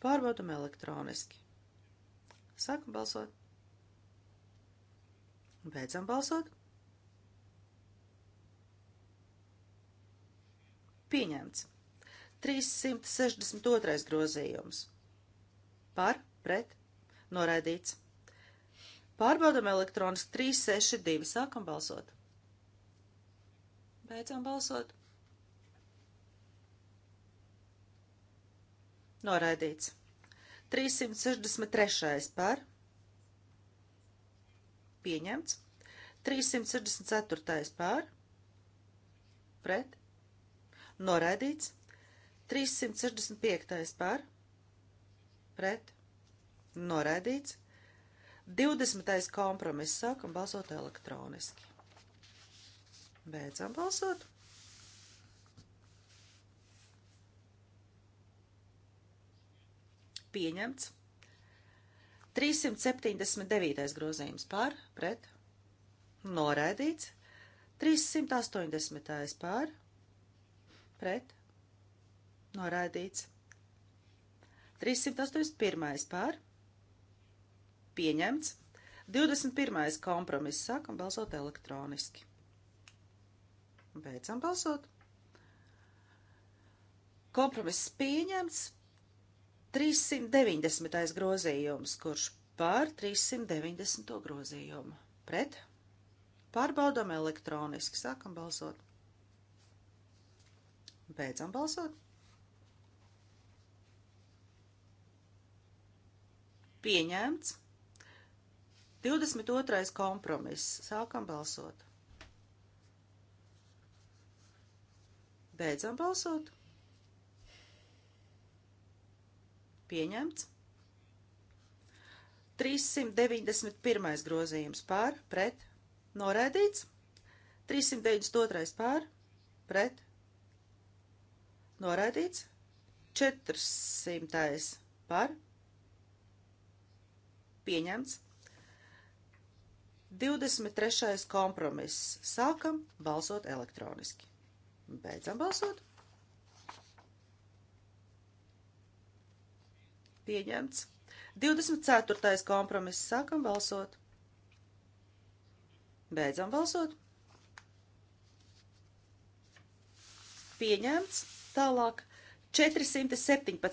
Pārbaudam elektroniski. Sākam balsot. Beidzam balsot. Pieņemts. 362. grozījums Par, pret, noraidīts. Pārbaudam elektroniski 362. Sākam balsot. Beidzam balsot. Noraidīts. 363. par. Pieņemts. 364. par. Pret. Noraidīts. 365. par pret noraidīts. 20. kompromiss sākam balsot elektroniski. Beidzam balsot. Pieņemts. 379. grozījums par, pret, noraidīts. 380. par, pret, noraidīts. 381. pār. Pieņemts. 21. kompromiss. Sākam balsot elektroniski. Beidzam balsot. Kompromiss pieņemts. 390. grozījums, kurš pār 390. grozījumu. Pret. Pārbaudam elektroniski. Sākam balsot. Beidzam balsot. Pieņemts. 22. kompromiss. Sākam balsot. Beidzam balsot. Pieņemts. 391. grozījums pār, pret, noraidīts. 392. pār, pret, noraidīts. 400. pār, pret pieņemts. 23. kompromiss. Sākam balsot elektroniski. Beidzam balsot. Pieņemts. 24. kompromiss. Sākam balsot. Beidzam balsot. Pieņemts. Tālāk 417.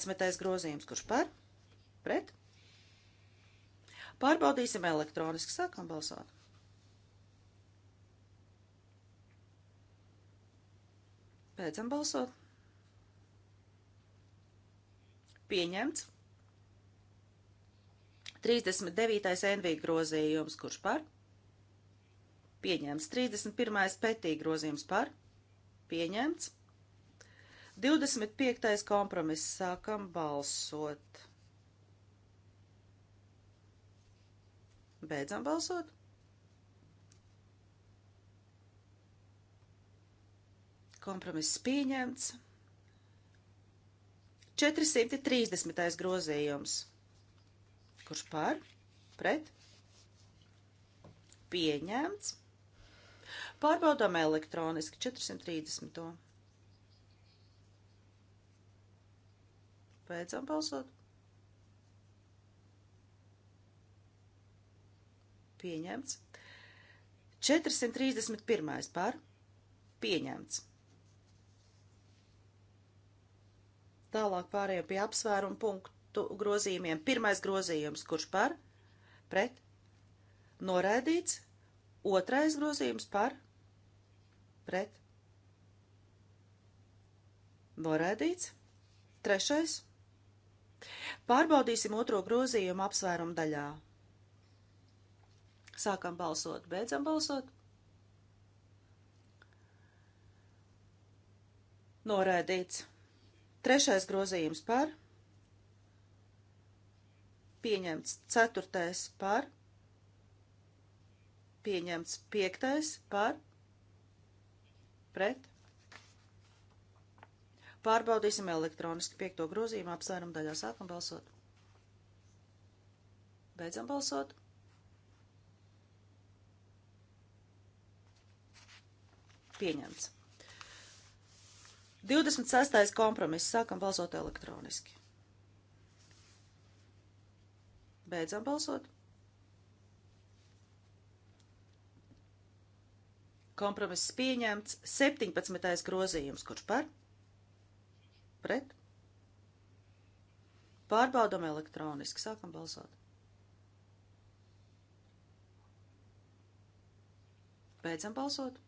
grozījums. Kurš par? Pret? Pārbaudīsim elektroniski. Sākam balsot. Beidzam balsot. Pieņemts. 39. NV grozījums, kurš par? Pieņemts. 31. petī grozījums par? Pieņemts. 25. kompromiss sākam balsot. Beidzam balsot. Kompromiss pieņemts. 430. grozījums. Kurš par? Pret? Pieņemts. Pārbaudām elektroniski 430. Beidzam balsot. pieņemts. 431. par pieņemts. Tālāk pārējiem pie apsvērumu punktu grozījumiem. Pirmais grozījums, kurš par, pret, noraidīts. Otrais grozījums par, pret, noraidīts. Trešais. Pārbaudīsim otro grozījumu apsvērumu daļā. Sākam balsot, beidzam balsot. Noraidīts. Trešais grozījums par. Pieņemts ceturtais par. Pieņemts piektais par. Pret. Pārbaudīsim elektroniski piekto grozījumu apsvērumu daļā. Sākam balsot. Beidzam balsot. Pieņemts. 26. kompromiss. Sākam balsot elektroniski. Beidzam balsot. Kompromiss pieņemts. 17. grozījums. Kurš par? Pret? Pārbaudam elektroniski. Sākam balsot. Beidzam balsot.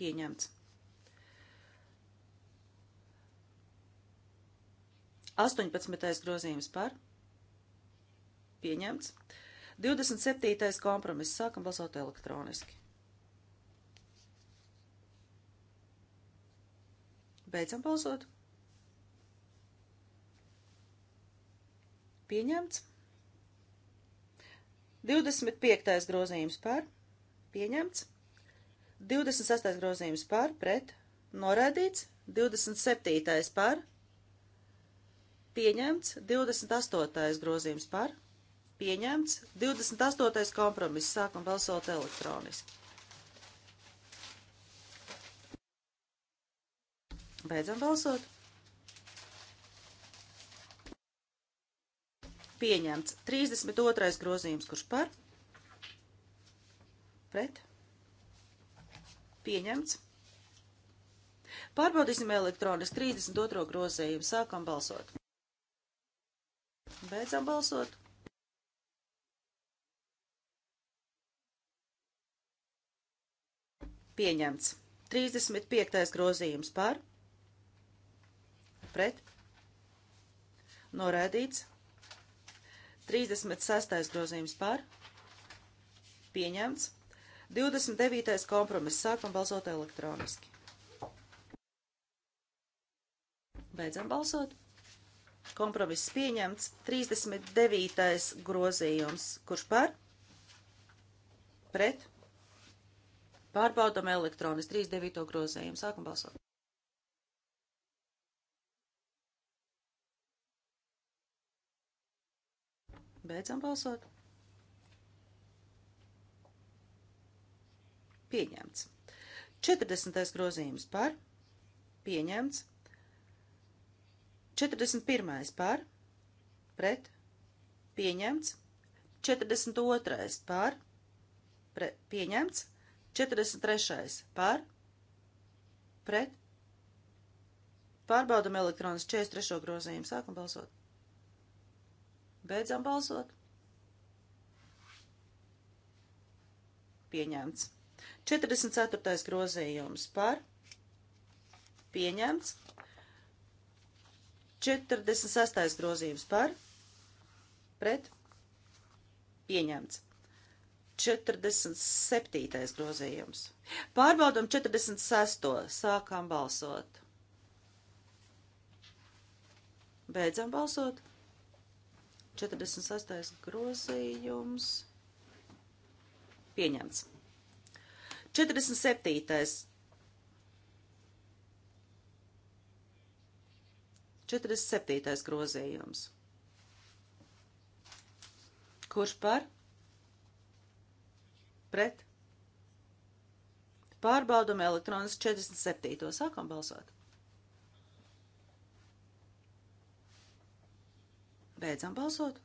Pieņemts. 18. grozījums par. Pieņemts. 27. kompromiss. Sākam balsot elektroniski. Beidzam balsot. Pieņemts. 25. grozījums par. Pieņemts. 28. grozījums par, pret, noraidīts, 27. par, pieņemts, 28. grozījums par, pieņemts, 28. kompromiss, sākam balsot elektroniski. Beidzam balsot. Pieņemts 32. grozījums, kurš par, pret, Pieņemts. Pārbaudīsim elektroniski 32. grozījumu. Sākam balsot. Beidzam balsot. Pieņemts. 35. grozījums par. Pret. Noraidīts. 36. grozījums par. Pieņemts. 29. kompromiss. Sākam balsot elektroniski. Beidzam balsot. Kompromiss pieņemts. 39. grozījums. Kurš par? Pret? Pārbaudam elektronis. 39. grozījumu. Sākam balsot. Beidzam balsot. Pieņemts. 40. grozījums par. Pieņemts. 41. par. Pret. Pieņemts. 42. par. Pre, pieņemts. 43. par. Pret. Pārbaudam elektronas 43. grozījumu. Sākam balsot. Beidzam balsot. Pieņemts. 44. grozījums par pieņemts. 46. grozījums par pret pieņemts. 47. grozījums. Pārbaudam 46. sākām balsot. Beidzam balsot. 46. grozījums pieņemts. 47. 47. grozījums. Kurš par? Pret? Pārbaudam elektronas 47. Sākam balsot. Beidzam balsot.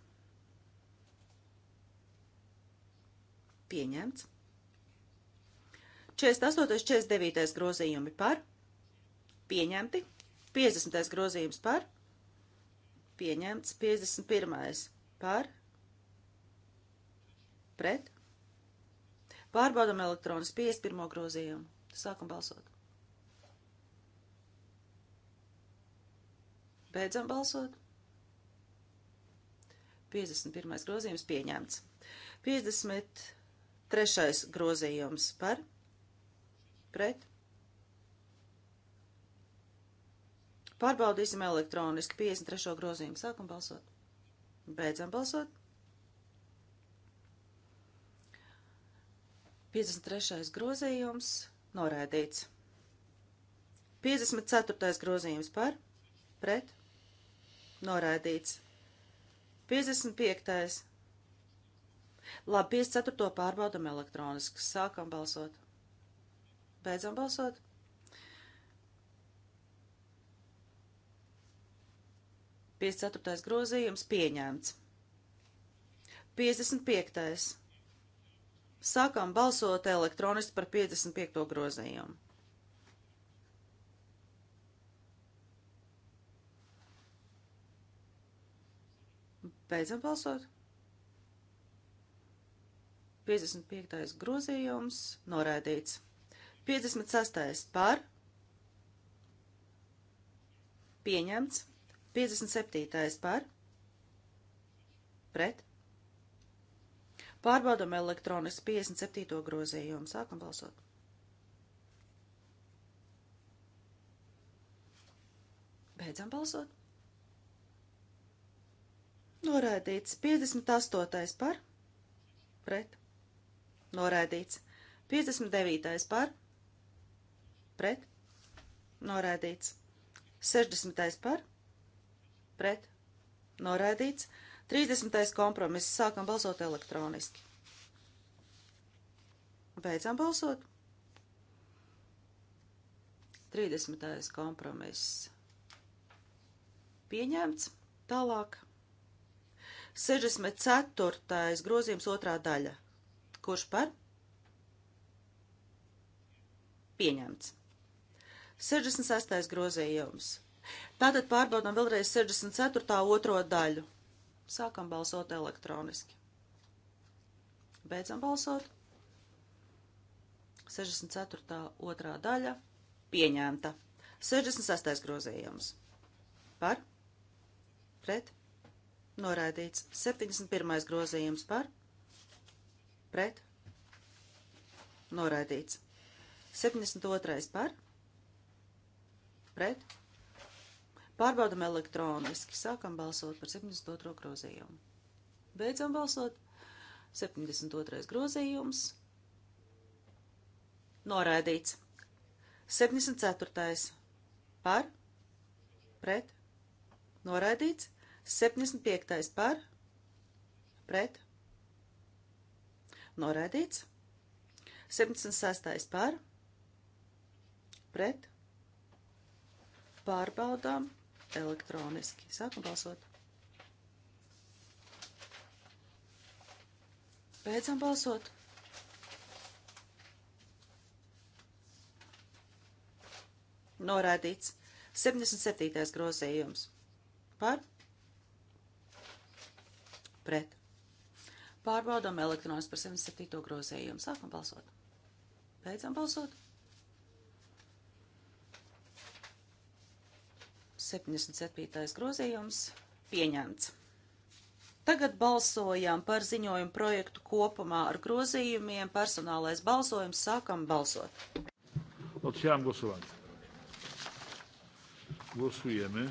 Pieņemts. 48. 49. grozījumi par, pieņemti, 50. grozījums par, pieņemts, 51. par, pret. Pārbaudam elektronas 51. grozījumu. Sākam balsot. Beidzam balsot. 51. grozījums pieņemts. 53. grozījums par pret. Pārbaudīsim elektroniski 53. grozījumu. Sākam balsot. Beidzam balsot. 53. grozījums noraidīts. 54. grozījums par, pret, noraidīts. 55. Labi, 54. pārbaudam elektroniski. Sākam balsot. Beidzam balsot. Piec ceturtais grozījums pieņemts. 55. Sākam balsot elektroniski par 55. grozījumu. Beidzam balsot. 55. grozījums noraidīts. 56. par pieņemts. 57. par pret. Pārbaudam elektroniski 57. grozījumu. Sākam balsot. Beidzam balsot. Noraidīts 58. par pret. Noraidīts 59. par pret pret, noraidīts. 60. par, pret, noraidīts. 30. kompromiss. Sākam balsot elektroniski. Beidzam balsot. 30. kompromiss. Pieņemts. Tālāk. 64. grozījums otrā daļa. Kurš par? Pieņemts. 66. grozījums. Tātad pārbaudām vēlreiz 64. otro daļu. Sākam balsot elektroniski. Beidzam balsot. 64. otrā daļa pieņemta. 66. grozījums. Par? Pret? Noraidīts. 71. grozījums par? Pret? Noraidīts. 72. par? pret. Pārbaudam elektroniski. Sākam balsot par 72. grozījumu. Beidzam balsot. 72. grozījums. Noraidīts. 74. par. Pret. Noraidīts. 75. par. Pret. Noraidīts. 76. par. Pret. Pārbaudām elektroniski. Sākam balsot. Beidzam balsot. Norādīts 77. grozījums. Par? Pret. Pārbaudām elektronisku par 77. grozījumu. Sākam balsot. Beidzam balsot. 77. grozījums pieņemts. Tagad balsojam par ziņojumu projektu kopumā ar grozījumiem. Personālais balsojums sākam balsot. Otwieram głosowanie. Głosujemy.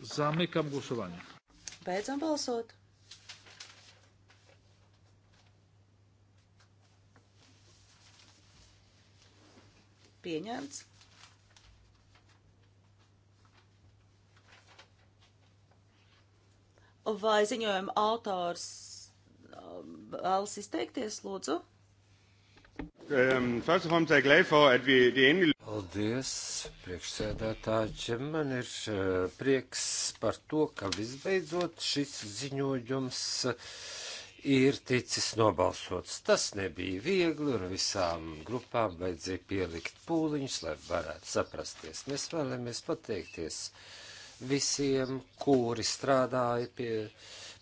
Zamykam głosowanie. Beidzam balsot. Pieņemts. Vai ziņojuma autors um, vēlas izteikties, lūdzu? Um, first of all, I'm glad for at we the end. Paldies, priekšsēdētāji. Man ir uh, prieks par to, ka visbeidzot šis ziņojums uh, ir ticis nobalsots. Tas nebija viegli, un visām grupām vajadzēja pielikt pūliņus, lai varētu saprasties. Mēs vēlamies pateikties. Uh, visiem, kuri strādāja pie,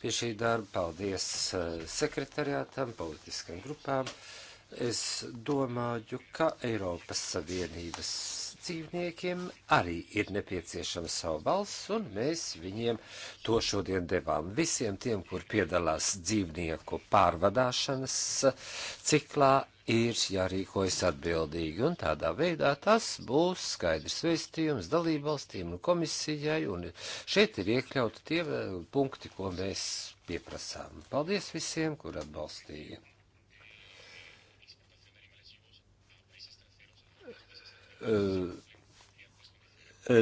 pie šī darba. Paldies eh, sekretariātam, politiskajām grupām. Es domāju, ka Eiropas Savienības dzīvniekiem arī ir nepieciešama savu balss, un mēs viņiem to šodien devām. Visiem tiem, kur piedalās dzīvnieku pārvadāšanas ciklā, ir jārīkojas atbildīgi, un tādā veidā tas būs skaidrs vēstījums dalībvalstīm un komisijai, un šeit ir iekļauti tie eh, punkti, ko mēs pieprasām. Paldies visiem, kur atbalstīja. Uh,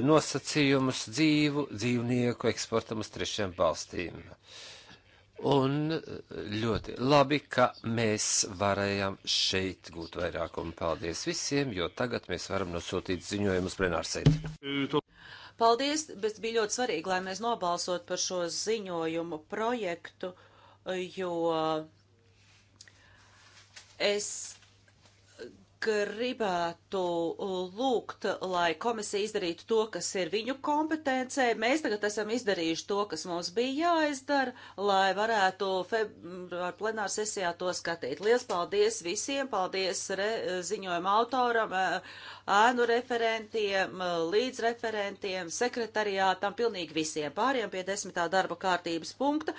nosacījumus dzīvu dzīvnieku eksportam uz trešiem valstīm. Un eh, ļoti labi, ka mēs varējām šeit gūt vairākumu. Paldies visiem, jo tagad mēs varam nosūtīt ziņojumus plenārsēdi. Paldies, bet bija ļoti svarīgi, lai mēs nobalsot par šo ziņojumu projektu, jo es gribētu uh, lūgt, lai komisija izdarītu to, kas ir viņu kompetencē. Mēs tagad esam izdarījuši to, kas mums bija jāizdara, lai varētu februāru plenāru sesijā to skatīt. Lielas paldies visiem, paldies re, ziņojuma autoram, ēnu referentiem, līdzreferentiem, sekretariātam, pilnīgi visiem pāriem pie desmitā darba kārtības punkta.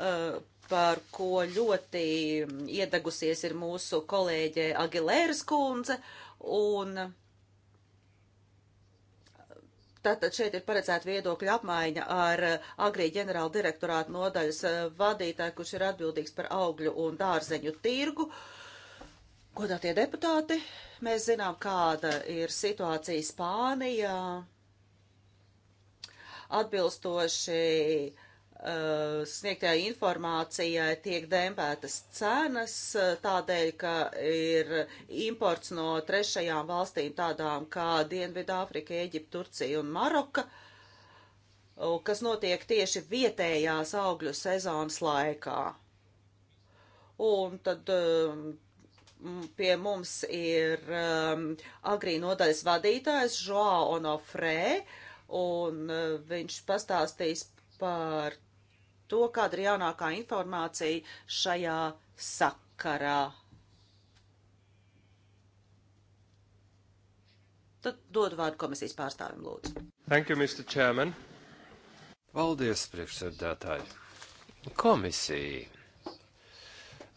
Uh, par ko ļoti iedegusies ir mūsu kolēģe Agilēras kundze, un Tātad šeit ir paredzēta viedokļa apmaiņa ar agrī ģenerāla direktorāta nodaļas vadītāju, kurš ir atbildīgs par augļu un dārzeņu tirgu. Godātie deputāti, mēs zinām, kāda ir situācija Spānijā. Atbilstoši uh, Uh, sniegtajai informācijai tiek dempētas cenas uh, tādēļ, ka ir imports no trešajām valstīm tādām kā Dienvidāfrika, Eģipta, Turcija un Maroka, uh, kas notiek tieši vietējās augļu sezonas laikā. Un tad um, pie mums ir um, agrī nodaļas vadītājs Joao Onofrē, un viņš pastāstīs par to, kāda ir jaunākā informācija šajā sakarā. Tad dod vārdu komisijas pārstāvim, lūdzu. Thank you, Mr. Chairman. Paldies, priekšsēdētāji. Komisija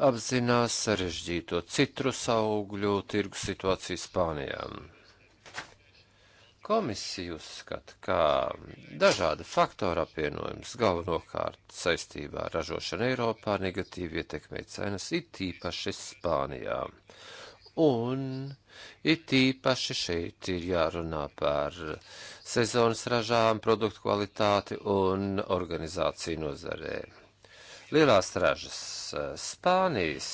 apzinās sarežģīto citrus augļu tirgu situāciju Spānijām. Komisija uzskata, ka dažāda faktora apvienojums galvenokārt saistībā ar ražošanu Eiropā negatīvi ietekmē cenas, it īpaši Spānijā. Un it īpaši šeit ir jārunā par sezonas ražām, produktu kvalitāti un organizāciju nozarē. Lielās ražas Spānijas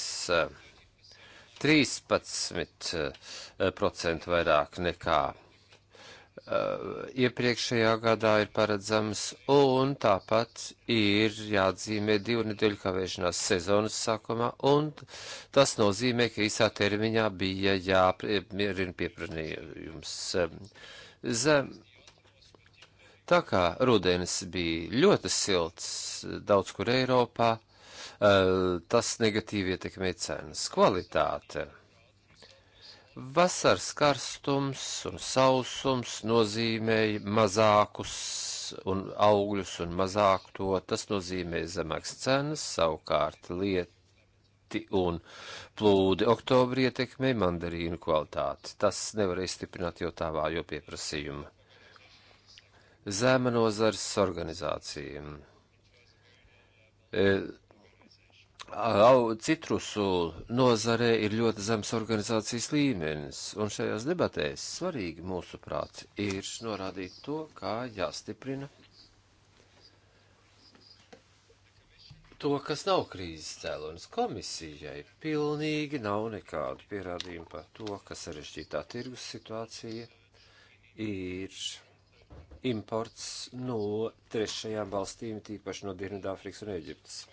13% eh, eh, vairāk nekā Eh, iepriekšējā gadā ir paredzams, un tāpat ir jāatzīmē divu nedēļu kavēšanās sezonas sākumā, un tas nozīmē, ka īsā termiņā bija jāmierina piepranījums. Eh, zem. Tā kā rudenis bija ļoti silts daudz kur Eiropā, eh, tas negatīvi ietekmē cenas kvalitāte Vasaras karstums un sausums nozīmēja mazākus un augļus un mazāk to, tas nozīmē zemāks cenas, savukārt lieti un plūdi oktobri ietekmē mandarīnu kvalitāti. Tas nevarēja stiprināt jau tā vājo pieprasījumu. Zēma nozars organizācijām. E, citrusu nozarē ir ļoti zems organizācijas līmenis, un šajās debatēs svarīgi, mūsuprāt, ir norādīt to, kā jāstiprina to, kas nav krīzes cēlonis. Komisijai pilnīgi nav nekādu pierādījumu par to, ka sarežģītā tirgus situācija ir imports no trešajām valstīm, tīpaši no Dienvidāfrikas un Eģiptes.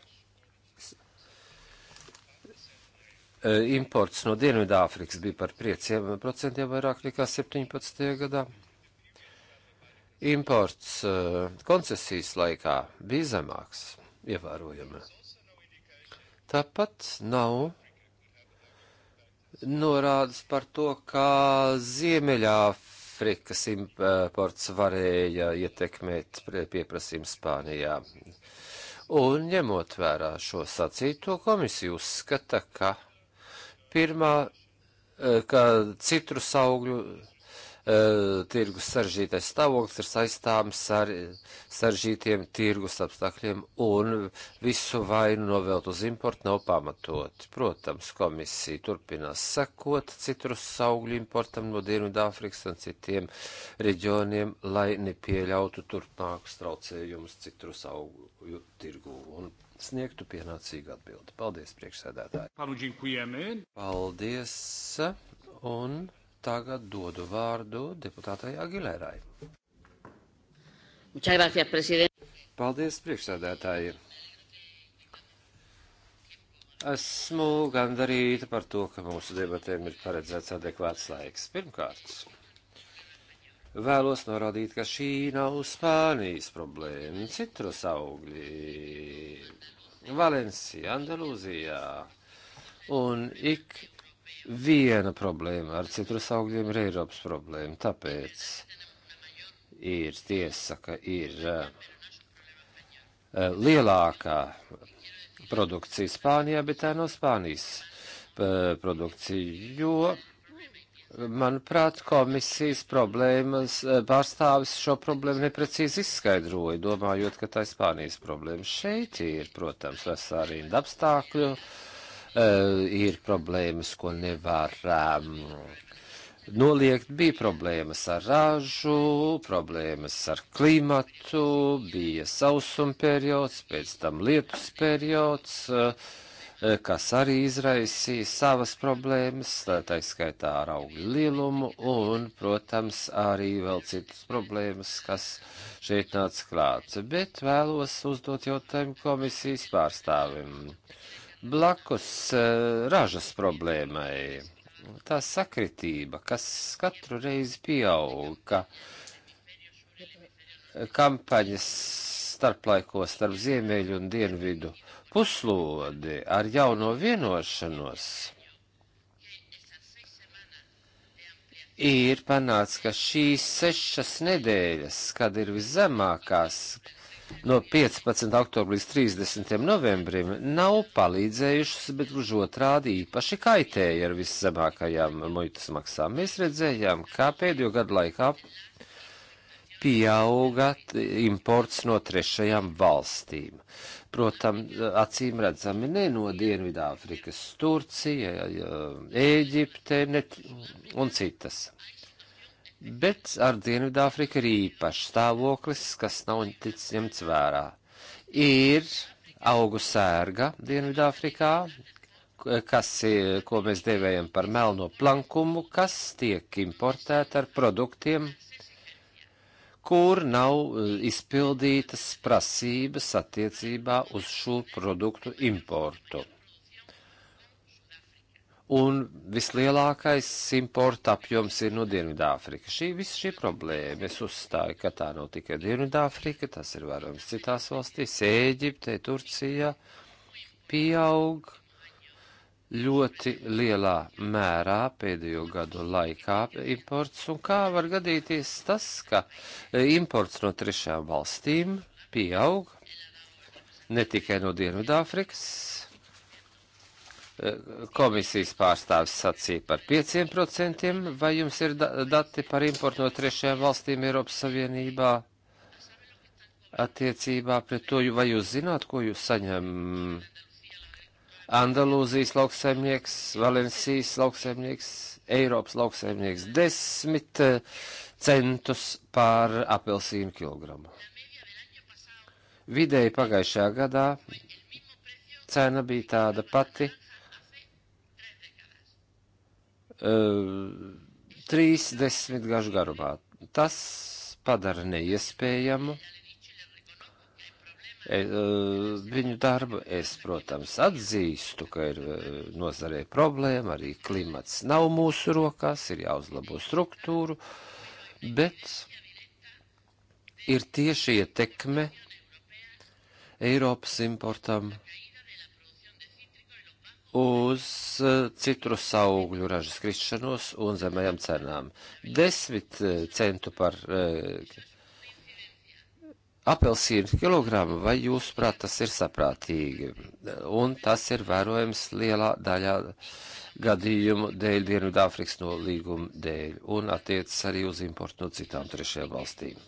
E, imports no Dienvidāfrikas bija par 5% vairāk nekā 17. gadā. Imports e, koncesijas laikā bija zemāks, ievērojami. Tāpat nav norādes par to, kā Ziemeļāfrikas imports varēja ietekmēt pieprasījumu Spānijā. Un ņemot vērā šo sacīto, komisija uzskata, ka pirmā, e, ka citru saugļu e, tirgus saržītais stāvoklis ir saistāms ar saržītiem tirgus apstākļiem un visu vainu novelt uz importu nav pamatot. Protams, komisija turpinās sekot citrus augļu importam no Dienvidāfrikas un citiem reģioniem, lai nepieļautu turpmākus traucējumus citrus augļu tirgu un sniegtu pienācīgu atbildi. Paldies, priekšsēdētāji! Paldies! Un tagad dodu vārdu deputātai Agilērai. Paldies, priekšsēdētāji! Esmu gandarīta par to, ka mūsu debatēm ir paredzēts adekvāts laiks. Pirmkārt, vēlos norādīt, ka šī nav Spānijas problēma. Citrus augļi Valencija, Andalūzijā. Un ik viena problēma ar citrus augļiem ir Eiropas problēma. Tāpēc ir tiesa, ka ir uh, lielākā produkcija Spānijā, bet tā nav Spānijas uh, produkcija, jo Manuprāt, komisijas problēmas eh, pārstāvis šo problēmu neprecīzi izskaidroja, domājot, ka tā ir Spānijas problēma. Šeit ir, protams, vesela rinda apstākļu, eh, ir problēmas, ko nevar ehm, noliegt. Bija problēmas ar ražu, problēmas ar klimatu, bija sausuma periods, pēc tam lietus periods. Uh, Eh, kas arī izraisīja savas problēmas, tā skaitā ar augļu lielumu un, protams, arī vēl citas problēmas, kas šeit nāca klāt. Bet vēlos uzdot jautājumu komisijas pārstāvim. Blakus eh, ražas problēmai tā sakritība, kas katru reizi pieauga, kampaņas starplaikos starp ziemeļu un dienvidu puslodi ar jauno vienošanos ir panācis, ka šīs sešas nedēļas, kad ir viszemākās, no 15. oktobra līdz 30. novembrim nav palīdzējušas, bet gluži otrādi īpaši kaitēja ar viszemākajām muitas maksām. Mēs redzējām, kā pēdējo gadu laikā pieauga imports no trešajām valstīm protam, acīm redzami ne no Dienvidāfrikas, Turcija, Ēģipte net, un citas. Bet ar Dienvidāfriku ir īpašs stāvoklis, kas nav tic ņemts vērā. Ir augu sērga Dienvidāfrikā, kas, ko mēs devējam par melno plankumu, kas tiek importēta ar produktiem, kur nav eh, izpildītas prasības attiecībā uz šo produktu importu. Un vislielākais importa apjoms ir no Dienvidāfrika. Šī visa šī problēma, es uzstāju, ka tā nav tikai Dienvidāfrika, tas ir varams citās valstīs, Ēģiptē, Turcijā, pieaug uh, ļoti lielā mērā pēdējo gadu laikā imports, un kā var gadīties tas, ka e, imports no trešām valstīm pieaug ne tikai no Dienvidāfrikas. E, komisijas pārstāvis sacīja par 5%, vai jums ir dati par importu no trešajām valstīm Eiropas Savienībā attiecībā pret to, vai jūs zināt, ko jūs saņemat? Andalūzijas lauksaimnieks, Valencijas lauksaimnieks, Eiropas lauksaimnieks desmit eh, centus pār apelsīnu kilogramu. Vidēji pagājušajā gadā cena bija tāda pati. Uh, eh, trīs desmitgažu garumā. Tas padara neiespējamu E, e, viņu darbu. Es, protams, atzīstu, ka ir e, nozarē problēma, arī klimats nav mūsu rokās, ir jāuzlabo struktūru, bet ir tieši ietekme Eiropas importam uz citrus augļu ražas krišanos un zemajām cenām. Desmit centu par uh, apelsīnu kilogramu, vai jūs prāt tas ir saprātīgi? Un tas ir vērojams lielā daļā gadījumu dēļ Dienvidāfrikas nolīguma dēļ un attiecas arī uz importu no citām trešajām valstīm.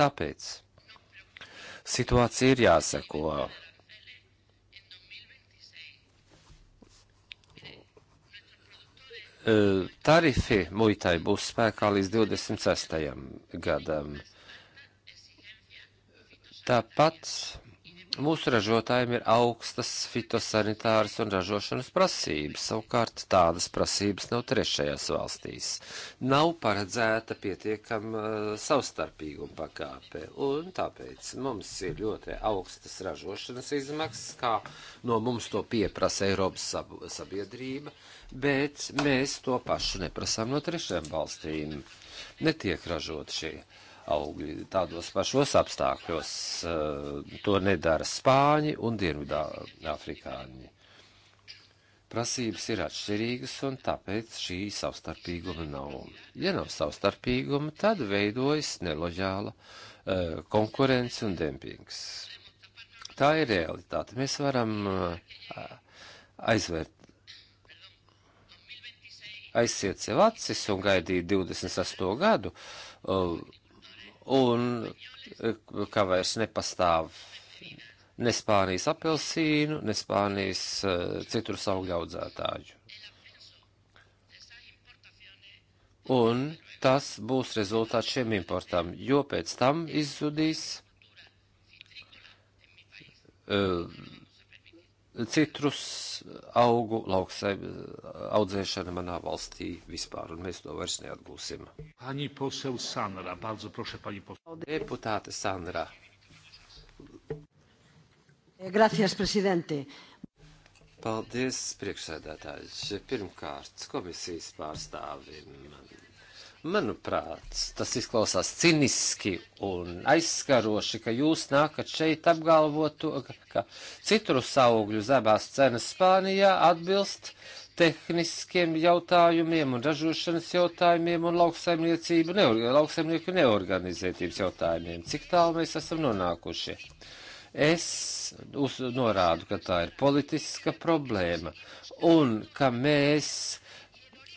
Tāpēc situācija ir jāseko. Tarifi muitai būs spēkā līdz 26. gadam. Tāpat mūsu ražotājiem ir augstas fitosanitāras un ražošanas prasības, savukārt tādas prasības nav trešajās valstīs. Nav paredzēta pietiekama eh, savstarpīguma pakāpe, un tāpēc mums ir ļoti augstas ražošanas izmaksas, kā no mums to pieprasa Eiropas sabiedrība, bet mēs to pašu neprasām no trešajām valstīm. Netiek ražot šie augļi tādos pašos apstākļos. Eh, to nedara Spāņi un Dienvidā Afrikāņi. Prasības ir atšķirīgas, un tāpēc šī savstarpīguma nav. Ja nav savstarpīguma, tad veidojas neloģāla uh, konkurence un dempings. Tā ir realitāte. Mēs varam uh, aizvērt aiziet sev acis un gaidīt 28 gadu, uh, un e, ka vairs nepastāv ne Spānijas apelsīnu, ne Spānijas uh, citur augļu audzētāju. Un tas būs rezultāts šiem importam, jo pēc tam izzudīs uh, citrus augu lauksaim, audzēšana manā valstī vispār, un mēs to vairs neatgūsim. Pani posev Sandra, bardzo prošu, pani posev. Deputāte Sandra. Eh, gracias, presidente. Paldies, priekšsēdētājs. Pirmkārt, komisijas pārstāvim Manuprāt, tas izklausās ciniski un aizskaroši, ka jūs nākat šeit apgalvot to, ka citrus augļu zemās cenas Spānijā atbilst tehniskiem jautājumiem un ražošanas jautājumiem un lauksaimniecību, neor, lauksaimnieku neorganizētības jautājumiem. Cik tālu mēs esam nonākuši? Es uz, norādu, ka tā ir politiska problēma un ka mēs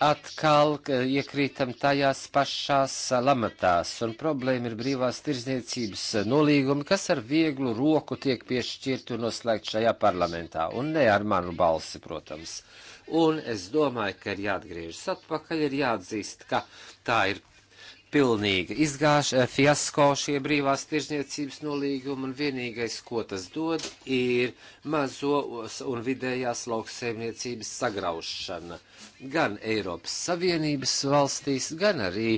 atkal iekrītam tajās pašās lamatās, un problēma ir brīvās tirzniecības nolīgumi, kas ar vieglu roku tiek piešķirt un noslēgt šajā parlamentā, un ne ar manu balsi, protams. Un es domāju, ka ir jāatgriežas atpakaļ, ir jāatzīst, ka tā ir pilnīgi izgāž eh, fiasko šie brīvās tirzniecības nolīgumi, un vienīgais, ko tas dod, ir mazo un vidējās lauksaimniecības sagraušana gan Eiropas Savienības valstīs, gan arī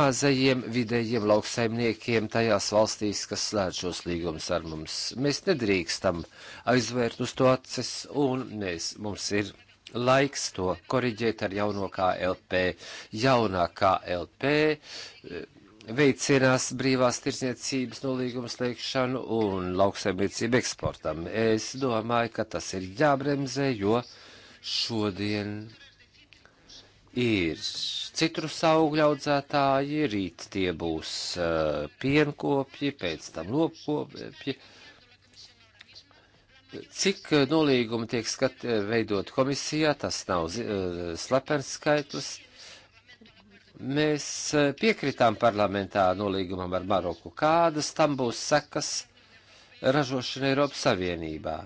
mazajiem vidējiem lauksaimniekiem tajās valstīs, kas slēdz šos līgumus ar mums. Mēs nedrīkstam aizvērt uz to acis, un mēs, mums ir Laiks to koriģēt ar jauno KLP. Jaunā KLP eh, veicinās brīvās tirsniecības nolīgumu slēgšanu un lauksaimniecību eksportam. Es domāju, ka tas ir jābremzē, jo šodien ir citrus augļu audzētāji, rīt tie būs uh, pienkopji, pēc tam lopkopji. Uh, Cik eh, nolīgumi tiek skat, eh, veidot komisijā, tas nav uh, slepens skaitlis. Mēs piekritām parlamentā nolīgumam ar Maroku. Kādas tam būs sekas ražošana Eiropas Savienībā?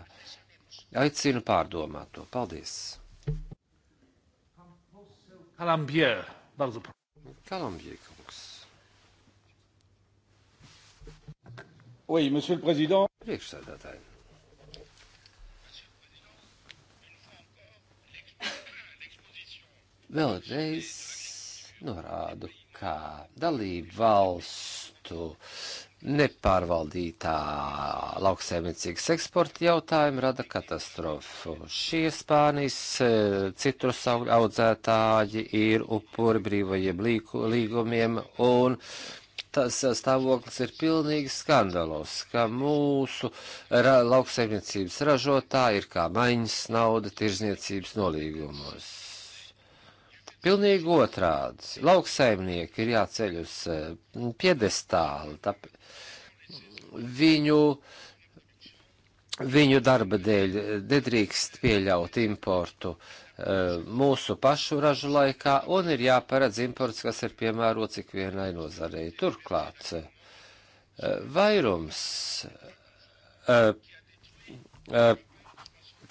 Aicinu pārdomāt to. Paldies! Kalambie, bardzo proszę. Kalambie, kungs. Oui, monsieur le président. Priekšsēdētāji. vēlreiz norādu, ka dalību valstu nepārvaldītā lauksaimniecības eksporta jautājuma rada katastrofu. Šie Spānijas e, citrus audzētāji ir upuri brīvajiem līgumiem un tas stāvoklis ir pilnīgi skandalos, ka mūsu ra lauksaimniecības ražotāji ir kā maiņas nauda tirzniecības nolīgumos. Pilnīgi otrādi. Lauksaimnieki ir jāceļ uz eh, piedestāli. Tāp, viņu, viņu darba dēļ eh, nedrīkst pieļaut importu eh, mūsu pašu ražu laikā un ir jāparedz imports, kas ir piemērots ik vienai nozarei. Turklāt vairums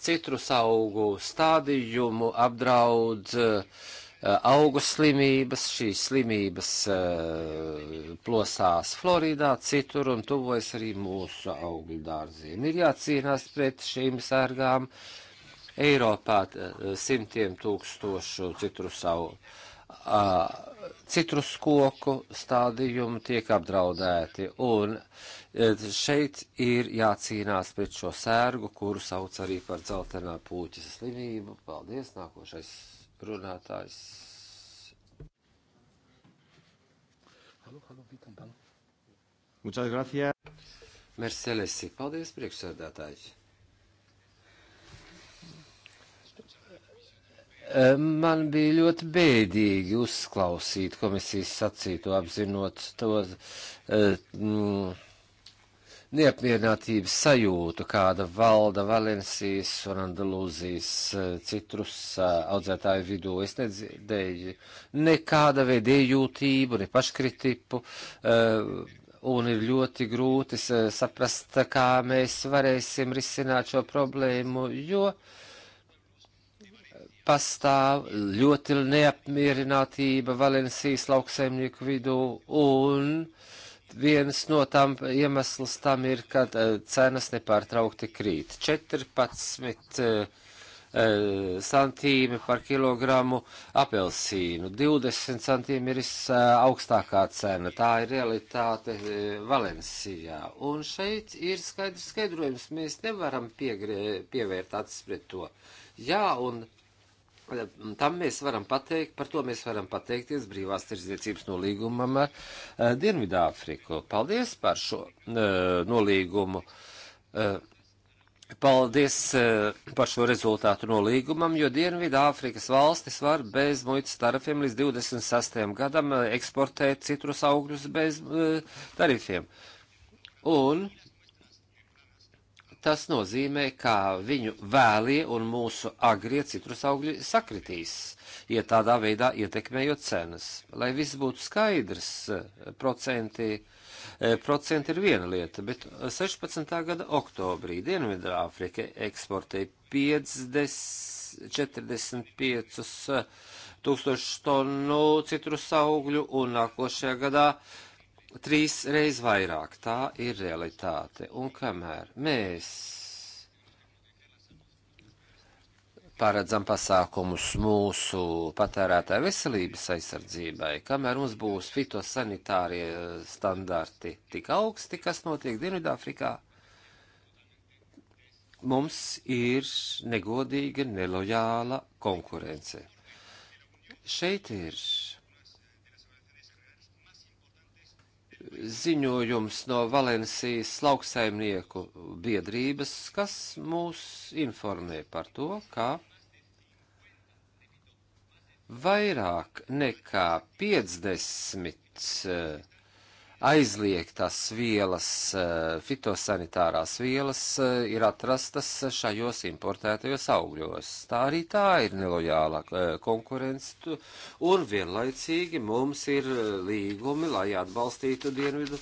citrus augu stādījumu apdraud uh, Eh, augu slimības, šīs slimības eh, plosās Floridā, citur un tuvojas arī mūsu augļu dārziem. Ir jācīnās pret šīm sērgām. Eiropā eh, simtiem tūkstošu citrusu, citrus koku stādījumi tiek apdraudēti, un šeit ir jācīnās pret šo sērgu, kuru sauc arī par dzeltenā pūķa slimību. Paldies, nākošais runātājs. Muchas gracias. Mercelesi, paldies priekšsēdētāji. Man bija ļoti bēdīgi uzklausīt komisijas sacīto, apzinot to. Uh, mm, neapmierinātības sajūtu, kāda valda Valencijas un Andalūzijas eh, citrus audzētāju vidū. Es nedzirdēju nekāda veida iejūtību, ne paškritipu, eh, un ir ļoti grūti saprast, kā mēs varēsim risināt šo problēmu, jo pastāv ļoti neapmierinātība Valencijas lauksaimnieku vidū, un uh, viens no tam iemesls tam ir, ka eh, cenas nepārtraukti krīt. 14 eh, eh, centīmi par kilogramu apelsīnu, 20 centīmi ir augstākā cena. Tā ir realitāte Valencijā. Un šeit ir skaidrs skaidrojums, mēs nevaram piegrie, pievērt acis pret to. Jā, un Tam mēs varam pateikt, par to mēs varam pateikties brīvās tirdzniecības nolīgumam ar uh, eh, Dienvidāfriku. Paldies par šo uh, nolīgumu. Uh, paldies par šo rezultātu nolīgumam, jo Dienvidāfrikas valstis var bez muitas tarifiem līdz 26. gadam eksportēt citrus augļus bez tarifiem. Un Tas nozīmē, ka viņu vēlie un mūsu agrie citrus augļi sakritīs, ja tādā veidā ietekmējot cenas. Lai viss būtu skaidrs, procenti e, procenti ir viena lieta, bet 16. gada oktobrī Dienvidāfrika eksportēja 50, 45 tūkstošu tonu citrus augļu un nākošajā gadā trīs reiz vairāk. Tā ir realitāte. Un kamēr mēs paredzam pasākumus mūsu patērētāju veselības aizsardzībai, kamēr mums būs fitosanitārie standarti tik augsti, kas notiek Dienvidāfrikā, mums ir negodīga, nelojāla konkurence. Šeit ir ziņojums no Valencijas lauksaimnieku biedrības, kas mūs informē par to, ka vairāk nekā 50 aizliegtās vielas, eh, fitosanitārās vielas eh, ir atrastas šajos importētajos augļos. Tā arī tā ir nelojāla eh, konkurence, un vienlaicīgi mums ir līgumi, lai atbalstītu dienvidu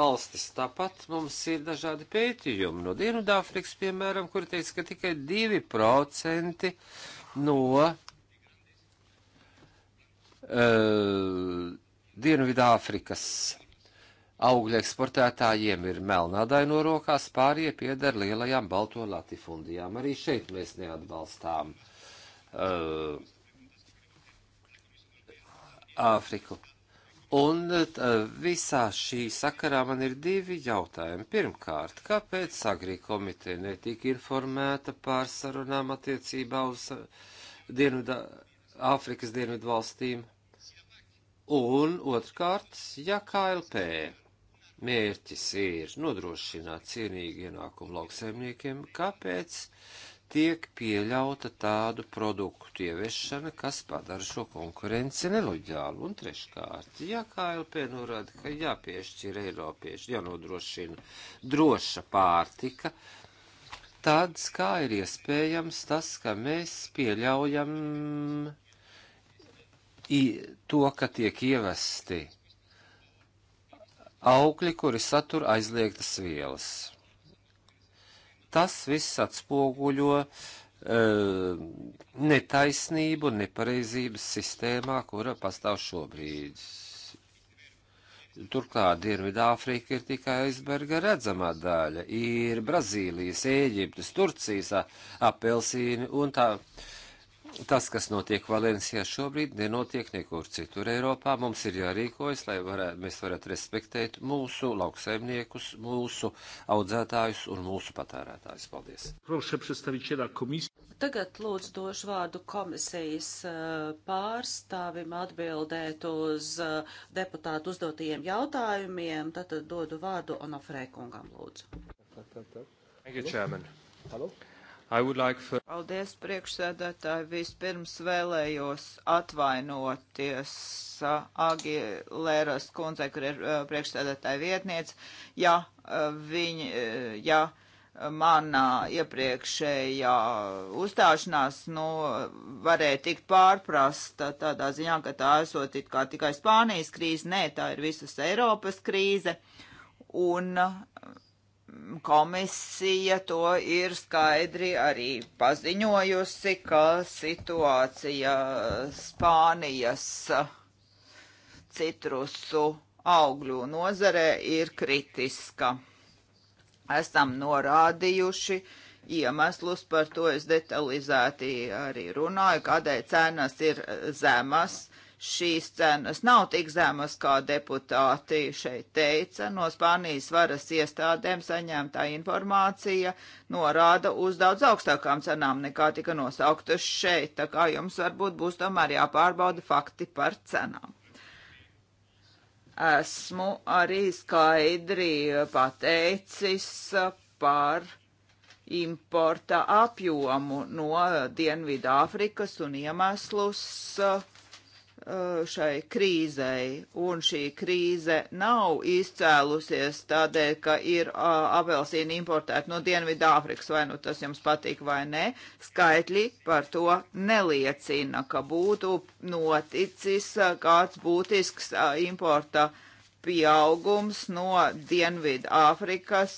valstis. Tāpat mums ir dažādi pētījumi no Dienvidāfrikas, piemēram, kur teica, ka tikai 2% no uh, Dienvidāfrikas augļu eksportētājiem ir melnādai no rokās, pārie pieder lielajām balto latifundijām. Arī šeit mēs neatbalstām uh, Āfriku. Un uh, visā šī sakarā man ir divi jautājumi. Pirmkārt, kāpēc Sagrī komiteja netika informēta par sarunām attiecībā uz Dienvidā, Āfrikas dienvidu valstīm? Un otrkārt, ja KLP mērķis ir nodrošināt cienīgu ienākumu lauksaimniekiem, kāpēc tiek pieļauta tādu produktu ieviešana, kas padara šo konkurenci neloģālu? Un treškārt, ja KLP norāda, ka jāpiešķir Eiropieši, jānodrošina droša pārtika, tad kā ir iespējams tas, ka mēs pieļaujam to, ka tiek ievesti augļi, kuri satur aizliegtas vielas. Tas viss atspoguļo uh, netaisnību un nepareizības sistēmā, kura pastāv šobrīd. Turklāt Dienvidāfrika ir tikai aizberga redzamā daļa. Ir Brazīlijas, Ēģiptes, Turcijas apelsīni un tā. Uh, tas, kas notiek Valencijā šobrīd, nenotiek nekur citur Eiropā. Mums ir jārīkojas, lai varētu, mēs varētu respektēt mūsu lauksaimniekus, mūsu audzētājus un mūsu patērētājus. Paldies! Tagad lūdzu došu vārdu komisijas e, pārstāvim atbildēt uz e, deputātu uzdotajiem jautājumiem. Tad dodu vārdu Onofrēkungam, lūdzu. Thank you, Chairman. Hello? Hello? Like for... Paldies, priekšsēdētāji. Vispirms vēlējos atvainoties uh, Agilēras kundze, kur ir uh, priekšsēdētāja vietniece. Ja uh, viņi, uh, ja manā iepriekšējā uzstāšanās, nu, varēja tikt pārprasta tādā ziņā, ka tā esot it kā tikai Spānijas krīze, nē, tā ir visas Eiropas krīze. Un uh, komisija to ir skaidri arī paziņojusi, ka situācija Spānijas citrusu augļu nozarē ir kritiska. Esam norādījuši iemeslus, par to es detalizēti arī runāju, kādēļ cenas ir zemas šīs cenas nav tik zemas, kā deputāti šeit teica. No Spānijas varas iestādēm saņemtā informācija norāda uz daudz augstākām cenām nekā tika nosauktas šeit, tā kā jums varbūt būs tomēr jāpārbauda fakti par cenām. Esmu arī skaidri pateicis par importa apjomu no Dienvidāfrikas un iemeslus uh, Eh, šai krīzei, un šī krīze nav izcēlusies tādēļ, ka ir eh, apelsīni importēti no Dienvidāfrikas, vai nu tas jums patīk vai nē, skaitļi par to neliecina, ka būtu noticis a, eh, kāds būtisks a, importa pieaugums no Dienvidāfrikas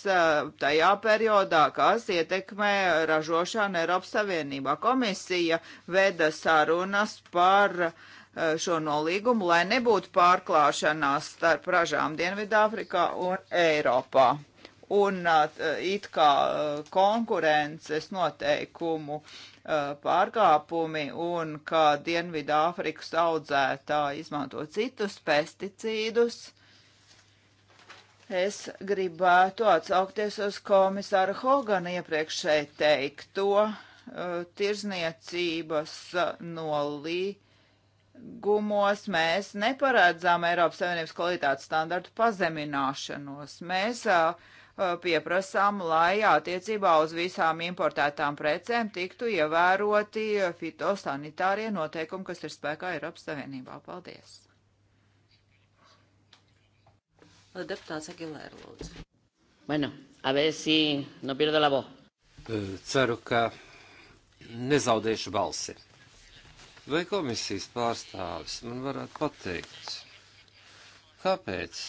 tajā periodā, kas ietekmē ražošanu Eiropas Savienībā. Komisija veda sarunas par uh, Eh, šo nolīgumu, lai nebūtu pārklāšanās starp ražām Dienvidāfrikā un Eiropā. Un eh, it kā eh, konkurences noteikumu pārkāpumi un kā Dienvidāfrikas audzētāji izmanto citus pesticīdus. Es gribētu atsaukties uz komisāra Hogana iepriekšēji teikto tirzniecības nolīgumu Gumos mēs neparedzām Eiropas Savienības kvalitātes standartu pazemināšanos. Mēs uh, pieprasām, lai attiecībā uz visām importētām precēm tiktu ievēroti fitosanitārie noteikumi, kas ir spēkā Eiropas Savienībā. Paldies! Deputāts Agilēra, lūdzu. Bueno, a ver si no pierdo la voz. Ceru, ka nezaudēšu balsi. Vai komisijas pārstāvis man varētu pateikt, kāpēc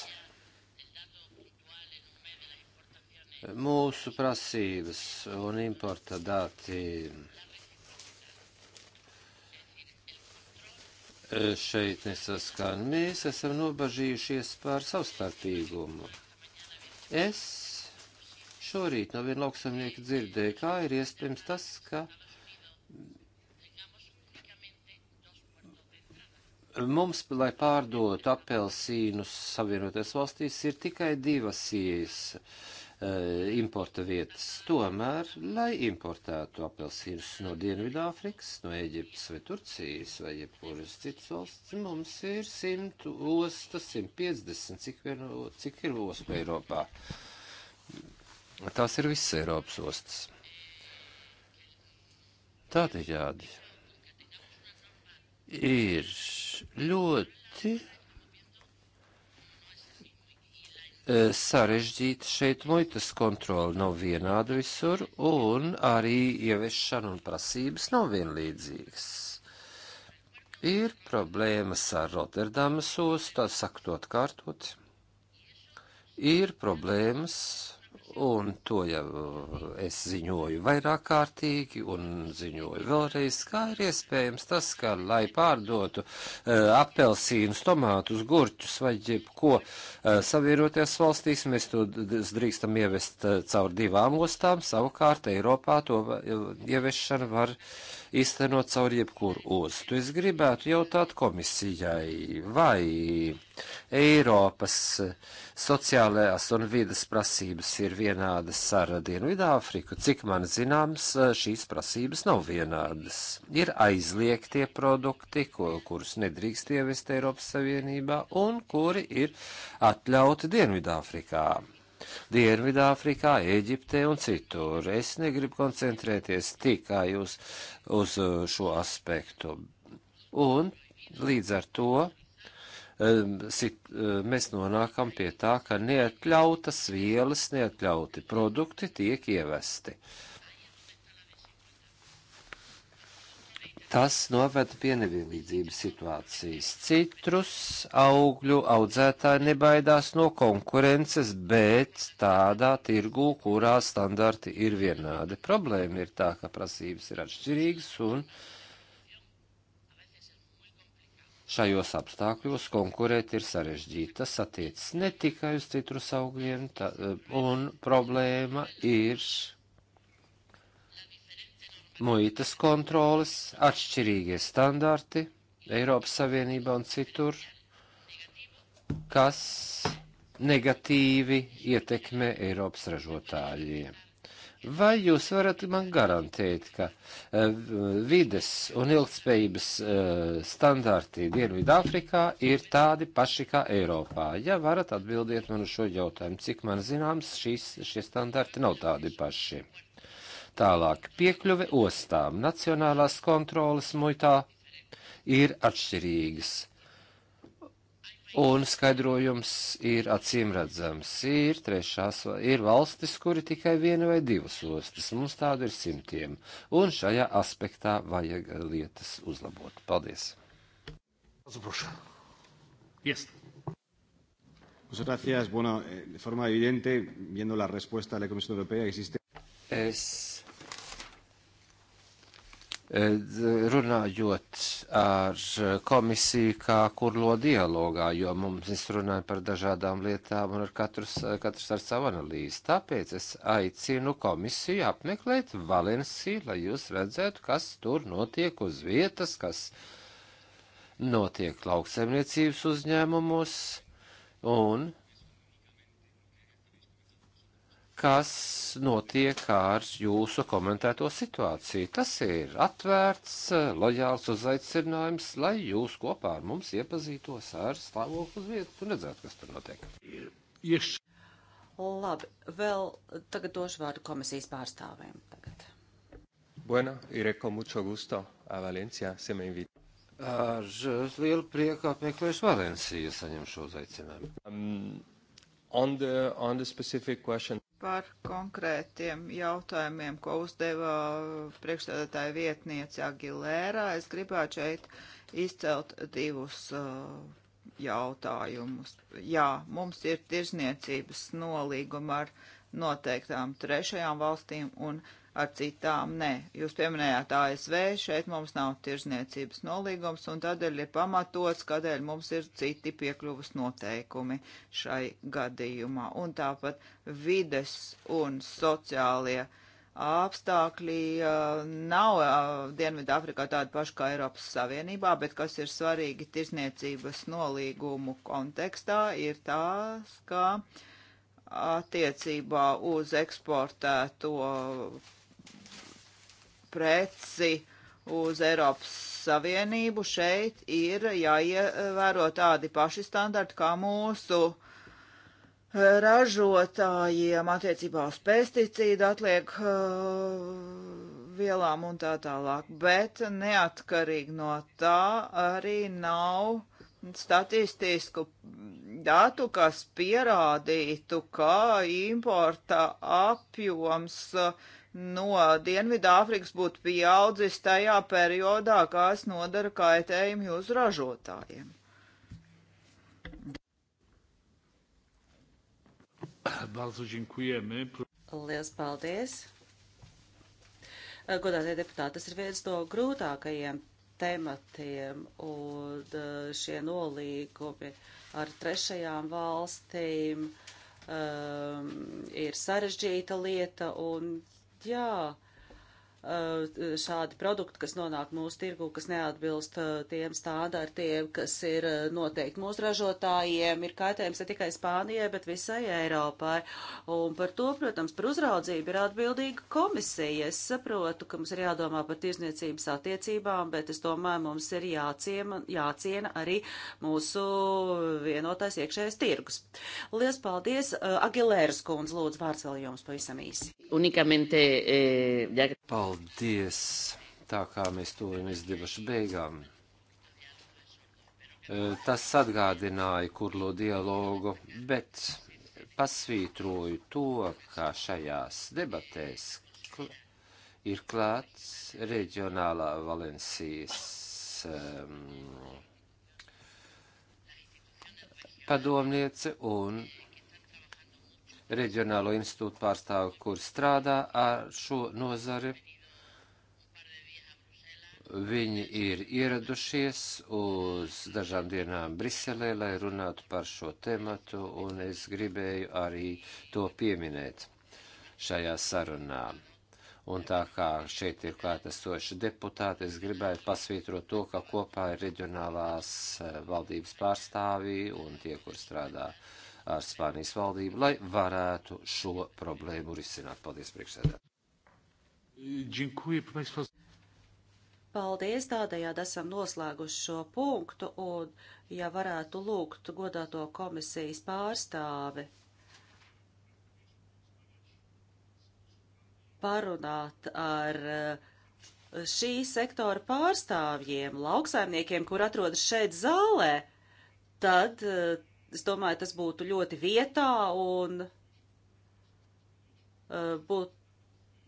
mūsu prasības un importa dati šeit nesaskan? Mēs esam nobažījušies par savstarpīgumu. Es šorīt no viena lauksamnieka dzirdēju, kā ir iespējams tas, ka Mums, lai pārdotu apelsīnus Savienoties valstīs, ir tikai divas ieejas e, importa vietas. Tomēr, lai importētu apelsīnus no Dienvidāfrikas, no Eģiptes vai Turcijas vai jebkuras citas valsts, mums ir 100 ostas, 150, cik, vien, cik ir ostu Eiropā. Tās ir visas Eiropas ostas. Tādējādi ir ļoti e, sarežģīta šeit muitas kontrola nav vienāda visur, un arī ieviešana un prasības nav vienlīdzīgas. Ir problēmas ar Rotterdamas ostu, tas saktot kārtot. Ir problēmas un to jau eh, es ziņoju vairāk kārtīgi un ziņoju vēlreiz, kā ir iespējams tas, ka, lai pārdotu uh, apelsīnus, tomātus, gurķus vai jebko uh, savienoties valstīs, mēs to drīkstam ievest uh, caur divām ostām, savukārt Eiropā to uh, ieviešana var. Uh, īstenot caur jebkuru ostu. Es gribētu jautāt komisijai, vai Eiropas sociālajās un vidas prasības ir vienādas ar Dienvidāfriku. Cik man zināms, šīs prasības nav vienādas. Ir aizliegtie produkti, ko, kurus nedrīkst ievest Eiropas Savienībā un kuri ir atļauti Dienvidāfrikā. Dienvidāfrikā, Eģiptē un citur. Es negribu koncentrēties tikai uz, uz uh, šo aspektu. Un līdz ar to um, sit, uh, mēs nonākam pie tā, ka neatļautas vielas, neatļauti produkti tiek ievesti. Uh, Tas noveda pie nevienlīdzības situācijas. Citrus augļu audzētāji nebaidās no konkurences, bet tādā tirgū, kurā standarti ir vienādi. Problēma ir tā, ka prasības ir atšķirīgas un šajos apstākļos konkurēt ir sarežģīti. Tas attiecas ne tikai uz citrus augļiem, tā, un problēma ir muitas kontroles, atšķirīgie standarti Eiropas Savienībā un citur, kas negatīvi ietekmē Eiropas ražotājiem. Vai jūs varat man garantēt, ka uh, vides un ilgspējības uh, standarti Dienvidāfrikā ir tādi paši kā Eiropā? Ja varat atbildiet man uz šo jautājumu, cik man zināms, šīs, šie standarti nav tādi paši. Tālāk piekļuve ostām nacionālās kontrolas muitā ir atšķirīgas. Un skaidrojums ir acīm redzams. Ir trešās, ir valstis, kuri tikai viena vai divas ostas. Mums tādu ir simtiem. Un šajā aspektā vajag lietas uzlabot. Paldies! Yes. Muchas gracias. Bueno, eh, de forma evidente, viendo la respuesta de la Comisión Europea, existe. Es runājot ar komisiju, kā kurlo dialogā, jo mums es runāju par dažādām lietām un ar katrs, katrs ar savu analīzi. Tāpēc es aicinu komisiju apmeklēt Valensiju, lai jūs redzētu, kas tur notiek uz vietas, kas notiek lauksaimniecības uzņēmumos un kas notiek ar jūsu komentēto situāciju. Tas ir atvērts, lojāls uzaicinājums, lai jūs kopā ar mums iepazītos ar stāvokli uz vietas un redzētu, kas tur notiek. Yes. Labi, vēl tagad došu vārdu komisijas pārstāvēm. Tagad. Buena, Ireko, mucho gusto, a Valencia, se me invita. Ar lielu prieku apmeklēšu Valenciju, saņemšu uzaicinājumu. Um, on the, on the specific question par konkrētiem jautājumiem, ko uzdeva priekšstādātāja vietniece Agilērā. Es gribētu šeit izcelt divus uh, jautājumus. Jā, mums ir tirzniecības nolīguma ar noteiktām trešajām valstīm un uh, ar citām nē. Jūs pieminējāt ASV, šeit mums nav tirzniecības nolīgums, un tādēļ ir pamatots, kādēļ mums ir citi piekļuvas noteikumi šai gadījumā. Un tāpat vides un sociālie apstākļi uh, nav uh, Dienvidāfrikā tādi paši kā Eiropas Savienībā, bet kas ir svarīgi tirzniecības nolīgumu kontekstā, ir tās, ka attiecībā uz eksportēto preci uz Eiropas Savienību, šeit ir jāievēro tādi paši standarti kā mūsu ražotājiem attiecībā uz pesticīdu atliek uh, vielām un tā tālāk. Bet neatkarīgi no tā arī nav statistisku datu, kas pierādītu, ka importa apjoms uh, no Dienvidāfrikas būtu pieaudzis tajā periodā, kas nodara kaitējumu jūsu ražotājiem. Bardzo dziękujemy. Lielas paldies. Godātie deputāti, tas ir viens no grūtākajiem tematiem un eh, šie nolīgumi ar trešajām valstīm um, ir sarežģīta lieta un jā, uh, Eh, šādi produkti, kas nonāk mūsu tirgu, kas neatbilst eh, tiem standartiem, kas ir eh, noteikti mūsu ražotājiem, ir kaitējums ne tikai Spānijai, bet visai Eiropai. Un par to, protams, par uzraudzību ir atbildīga komisija. Es saprotu, ka mums ir jādomā par tirzniecības attiecībām, bet es domāju, mums ir jāciema, jāciena arī mūsu vienotais iekšējais tirgus. Lielas paldies! Agilēras kundze, lūdzu, vārds vēl jums pavisam īsi. Unikamente, eh, ja... Paldies! Paldies! Tā kā mēs tuvojamies debašu beigām. E, tas atgādināja kurlo dialogu, bet pasvītroju to, kā šajās debatēs ir klāts reģionālā Valencijas um, padomniece un reģionālo institūtu pārstāvi, kur strādā ar šo nozari Viņi ir ieradušies uz dažām dienām Briselē, lai runātu par šo tematu, un es gribēju arī to pieminēt šajā sarunā. Un tā kā šeit ir klātesoši deputāti, es gribētu pasvītrot to, ka kopā ir reģionālās eh, valdības pārstāvī un tie, kur strādā ar Spānijas valdību, lai varētu šo problēmu risināt. Paldies, priekšsēdētāji! Paldies, tādējādi esam noslēguši šo punktu, un, ja varētu lūgt godāto komisijas pārstāvi parunāt ar eh, šī sektora pārstāvjiem, lauksaimniekiem, kur atrodas šeit zālē, tad, eh, es domāju, tas būtu ļoti vietā un eh, būtu,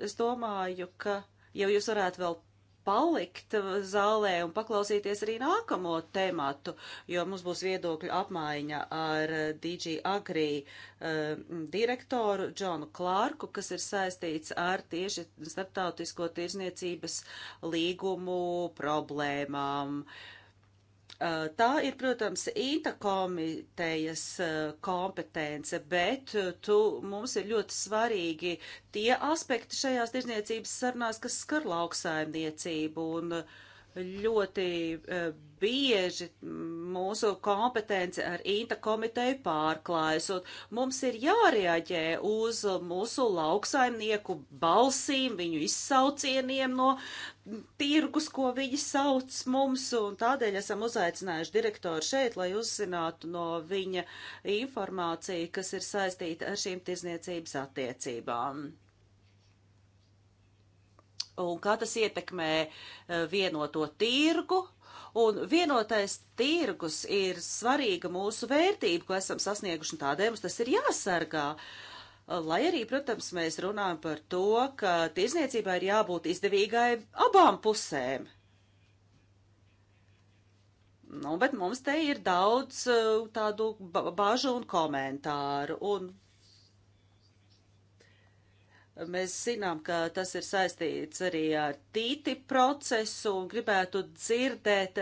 es domāju, ka, ja jūs varētu vēl palikt uh, zālē un paklausīties arī nākamo tematu, jo mums būs viedokļu apmaiņa ar uh, DJ Agri uh, direktoru Džonu Klārku, kas ir saistīts ar tieši starptautisko tirzniecības līgumu problēmām. Uh, Eh, tā ir, protams, INTA komitejas eh, kompetence, bet eh, tu, mums ir ļoti svarīgi tie aspekti šajās tirzniecības sarunās, kas skar lauksaimniecību. Un, uh, ļoti e, bieži mūsu kompetence ar īnta komiteju pārklājas, un mums ir jārēģē uz mūsu lauksaimnieku balsīm, viņu izsaucieniem no tirgus, ko viņi sauc mums, un tādēļ esam uzaicinājuši direktoru šeit, lai uzzinātu no viņa informāciju, kas ir saistīta ar šīm tirzniecības attiecībām un kā tas ietekmē e, vienoto tirgu. Un vienotais tirgus ir svarīga mūsu vērtība, ko esam sasnieguši, un tādēļ mums tas ir jāsargā. E, lai arī, protams, mēs runājam par to, ka tirzniecībā ir jābūt izdevīgai abām pusēm. Nu, bet mums te ir daudz e, tādu bažu un komentāru, un Mēs zinām, ka tas ir saistīts arī ar tīti procesu un gribētu dzirdēt,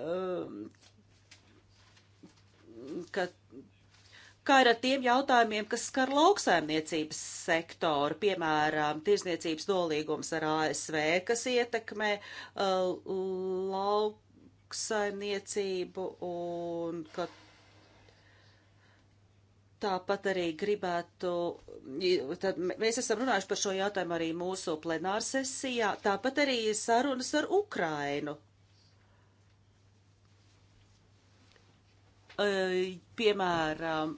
um, ka, kā ir ar tiem jautājumiem, kas skar lauksaimniecības sektoru, piemēram, tirzniecības nolīgums ar ASV, kas ietekmē uh, lauksaimniecību un ka Tāpat arī gribētu, tad mēs esam runājuši par šo jautājumu arī mūsu plenārsesijā, tāpat arī sarunas ar Ukrainu. E, piemēram,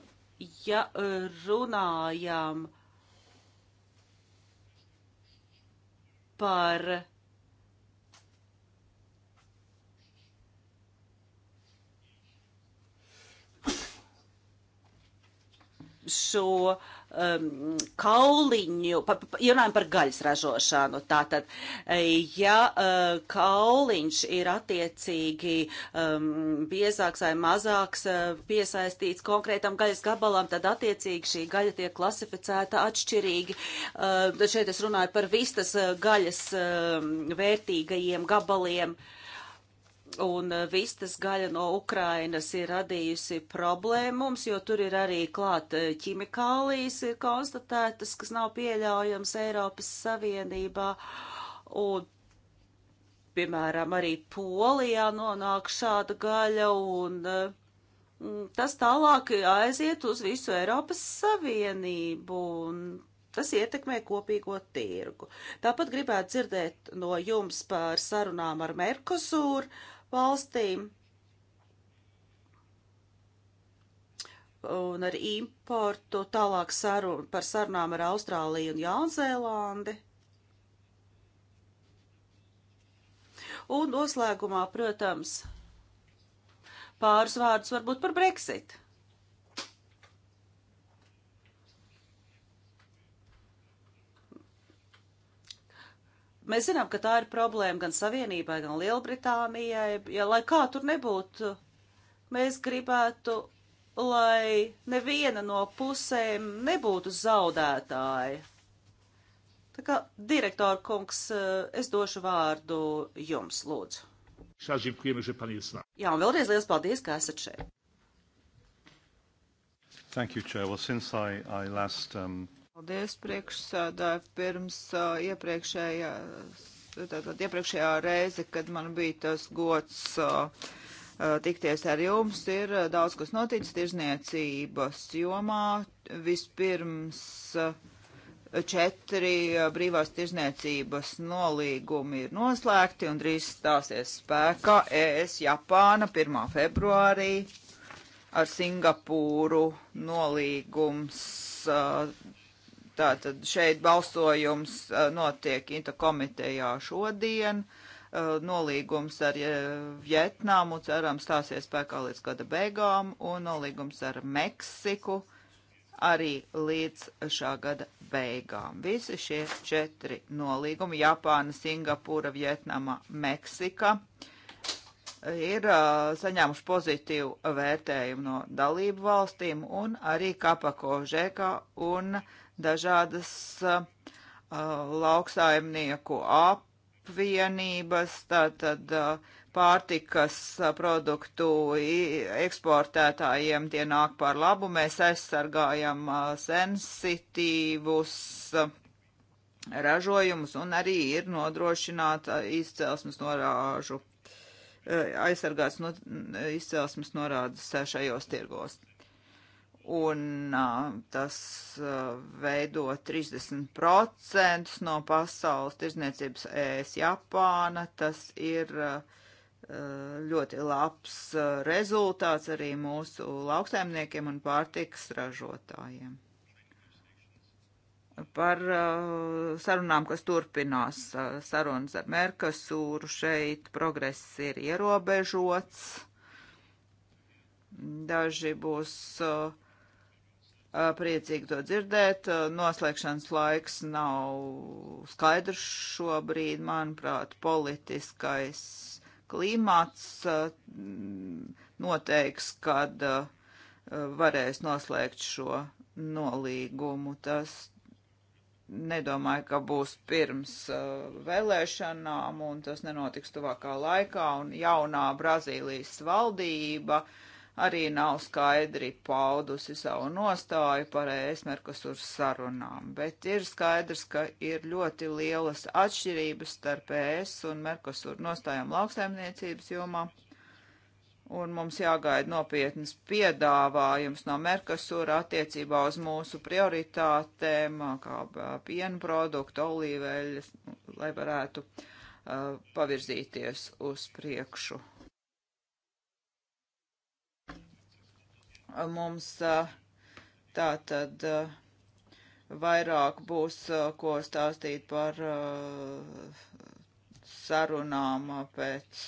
ja runājam par šo um, kauliņu, pa, pa, runājam par gaļas ražošanu, tātad, e, ja uh, kauliņš ir attiecīgi um, biezāks vai mazāks uh, piesaistīts konkrētam gaļas gabalam, tad attiecīgi šī gaļa tiek klasificēta atšķirīgi. Uh, šeit es runāju par vistas uh, gaļas uh, vērtīgajiem gabaliem. Uh, un eh, vistas gaļa no Ukrainas ir radījusi problēmu mums, jo tur ir arī klāt eh, ķimikālijas ir konstatētas, kas nav pieļaujams Eiropas Savienībā. Un piemēram, arī Polijā nonāk šāda gaļa, un eh, mm, tas tālāk aiziet uz visu Eiropas Savienību, un tas ietekmē kopīgo tirgu. Tāpat gribētu dzirdēt no jums par sarunām ar Merkosūru valstīm un ar importu tālāk sarun, par sarunām ar Austrāliju un Jaunzēlandi. Un noslēgumā, protams, pāris vārdus varbūt par Brexit. Mēs zinām, ka tā ir problēma gan Savienībai, gan Lielbritānijai, ja lai kā tur nebūtu, mēs gribētu, lai neviena no pusēm nebūtu zaudētāja. Tā kā direktora kungs, eh, es došu vārdu jums, lūdzu. Jā, un vēlreiz liels paldies, ka esat šeit. Thank you, Chair. Well, since I, I last um, Paldies priekšsādāju pirms uh, iepriekšējā, tātad iepriekšējā reize, kad man bija tas gods uh, uh tikties ar jums, ir uh, daudz kas noticis tirzniecības jomā. Vispirms uh, četri brīvās tirzniecības nolīgumi ir noslēgti un drīz stāsies spēkā ES Japāna 1. februārī ar Singapūru nolīgums Tātad šeit balsojums eh, notiek Inta komitejā šodien. Eh, nolīgums ar eh, Vietnamu ceram stāsies spēkā līdz gada beigām un nolīgums ar Meksiku arī līdz šā gada beigām. Visi šie četri nolīgumi - Japāna, Singapūra, Vietnama, Meksika ir uh, saņēmuši pozitīvu vērtējumu no dalību valstīm un arī Kapako Žeka un dažādas uh, lauksaimnieku apvienības, tātad uh, pārtikas uh, produktu eksportētājiem tie nāk par labu. Mēs aizsargājam uh, sensitīvus uh, ražojumus un arī ir nodrošināta uh, izcelsmes norāžu aizsargāts no izcelsmes norādes šajos tirgos un uh, tas uh, veido 30% no pasaules tirzniecības ēs Japāna. Tas ir uh, ļoti labs rezultāts arī mūsu lauksaimniekiem un pārtikas ražotājiem. Par sarunām, kas turpinās sarunas ar Merkasūru, šeit progress ir ierobežots. Daži būs uh, priecīgi to dzirdēt. Noslēgšanas laiks nav skaidrs šobrīd, manuprāt, politiskais klimats noteiks, kad varēs noslēgt šo nolīgumu. Tas nedomāju, ka būs pirms uh, vēlēšanām, un tas nenotiks tuvākā laikā, un jaunā Brazīlijas valdība uh, arī nav skaidri paudusi savu nostāju par ēsmerkas uz sarunām, bet ir skaidrs, ka ir ļoti lielas atšķirības starp ēs un Merkosur nostājām lauksaimniecības jomā. Un mums jāgaida nopietnas piedāvājums no Merkasura attiecībā uz mūsu prioritātēm, kā piena produktu, olīveļas, lai varētu uh, pavirzīties uz priekšu mums tā tad vairāk būs ko stāstīt par sarunām pēc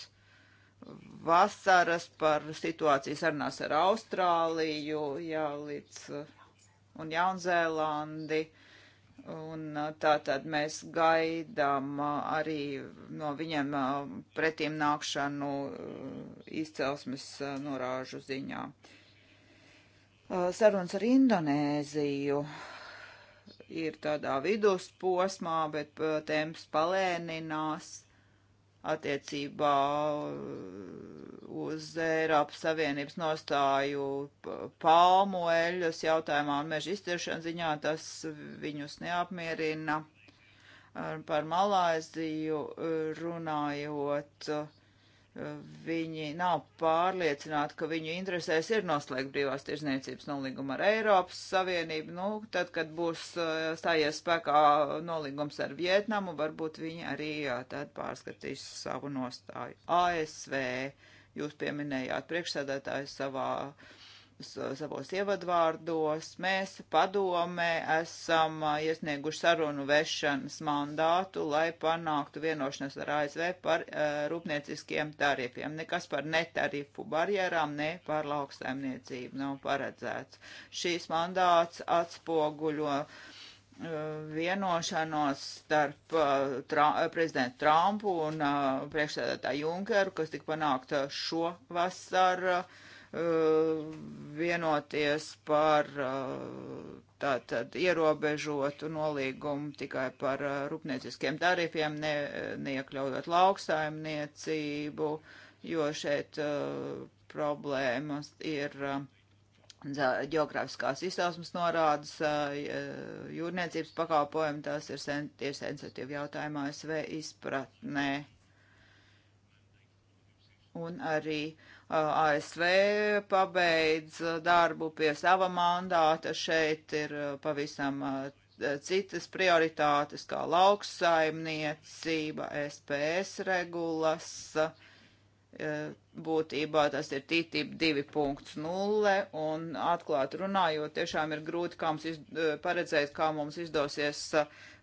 vasaras, par situāciju sarunās ar Austrāliju, jā, līdz un Jaunzēlandi. Un tā tad mēs gaidām arī no viņiem pretīm nākšanu izcelsmes norāžu ziņā. Uh, Uh, sarunas ar Indonēziju ir tādā vidusposmā, bet uh, temps palēninās attiecībā uh, uz Eiropas Savienības nostāju palmu eļas jautājumā un meža izciršana ziņā tas viņus neapmierina. Par Malāziju runājot, viņi nav pārliecināti, ka viņu interesēs ir noslēgt brīvās tirzniecības nolīgumu ar Eiropas Savienību. Nu, tad, kad būs eh, stājies spēkā nolīgums ar Vietnamu, varbūt viņi arī jā, eh, tad pārskatīs savu nostāju. ASV jūs pieminējāt priekšsēdētāju savā uh, savos ievadvārdos, mēs padomē esam uh, iesnieguši sarunu vešanas mandātu, lai panāktu vienošanos ar ASV par uh, rūpnieciskiem tarifiem. Nekas par netarifu barjerām, ne par lauksaimniecību nav paredzēts. Šīs mandāts atspoguļo uh, vienošanos starp uh, tra prezidentu Trumpu un uh, priekšsēdētāju Junkeru, kas tika panākta šo vasaru Uh, vienoties par uh, tātad ierobežotu nolīgumu tikai par uh, rūpnieciskiem tarifiem, ne, neiekļaujot lauksaimniecību, jo šeit uh, problēmas ir uh, geogrāfiskās izcelsmes norādes, uh, jūrniecības pakalpojumi, tās ir, sen, ir sensitīvi jautājumā ASV izpratnē. Un arī uh, ASV pabeidz darbu pie sava mandāta, šeit ir uh, pavisam uh, citas prioritātes kā lauksaimniecība, SPS regulas, uh, būtībā tas ir TTIP 2.0 un atklāt runājot, tiešām ir grūti kā mums iz, paredzēt, kā mums izdosies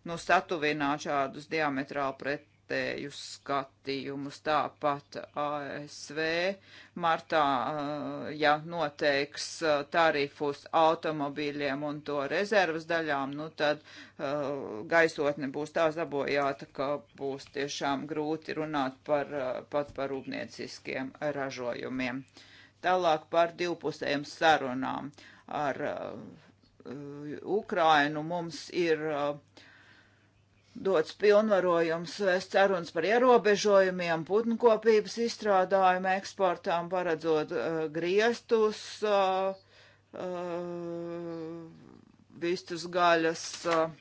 nu, satuvināt šādus diametrāli pret pretēju skatījumus. Tāpat ASV martā, eh, ja noteiks eh, tarifus automobīļiem un to rezervas daļām, nu tad eh, gaisotne būs tā zabojāta, ka būs tiešām grūti runāt par, pat par rūpnieciskiem ražojumiem. Tālāk par divpusējiem sarunām ar uh, Ukrainu mums ir uh, dots pilnvarojums vēst sarunas par ierobežojumiem, putnkopības izstrādājumu eksportām, paredzot uh, griestus, uh, uh, vistas gaļas uh,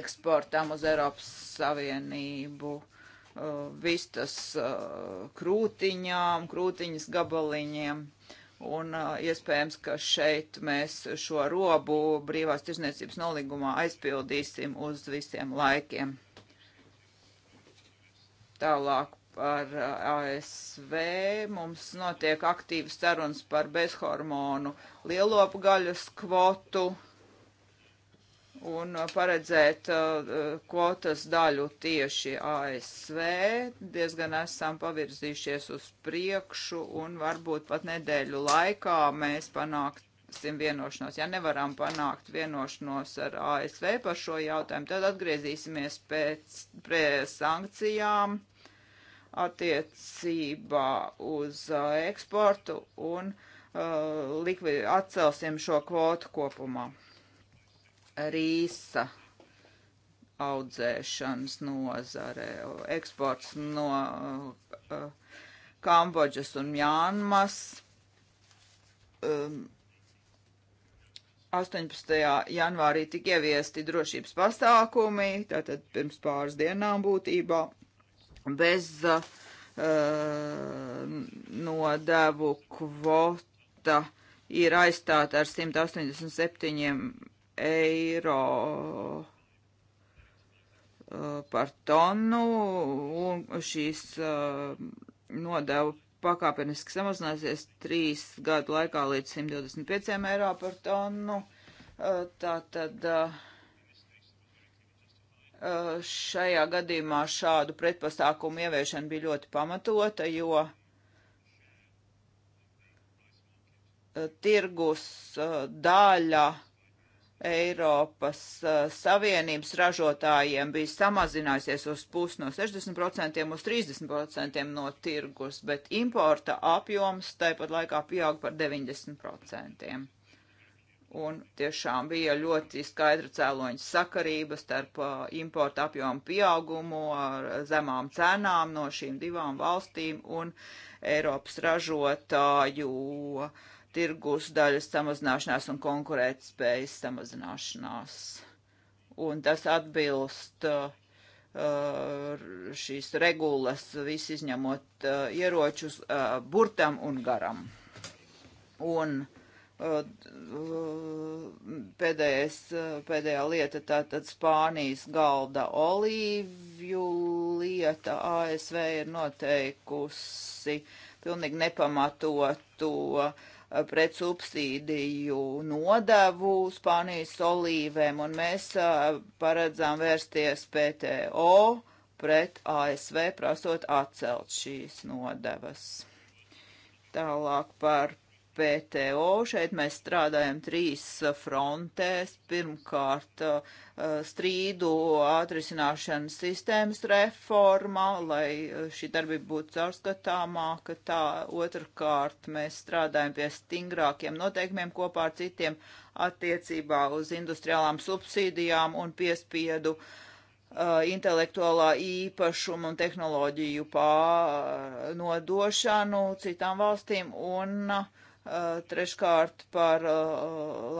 eksportām uz Eiropas Savienību, uh, vistas uh, krūtiņām, krūtiņas gabaliņiem. Uh, Un uh, iespējams, ka šeit mēs šo robu brīvās tirzniecības nolīgumā aizpildīsim uz visiem laikiem. Tālāk par ASV mums notiek aktīvas sarunas par bezhormonu lielopu gaļas kvotu un paredzēt uh, uh, kvotas daļu tieši ASV. Diezgan esam pavirzījušies uz priekšu un varbūt pat nedēļu laikā mēs panāksim vienošanos. Ja nevaram panākt vienošanos ar ASV par šo jautājumu, tad atgriezīsimies pēc pre sankcijām attiecībā uz uh, eksportu un uh, likvi, atcelsim šo kvotu kopumā rīsa audzēšanas nozare, eksports no uh, Kambodžas un Mjānmas. Um, 18. janvārī tika ieviesti drošības pasākumi, tātad pirms pāris dienām būtībā, bez uh, nodevu kvota ir aizstāta ar 187 eiro uh, par tonu, un šīs uh, nodeva pakāpeniski samazināsies trīs gadu laikā līdz 125 eiro par tonu. Uh, tā tad šajā gadījumā šādu pretpasākumu ieviešana bija ļoti pamatota, jo tirgus daļa Eiropas uh, Savienības ražotājiem bija samazinājusies uz pusi no 60% uz 30% no tirgus, bet importa apjoms tāpat laikā pieaug par 90%. Un tiešām bija ļoti skaidra cēloņa sakarība starp uh, importa apjomu pieaugumu ar zemām cenām no šīm divām valstīm un Eiropas ražotāju uh, tirgus daļas samazināšanās un konkurētspējas samazināšanās. Un tas atbilst uh, šīs regulas, visi izņemot uh, ieročus, uh, burtam un garam. Un uh, pēdējais, uh, pēdējā lieta, tātad Spānijas galda olīvju lieta ASV ir noteikusi pilnīgi nepamatotu uh, pret subsīdiju nodevu Spānijas olīvēm, un mēs paredzām vērsties PTO pret ASV, prasot atcelt šīs nodevas. Tālāk par PTO. Šeit mēs strādājam trīs frontēs. Pirmkārt, eh, strīdu atrisināšanas sistēmas reforma, lai eh, šī darbība būtu caurskatāmāka. Tā otrkārt, mēs strādājam pie stingrākiem noteikumiem kopā ar citiem attiecībā uz industriālām subsīdijām un piespiedu eh, intelektuālā īpašuma un tehnoloģiju pārnodošanu citām valstīm un uh, Eh, treškārt par eh,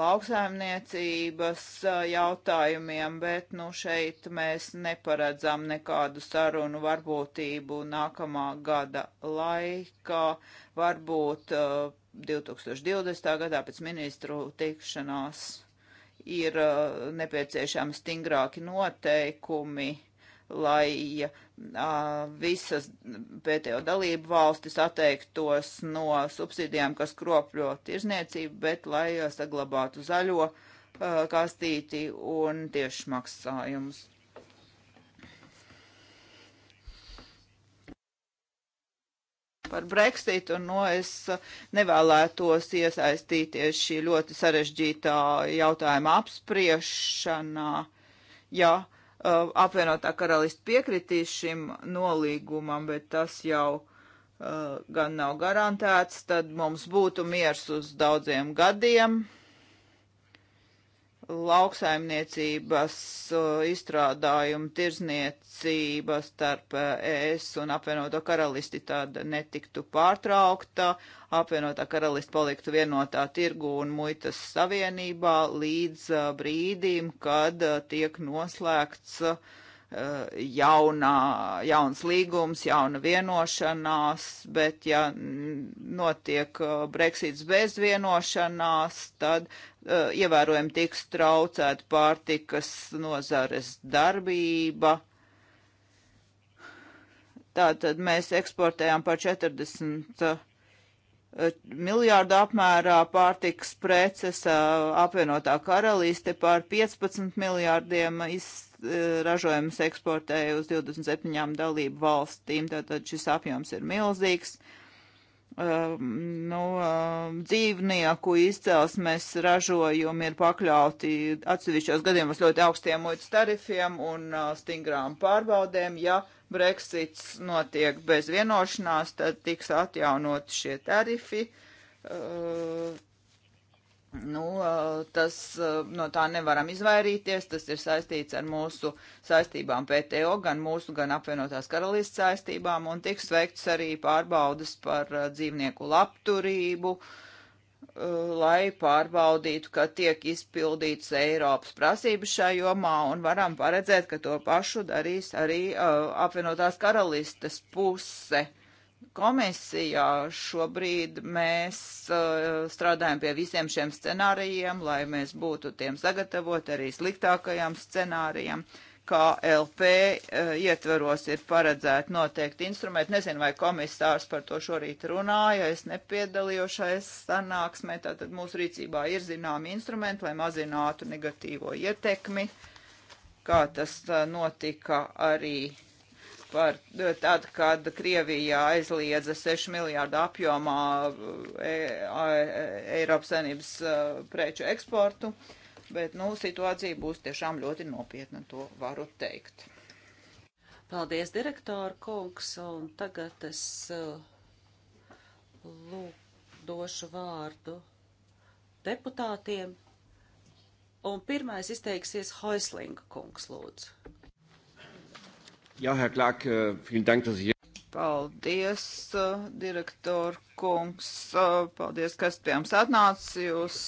lauksaimniecības eh, jautājumiem, bet nu šeit mēs neparedzam nekādu sarunu varbūtību nākamā gada laikā, varbūt 2020. gadā pēc ministru tikšanās ir nepieciešami stingrāki noteikumi, lai visas PTO dalību valstis atteiktos no subsīdijām, kas kropļo tirzniecību, bet lai saglabātu zaļo kastīti un tiešmaksājumus. par Brexitu, un no nu, es nevēlētos iesaistīties šī ļoti sarežģītā jautājuma apspriešanā, ja Uh, apvienotā karalista piekritīs šim nolīgumam, bet tas jau uh, gan nav garantēts, tad mums būtu miers uz daudziem gadiem lauksaimniecības uh, izstrādājumu tirzniecība starp uh, ES un apvienoto karalisti tāda netiktu pārtraukta, apvienotā karalista paliktu vienotā tirgu un muitas savienībā līdz uh, brīdim, kad tiek noslēgts uh, Eh, jaunā, jauns līgums, jauna vienošanās, bet ja notiek eh, Brexits bez vienošanās, tad uh, ievērojami tiks traucēta pārtikas nozares darbība. Tātad mēs eksportējām par 40 miljārdu apmērā pārtikas preces, apvienotā karalīste par 15 miljārdiem iz, ražojumus eksportēja uz 27 dalību valstīm, tātad šis apjoms ir milzīgs. Uh, nu, uh, dzīvnieku izcelsmes ražojumi ir pakļauti atsevišķos gadījumos ļoti augstiem muitas tarifiem un uh, stingrām pārbaudēm. Ja Brexits notiek bez vienošanās, tad tiks atjaunot šie tarifi. Uh, Nu, tas, no tā nevaram izvairīties, tas ir saistīts ar mūsu saistībām PTO, gan mūsu, gan apvienotās karalists saistībām, un tiks veikts arī pārbaudas par dzīvnieku labturību, lai pārbaudītu, ka tiek izpildīts Eiropas prasības šajā jomā, un varam paredzēt, ka to pašu darīs arī apvienotās karalistes puse. Uh, komisijā. Šobrīd mēs uh, strādājam pie visiem šiem scenārijiem, lai mēs būtu tiem sagatavoti arī sliktākajiem scenārijiem. KLP uh, ietveros ir paredzēti noteikti instrumenti. Nezinu, vai komisārs par to šorīt runāja, es nepiedalījušais sanāksmē. Tātad mūsu rīcībā ir zināmi instrumenti, lai mazinātu negatīvo ietekmi, kā tas uh, notika arī par eh, tad, kad Krievijā aizliedza 6 miljārdu apjomā e, e, Eiropas saimnības e, preču eksportu, bet, nu, situācija būs tiešām ļoti nopietna, to varu teikt. Paldies, direktora kungs, un tagad es lūk došu vārdu deputātiem. Un pirmais izteiksies Hoislinga kungs, lūdzu. Jā, Herr Klāk, eh, vielen Dank, dass Sie hier. Paldies, eh, direktor kungs. Eh, paldies, kas pie mums atnāca. Jūs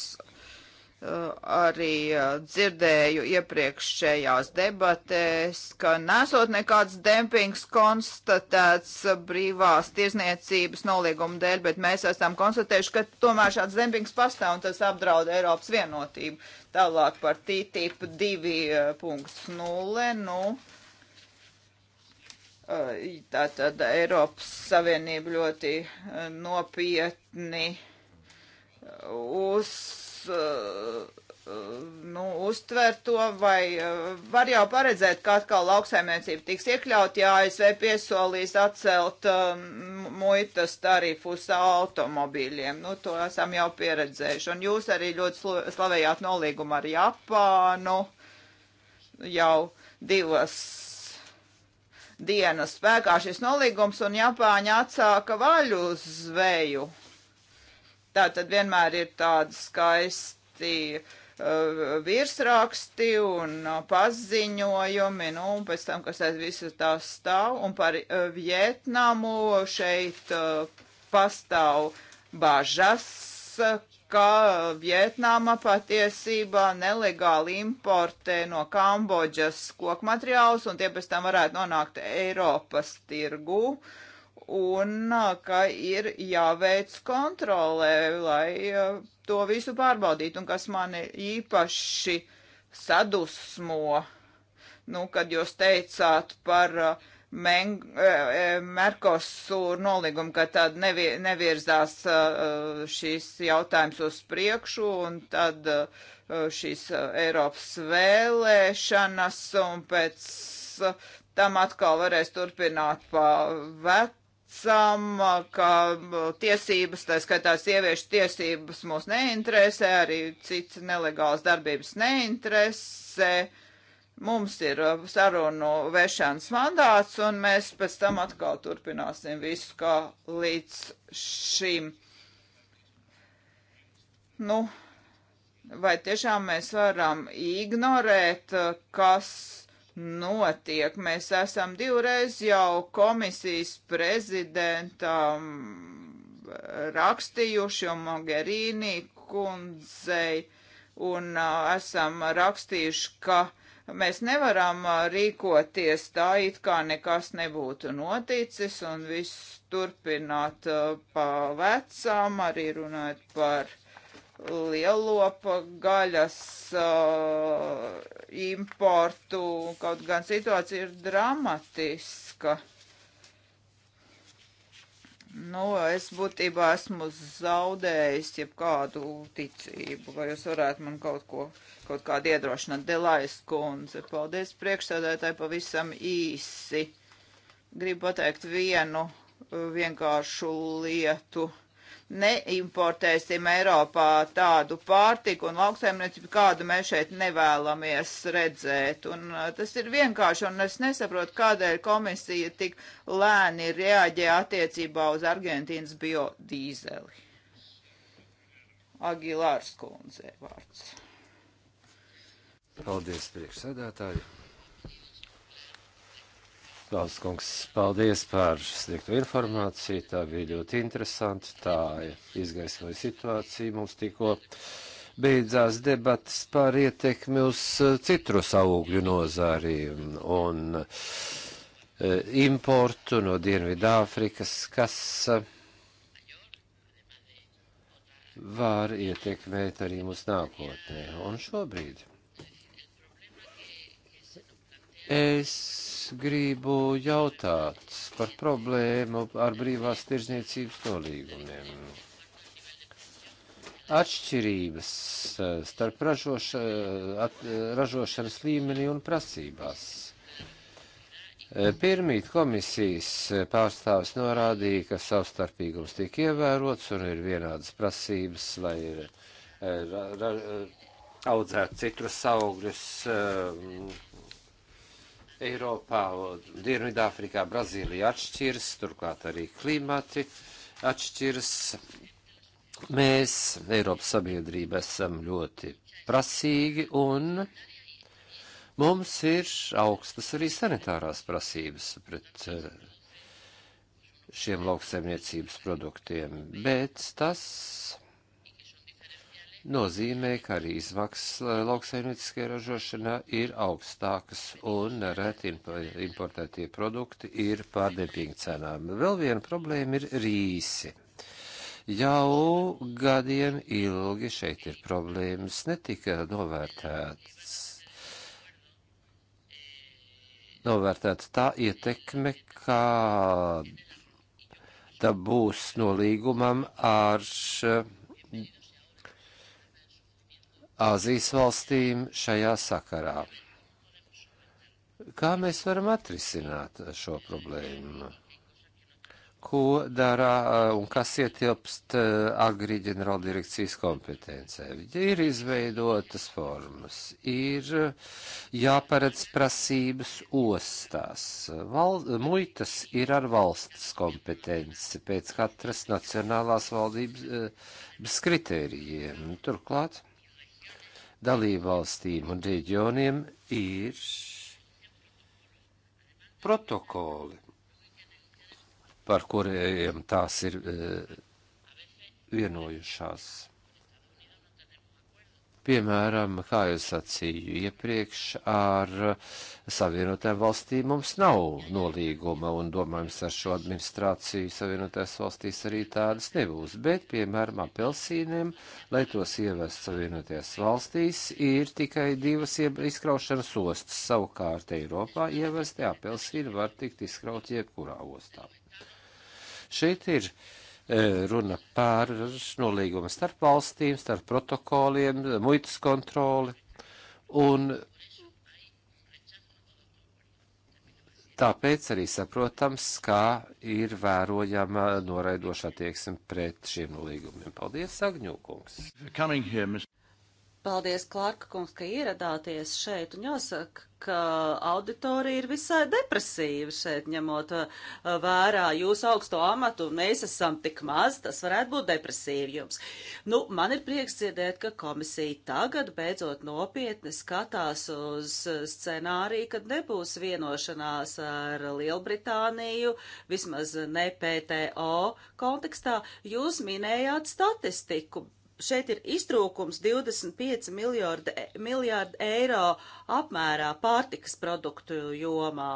arī dzirdēju iepriekšējās debatēs, ka nesot nekāds dempings konstatēts brīvās tirzniecības nolīguma dēļ, bet mēs esam konstatējuši, ka tomēr šāds dempings pastāv un tas apdraud Eiropas vienotību. Tālāk par TTIP 2.0. Nu, Tātad Eiropas Savienība ļoti nopietni uz, nu, uztver to, vai var jau paredzēt, ka atkal lauksaimniecība tiks iekļaut, ja ASV piesolīs atcelt muitas tarifus automobīļiem. Nu, to esam jau pieredzējuši. Un jūs arī ļoti slavējāt nolīgumu ar Japānu jau divas dienas spēkā šis nolīgums un Japāņa atsāka vaļu uz zveju. Tā tad vienmēr ir tādi skaisti uh, virsraksti un uh, paziņojumi, nu, un pēc tam, kas aiz visu tās stāv, un par uh, Vietnamu šeit uh, pastāv bažas, ka Vietnama patiesībā nelegāli importē no Kambodžas kokmateriālus, un tie pēc tam varētu nonākt Eiropas tirgu, un ka ir jāveic kontrolē, lai to visu pārbaudītu, un kas mani īpaši sadusmo, nu, kad jūs teicāt par uh, E, e, Merkosur nolīgumu, ka tad nevi, nevirzās e, šīs jautājums uz priekšu un tad šīs Eiropas vēlēšanas un pēc tam atkal varēs turpināt pa vecam, ka tiesības, tā skaitā sieviešu tiesības mūs neinteresē, arī cits nelegāls darbības neinteresē. Uh, mums ir uh, sarunu vešanas mandāts, un mēs pēc tam atkal turpināsim visu kā līdz šim. Nu, vai tiešām mēs varam ignorēt, uh, kas notiek? Mēs esam divreiz jau komisijas prezidentam rakstījuši, un Mogherīnī kundzei, un uh, esam rakstījuši, ka uh, Mēs nevaram rīkoties tā, it kā nekas nebūtu noticis un viss turpināt pa vecām, arī runājot par lielopa gaļas uh, importu, kaut gan situācija ir dramatiska. Uh, Nu, es būtībā esmu zaudējis jebkādu ticību, vai jūs varētu man kaut ko, kaut kādu iedrošināt. Delais kundze, paldies priekšsēdētāji pavisam īsi. Gribu pateikt vienu vienkāršu lietu. Uh, neimportēsim Eiropā tādu pārtiku un lauksaimniecību, kādu mēs šeit nevēlamies redzēt. Un uh, tas ir vienkārši, un es nesaprotu, kādēļ komisija tik lēni reaģē attiecībā uz Argentīnas biodīzeli. Agilārs kundze vārds. Paldies, priekšsēdētāji! Valsts kungs, paldies par sniegto informāciju. Tā bija ļoti interesanti. Tā izgaismoja situāciju. Mums tikko beidzās debatas par ietekmi uz eh, citrus augļu nozāriem un e, importu no Dienvidāfrikas, kas eh, var ietekmēt arī mūsu nākotnē. Un šobrīd es gribu jautāt par problēmu ar brīvās tirzniecības nolīgumiem. Atšķirības eh, starp ražoša, eh, at, eh, ražošanas līmenī un prasībās. Pirmīt komisijas pārstāvis norādīja, ka savstarpīgums tiek ievērots un ir vienādas prasības, lai ir ra, ra, audzētu citrus augļus. Um, Eiropā, Dienvidāfrikā, Brazīlija atšķiras, turklāt arī klimati atšķiras. Mēs, Eiropas sabiedrība, esam ļoti prasīgi un mums ir augstas arī sanitārās prasības pret eh, šiem lauksaimniecības produktiem, bet tas nozīmē, ka arī izmaksas eh, lauksaimnieciskajā ražošanā ir augstākas un reti importētie produkti ir pārdempinga cenām. Vēl viena problēma ir rīsi. Jau gadiem ilgi šeit ir problēmas, netika novērtēts. Novērtēta tā ietekme, kāda būs no līgumam ar Āzijas valstīm šajā sakarā. Kā mēs varam atrisināt šo problēmu? Ko dara uh, un kas ietilpst uh, agri ģenerāldirekcijas kompetencē? Ir izveidotas formas, ir uh, jāparedz prasības ostās. Val, muitas ir ar valsts kompetenci pēc katras nacionālās valdības kritērijiem. Turklāt dalībvalstīm un reģioniem ir protokoli, par kuriem tās ir eh, vienojušās. Piemēram, kā jau sacīju iepriekš, ar Savienotēm valstīm mums nav nolīguma, un domājams ar šo administrāciju Savienotēs valstīs arī tādas nebūs. Bet, piemēram, apelsīniem, lai tos ievest Savienotēs valstīs, ir tikai divas izkraušanas ostas. Savukārt Eiropā ievesti apelsīni var tikt izkraut jebkurā ostā. Šeit ir uh, E, runa par nolīgumu starp valstīm, starp protokoliem, muitas kontroli un Tāpēc arī saprotams, kā ir vērojama noraidošā tieksme pret šiem nolīgumiem. Paldies, Agņūkungs! Paldies, Klārka kungs, ka ieradāties šeit, un jāsaka, ka auditorija ir visai depresīva šeit, ņemot uh, vērā jūsu augsto amatu, un mēs esam tik maz, tas varētu būt depresīvi jums. Nu, man ir prieks dzirdēt, ka komisija tagad beidzot nopietni skatās uz scenāriju, kad nebūs vienošanās ar Lielbritāniju, vismaz ne PTO kontekstā. Jūs minējāt statistiku, šeit ir iztrūkums 25 miljārdi, miljārdi eiro apmērā pārtikas produktu jomā.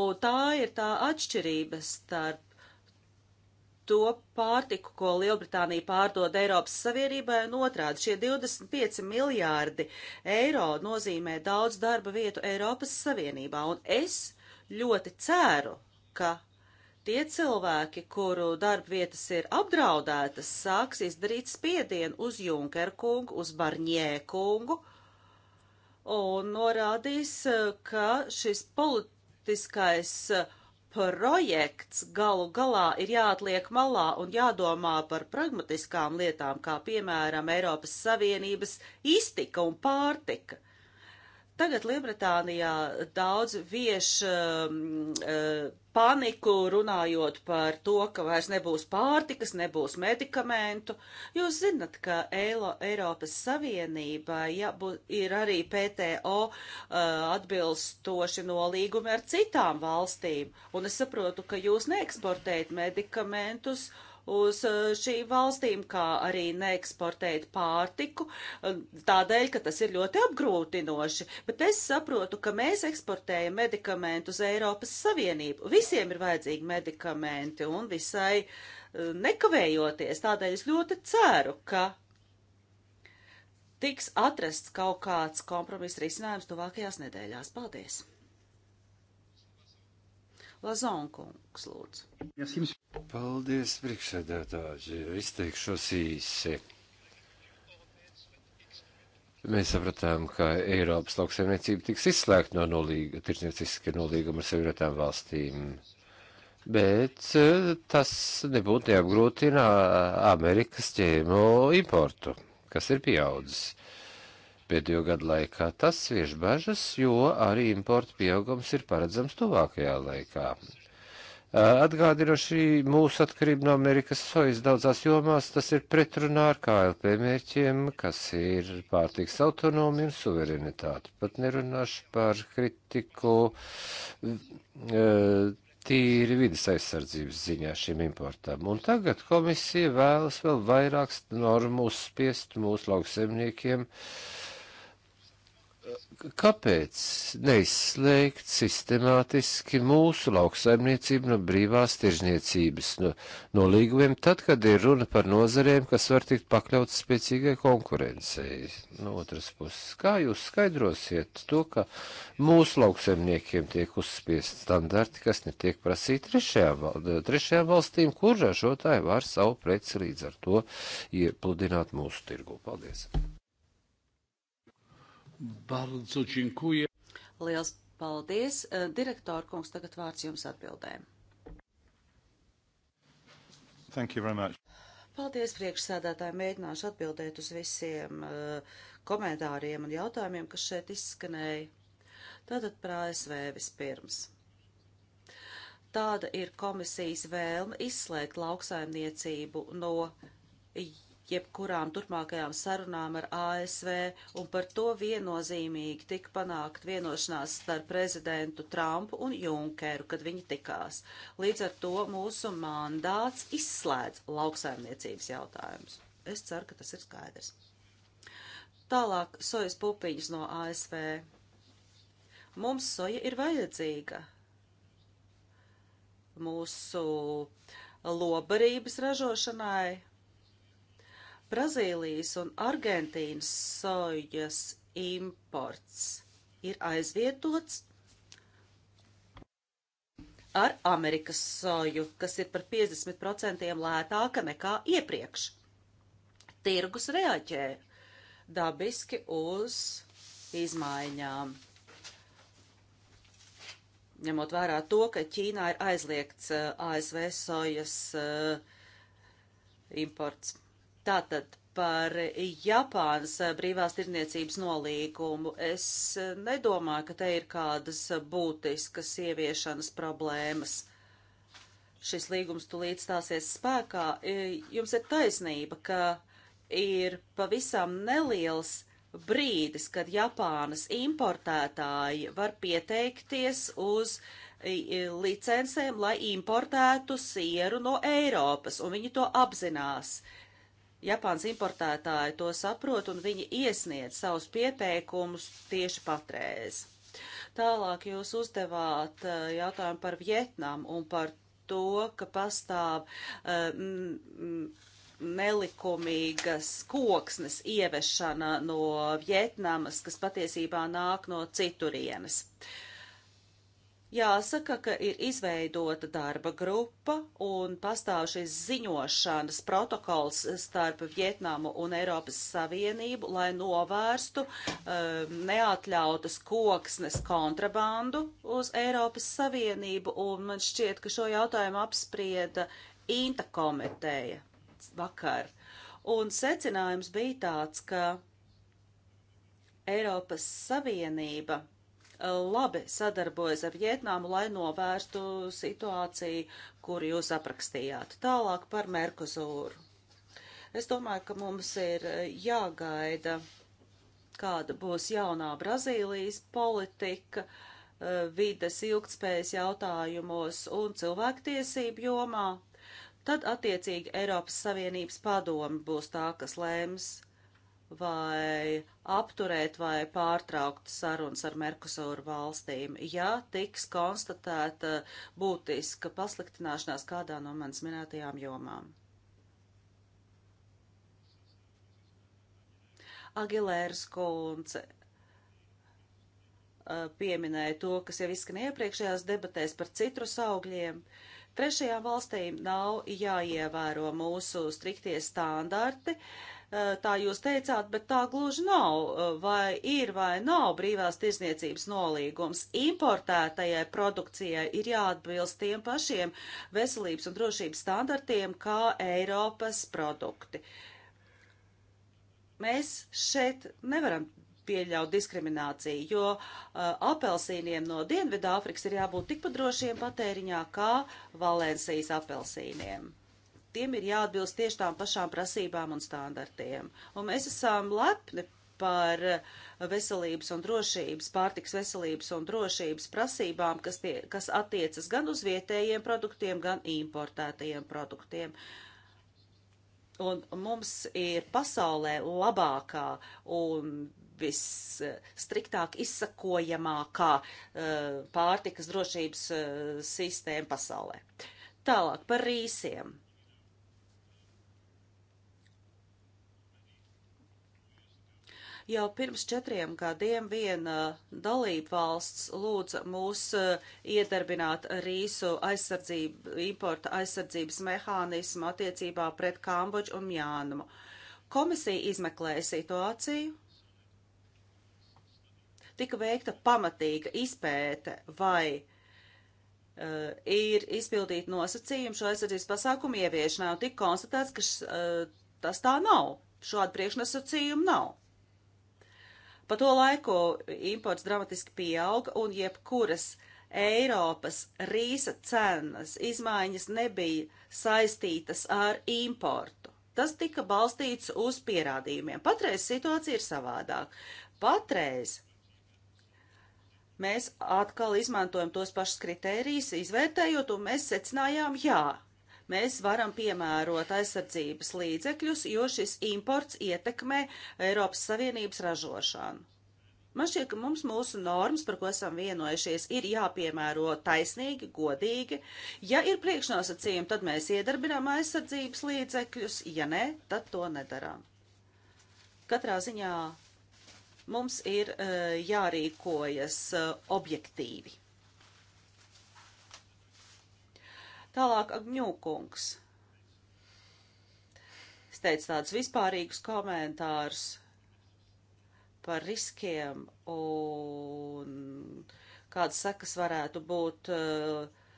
Un tā ir tā atšķirība starp to pārtiku, ko Lielbritānija pārdod Eiropas Savienībai un otrādi. Šie 25 miljārdi eiro nozīmē daudz darba vietu Eiropas Savienībā. Un es ļoti ceru, ka tie cilvēki, kuru darba vietas ir apdraudētas, sāks izdarīt spiedienu uz Junker kungu, uz Barņē kungu un norādīs, ka šis politiskais eh, projekts galu galā ir jāatliek malā un jādomā par pragmatiskām lietām, kā piemēram Eiropas Savienības iztika un pārtika. Tagad Lielbritānijā daudz vieš um, uh, paniku runājot par to, ka vairs nebūs pārtikas, nebūs medikamentu. Jūs zinat, ka Eilo, Eiropas Savienība ja, bu, ir arī PTO uh, atbilstoši nolīgumi ar citām valstīm, un es saprotu, ka jūs neeksportējat medikamentus uz eh, šīm valstīm, kā arī neeksportēt pārtiku, eh, tādēļ, ka tas ir ļoti apgrūtinoši. Bet es saprotu, ka mēs eksportējam medikamentu uz Eiropas Savienību. Visiem ir vajadzīgi medikamenti un visai eh, nekavējoties. Tādēļ es ļoti ceru, ka tiks atrasts kaut kāds kompromiss risinājums tuvākajās nedēļās. Paldies! Lazonkungs, lūdzu. Paldies, priekšsēdētāji. Izteikšos īsi. Mēs sapratām, ka Eiropas lauksaimniecība tiks izslēgta no nolīga, tirsnieciska nolīguma ar savienotām valstīm. Bet eh, tas nebūtu neapgrūtina Amerikas ķēmo importu, kas ir pieaudzis pēdējo gadu laikā. Tas svieš bažas, jo arī importa pieaugums ir paredzams tuvākajā laikā. Atgādinu šī mūsu atkarība no Amerikas sojas daudzās jomās, tas ir pretrunā ar KLP mērķiem, kas ir pārtiks autonomija un suverenitāte. Pat nerunāšu par kritiku tīri vidas aizsardzības ziņā šim importam. Un tagad komisija vēlas vēl vairāk normu uzspiest mūsu lauksemniekiem. Uh, Kāpēc neizslēgt sistemātiski mūsu lauksaimniecību no brīvās tirzniecības no, no līgumiem, tad, kad ir runa par nozarēm, kas var tikt pakļauts spēcīgai konkurencei? No otras puses, kā jūs skaidrosiet to, ka mūsu lauksaimniekiem tiek uzspiest standarti, kas netiek prasīti trešajām, trešajām valstīm, kur ražotāji var savu preci līdz ar to iepludināt mūsu tirgu? Paldies! Bardzo dziękuję. Liels paldies. Eh, direktor kungs, tagad vārds jums atbildēm. Thank you very much. Paldies priekšsēdētāji, mēģināšu atbildēt uz visiem uh, komentāriem un jautājumiem, kas šeit izskanēja. Tātad par ASV vispirms. Tāda ir komisijas vēlme izslēgt lauksaimniecību no jebkurām turpmākajām sarunām ar ASV, un par to viennozīmīgi tika panākt vienošanās starp prezidentu Trumpu un Junkeru, kad viņi tikās. Līdz ar to mūsu mandāts izslēdz lauksaimniecības jautājumus. Es ceru, ka tas ir skaidrs. Tālāk sojas pupiņas no ASV. Mums soja ir vajadzīga. Mūsu lobarības ražošanai Brazīlijas un Argentīnas sojas imports ir aizvietots ar Amerikas soju, kas ir par 50% lētāka nekā iepriekš. Tirgus reaģē dabiski uz izmaiņām. Ņemot vērā to, ka Ķīnā ir aizliegts eh, ASV sojas eh, imports. Tātad par Japānas brīvās tirniecības nolīgumu. Es nedomāju, ka te ir kādas būtiskas ieviešanas problēmas. Šis līgums tulīt stāsies spēkā. E, jums ir taisnība, ka ir pavisam neliels brīdis, kad Japānas importētāji var pieteikties uz e, licencēm, lai importētu sieru no Eiropas, un viņi to apzinās. Japānas importētāji to saprot un viņi iesniedz savus pieteikumus tieši patreiz. Tālāk jūs uzdevāt eh, jautājumu par Vietnamu un par to, ka pastāv um, nelikumīgas koksnes ievešana no Vietnamas, kas patiesībā nāk no citurienes. Uh, Jāsaka, ka ir izveidota darba grupa un pastāv šis ziņošanas protokols starp Vietnamu un Eiropas Savienību, lai novērstu um, neatļautas koksnes kontrabandu uz Eiropas Savienību, un man šķiet, ka šo jautājumu apsprieda Inta komiteja vakar. Un secinājums bija tāds, ka Eiropas Savienība labi sadarbojas ar Vietnamu, lai novērstu situāciju, kur jūs aprakstījāt. Tālāk par Merkuzūru. Es domāju, ka mums ir jāgaida, kāda būs jaunā Brazīlijas politika eh, vides ilgtspējas jautājumos un cilvēktiesību jomā, tad attiecīgi Eiropas Savienības padomi būs tā, kas lēms vai apturēt vai pārtraukt sarunas ar Merkusūru valstīm, ja tiks konstatēta būtiska pasliktināšanās kādā no manas minētajām jomām. Agilēras kundze eh, pieminēja to, kas jau izskanēja iepriekšējās debatēs par citrus augļiem. Trešajām valstīm nav jāievēro mūsu striktie standarti. Uh, Eh, tā jūs teicāt, bet tā gluži nav. Eh, vai ir vai nav brīvās tirzniecības nolīgums? Importētajai produkcijai ir jāatbilst tiem pašiem veselības un drošības standartiem kā Eiropas produkti. Mēs šeit nevaram pieļaut diskrimināciju, jo uh, apelsīniem no Dienvidāfrikas ir jābūt tikpat drošiem patēriņā kā Valencijas apelsīniem tiem ir jāatbilst tieši tām pašām prasībām un standartiem. Un mēs esam lepni par veselības un drošības, pārtiks veselības un drošības prasībām, kas, tie, kas attiecas gan uz vietējiem produktiem, gan importētajiem produktiem. Un mums ir pasaulē labākā un visstriktāk izsakojamākā uh, pārtikas drošības uh, sistēma pasaulē. Tālāk par rīsiem. Jau pirms četriem gadiem viena dalība valsts lūdza mūs eh, iedarbināt rīsu aizsardzību, importa aizsardzības mehānismu attiecībā pret Kambodžu un Mjānumu. Komisija izmeklēja situāciju, tika veikta pamatīga izpēte, vai uh, ir izpildīti nosacījumi šo aizsardzības pasākumu ieviešanā, un tika konstatēts, ka š, uh, tas tā nav. Šādu priekšnosacījumu nav. Pa to laiku imports dramatiski pieauga un jebkuras Eiropas rīsa cenas izmaiņas nebija saistītas ar importu. Tas tika balstīts uz pierādījumiem. Patreiz situācija ir savādāk. Patreiz mēs atkal izmantojam tos pašus kritērijus, izvērtējot, un mēs secinājām, jā, mēs varam piemērot aizsardzības līdzekļus, jo šis imports ietekmē Eiropas Savienības ražošanu. Man šķiet, ka mums mūsu normas, par ko esam vienojušies, ir jāpiemēro taisnīgi, godīgi. Ja ir priekšnosacījumi, tad mēs iedarbinām aizsardzības līdzekļus, ja nē, tad to nedarām. Katrā ziņā mums ir uh, jārīkojas uh, objektīvi. Tālāk Agņūkungs. Es teicu tādus vispārīgus komentārus par riskiem un kādas sekas varētu būt uh,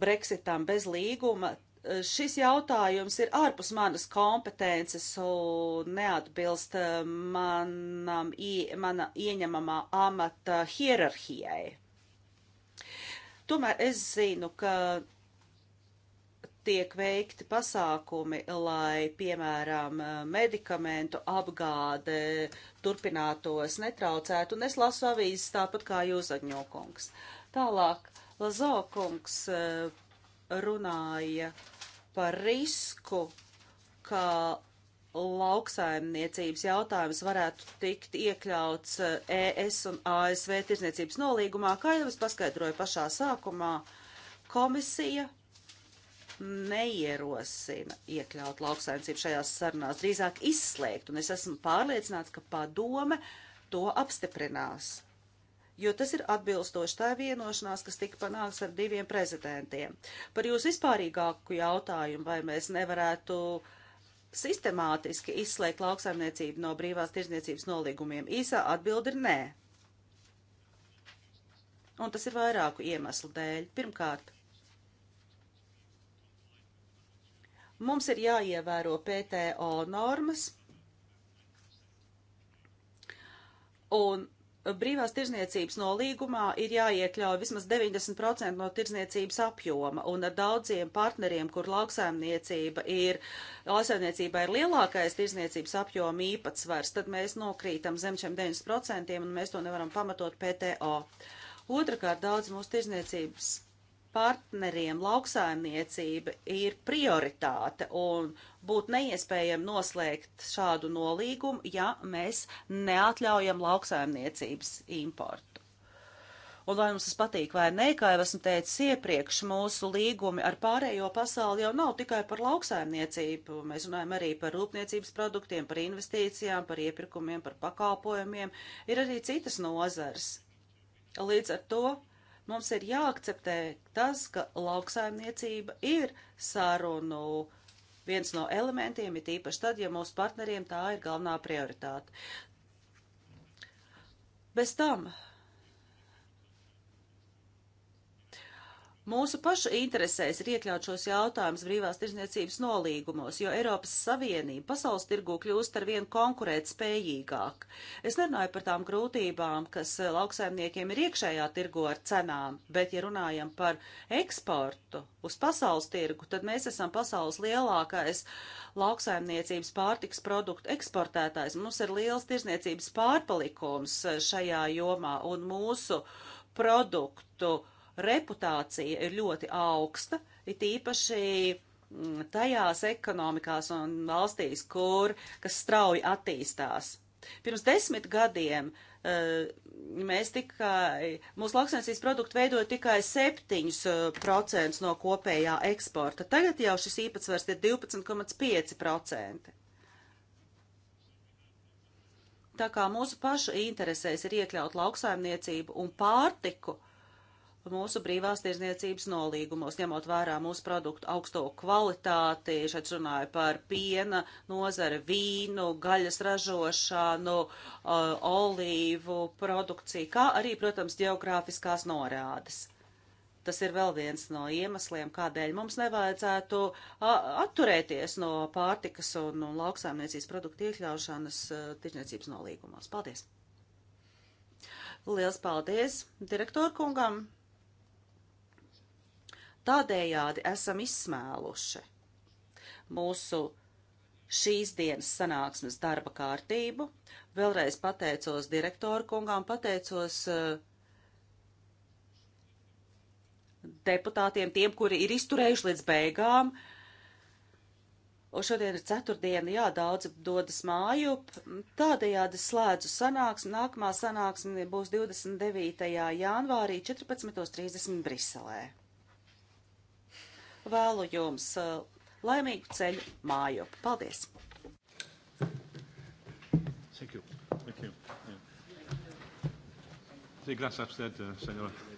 Brexitam bez līguma. Šis jautājums ir ārpus manas kompetences un neatbilst uh, manam, mana ieņemamā amata hierarhijai. Tomēr es zinu, ka tiek veikti pasākumi, lai, piemēram, medikamentu apgāde turpinātos netraucēt, un es lasu avīzes tāpat kā jūs, Agņokungs. Tālāk, Lazokungs eh, runāja par risku, ka lauksaimniecības jautājums varētu tikt iekļauts ES eh, e un ASV tirzniecības nolīgumā, kā jau es paskaidroju pašā sākumā, komisija neierosina iekļaut lauksaimniecību šajās sarunās, drīzāk izslēgt, un es esmu pārliecināts, ka padome to apstiprinās, jo tas ir atbilstoši tā vienošanās, kas tika panāks ar diviem prezidentiem. Par jūsu vispārīgāku jautājumu, vai mēs nevarētu sistemātiski izslēgt lauksaimniecību no brīvās tirzniecības nolīgumiem, īsā atbildi ir nē. Un tas ir vairāku iemeslu dēļ. Pirmkārt, Mums ir jāievēro PTO normas. Un brīvās tirzniecības nolīgumā ir jāiekļauj vismaz 90% no tirzniecības apjoma, un ar daudziem partneriem, kur lauksaimniecība ir, lauksaimniecība ir lielākais tirzniecības apjoma īpatsvars, tad mēs nokrītam zem šiem 90% un mēs to nevaram pamatot PTO. Otrakārt, daudz mūsu tirzniecības partneriem lauksaimniecība ir prioritāte un būtu neiespējami noslēgt šādu nolīgumu, ja mēs neatļaujam lauksaimniecības importu. Un vai mums tas patīk vai nē, kā jau esmu teicis iepriekš, mūsu līgumi ar pārējo pasauli jau nav tikai par lauksaimniecību. Mēs runājam arī par rūpniecības produktiem, par investīcijām, par iepirkumiem, par pakalpojumiem. Ir arī citas nozars. Līdz ar to Mums ir jāakceptē tas, ka lauksaimniecība ir sarunu viens no elementiem, ir īpaši tad, ja mūsu partneriem tā ir galvenā prioritāte. Bez tam Mūsu pašu interesēs ir iekļaut šos jautājumus brīvās tirzniecības nolīgumos, jo Eiropas Savienība pasaules tirgu kļūst ar vien konkurēt spējīgāk. Es nerunāju par tām grūtībām, kas eh, lauksaimniekiem ir iekšējā tirgu ar cenām, bet ja runājam par eksportu uz pasaules tirgu, tad mēs esam pasaules lielākais lauksaimniecības pārtiks produktu eksportētājs. Mums ir liels tirzniecības pārpalikums eh, šajā jomā un mūsu produktu reputācija ir ļoti augsta, it īpaši mm, tajās ekonomikās un valstīs, kur, kas strauji attīstās. Pirms desmit gadiem uh, mēs tikai, mūsu lauksainsīs produktu veidoja tikai 7% eh, no kopējā eksporta. Tagad jau šis īpatsvars ir 12,5%. Tā kā mūsu pašu interesēs ir iekļaut lauksaimniecību un pārtiku mūsu brīvās tirzniecības nolīgumos, ņemot vērā mūsu produktu augsto kvalitāti, šeit runāju par piena nozare, vīnu, gaļas ražošanu, uh, olīvu produkciju, kā arī, protams, geogrāfiskās norādes. Tas ir vēl viens no iemesliem, kādēļ mums nevajadzētu uh, atturēties no pārtikas un, un lauksaimniecības produktu iekļaušanas uh, tirzniecības nolīgumos. Paldies! Liels paldies direktoru kungam! Tādējādi esam izsmēluši mūsu šīs dienas sanāksmes darba kārtību. Vēlreiz pateicos direktoru kungām, pateicos uh, deputātiem, tiem, kuri ir izturējuši līdz beigām. Un šodien ir ceturtdiena, jā, daudz dodas mājup. Tādējādi slēdzu sanāksmi. Nākamā sanāksme būs 29. janvārī 14.30 Briselē. Vēlu jums uh, laimīgu ceļu mājup. Paldies! Thank you. Thank you. Yeah. Sí, gracias a usted, señora.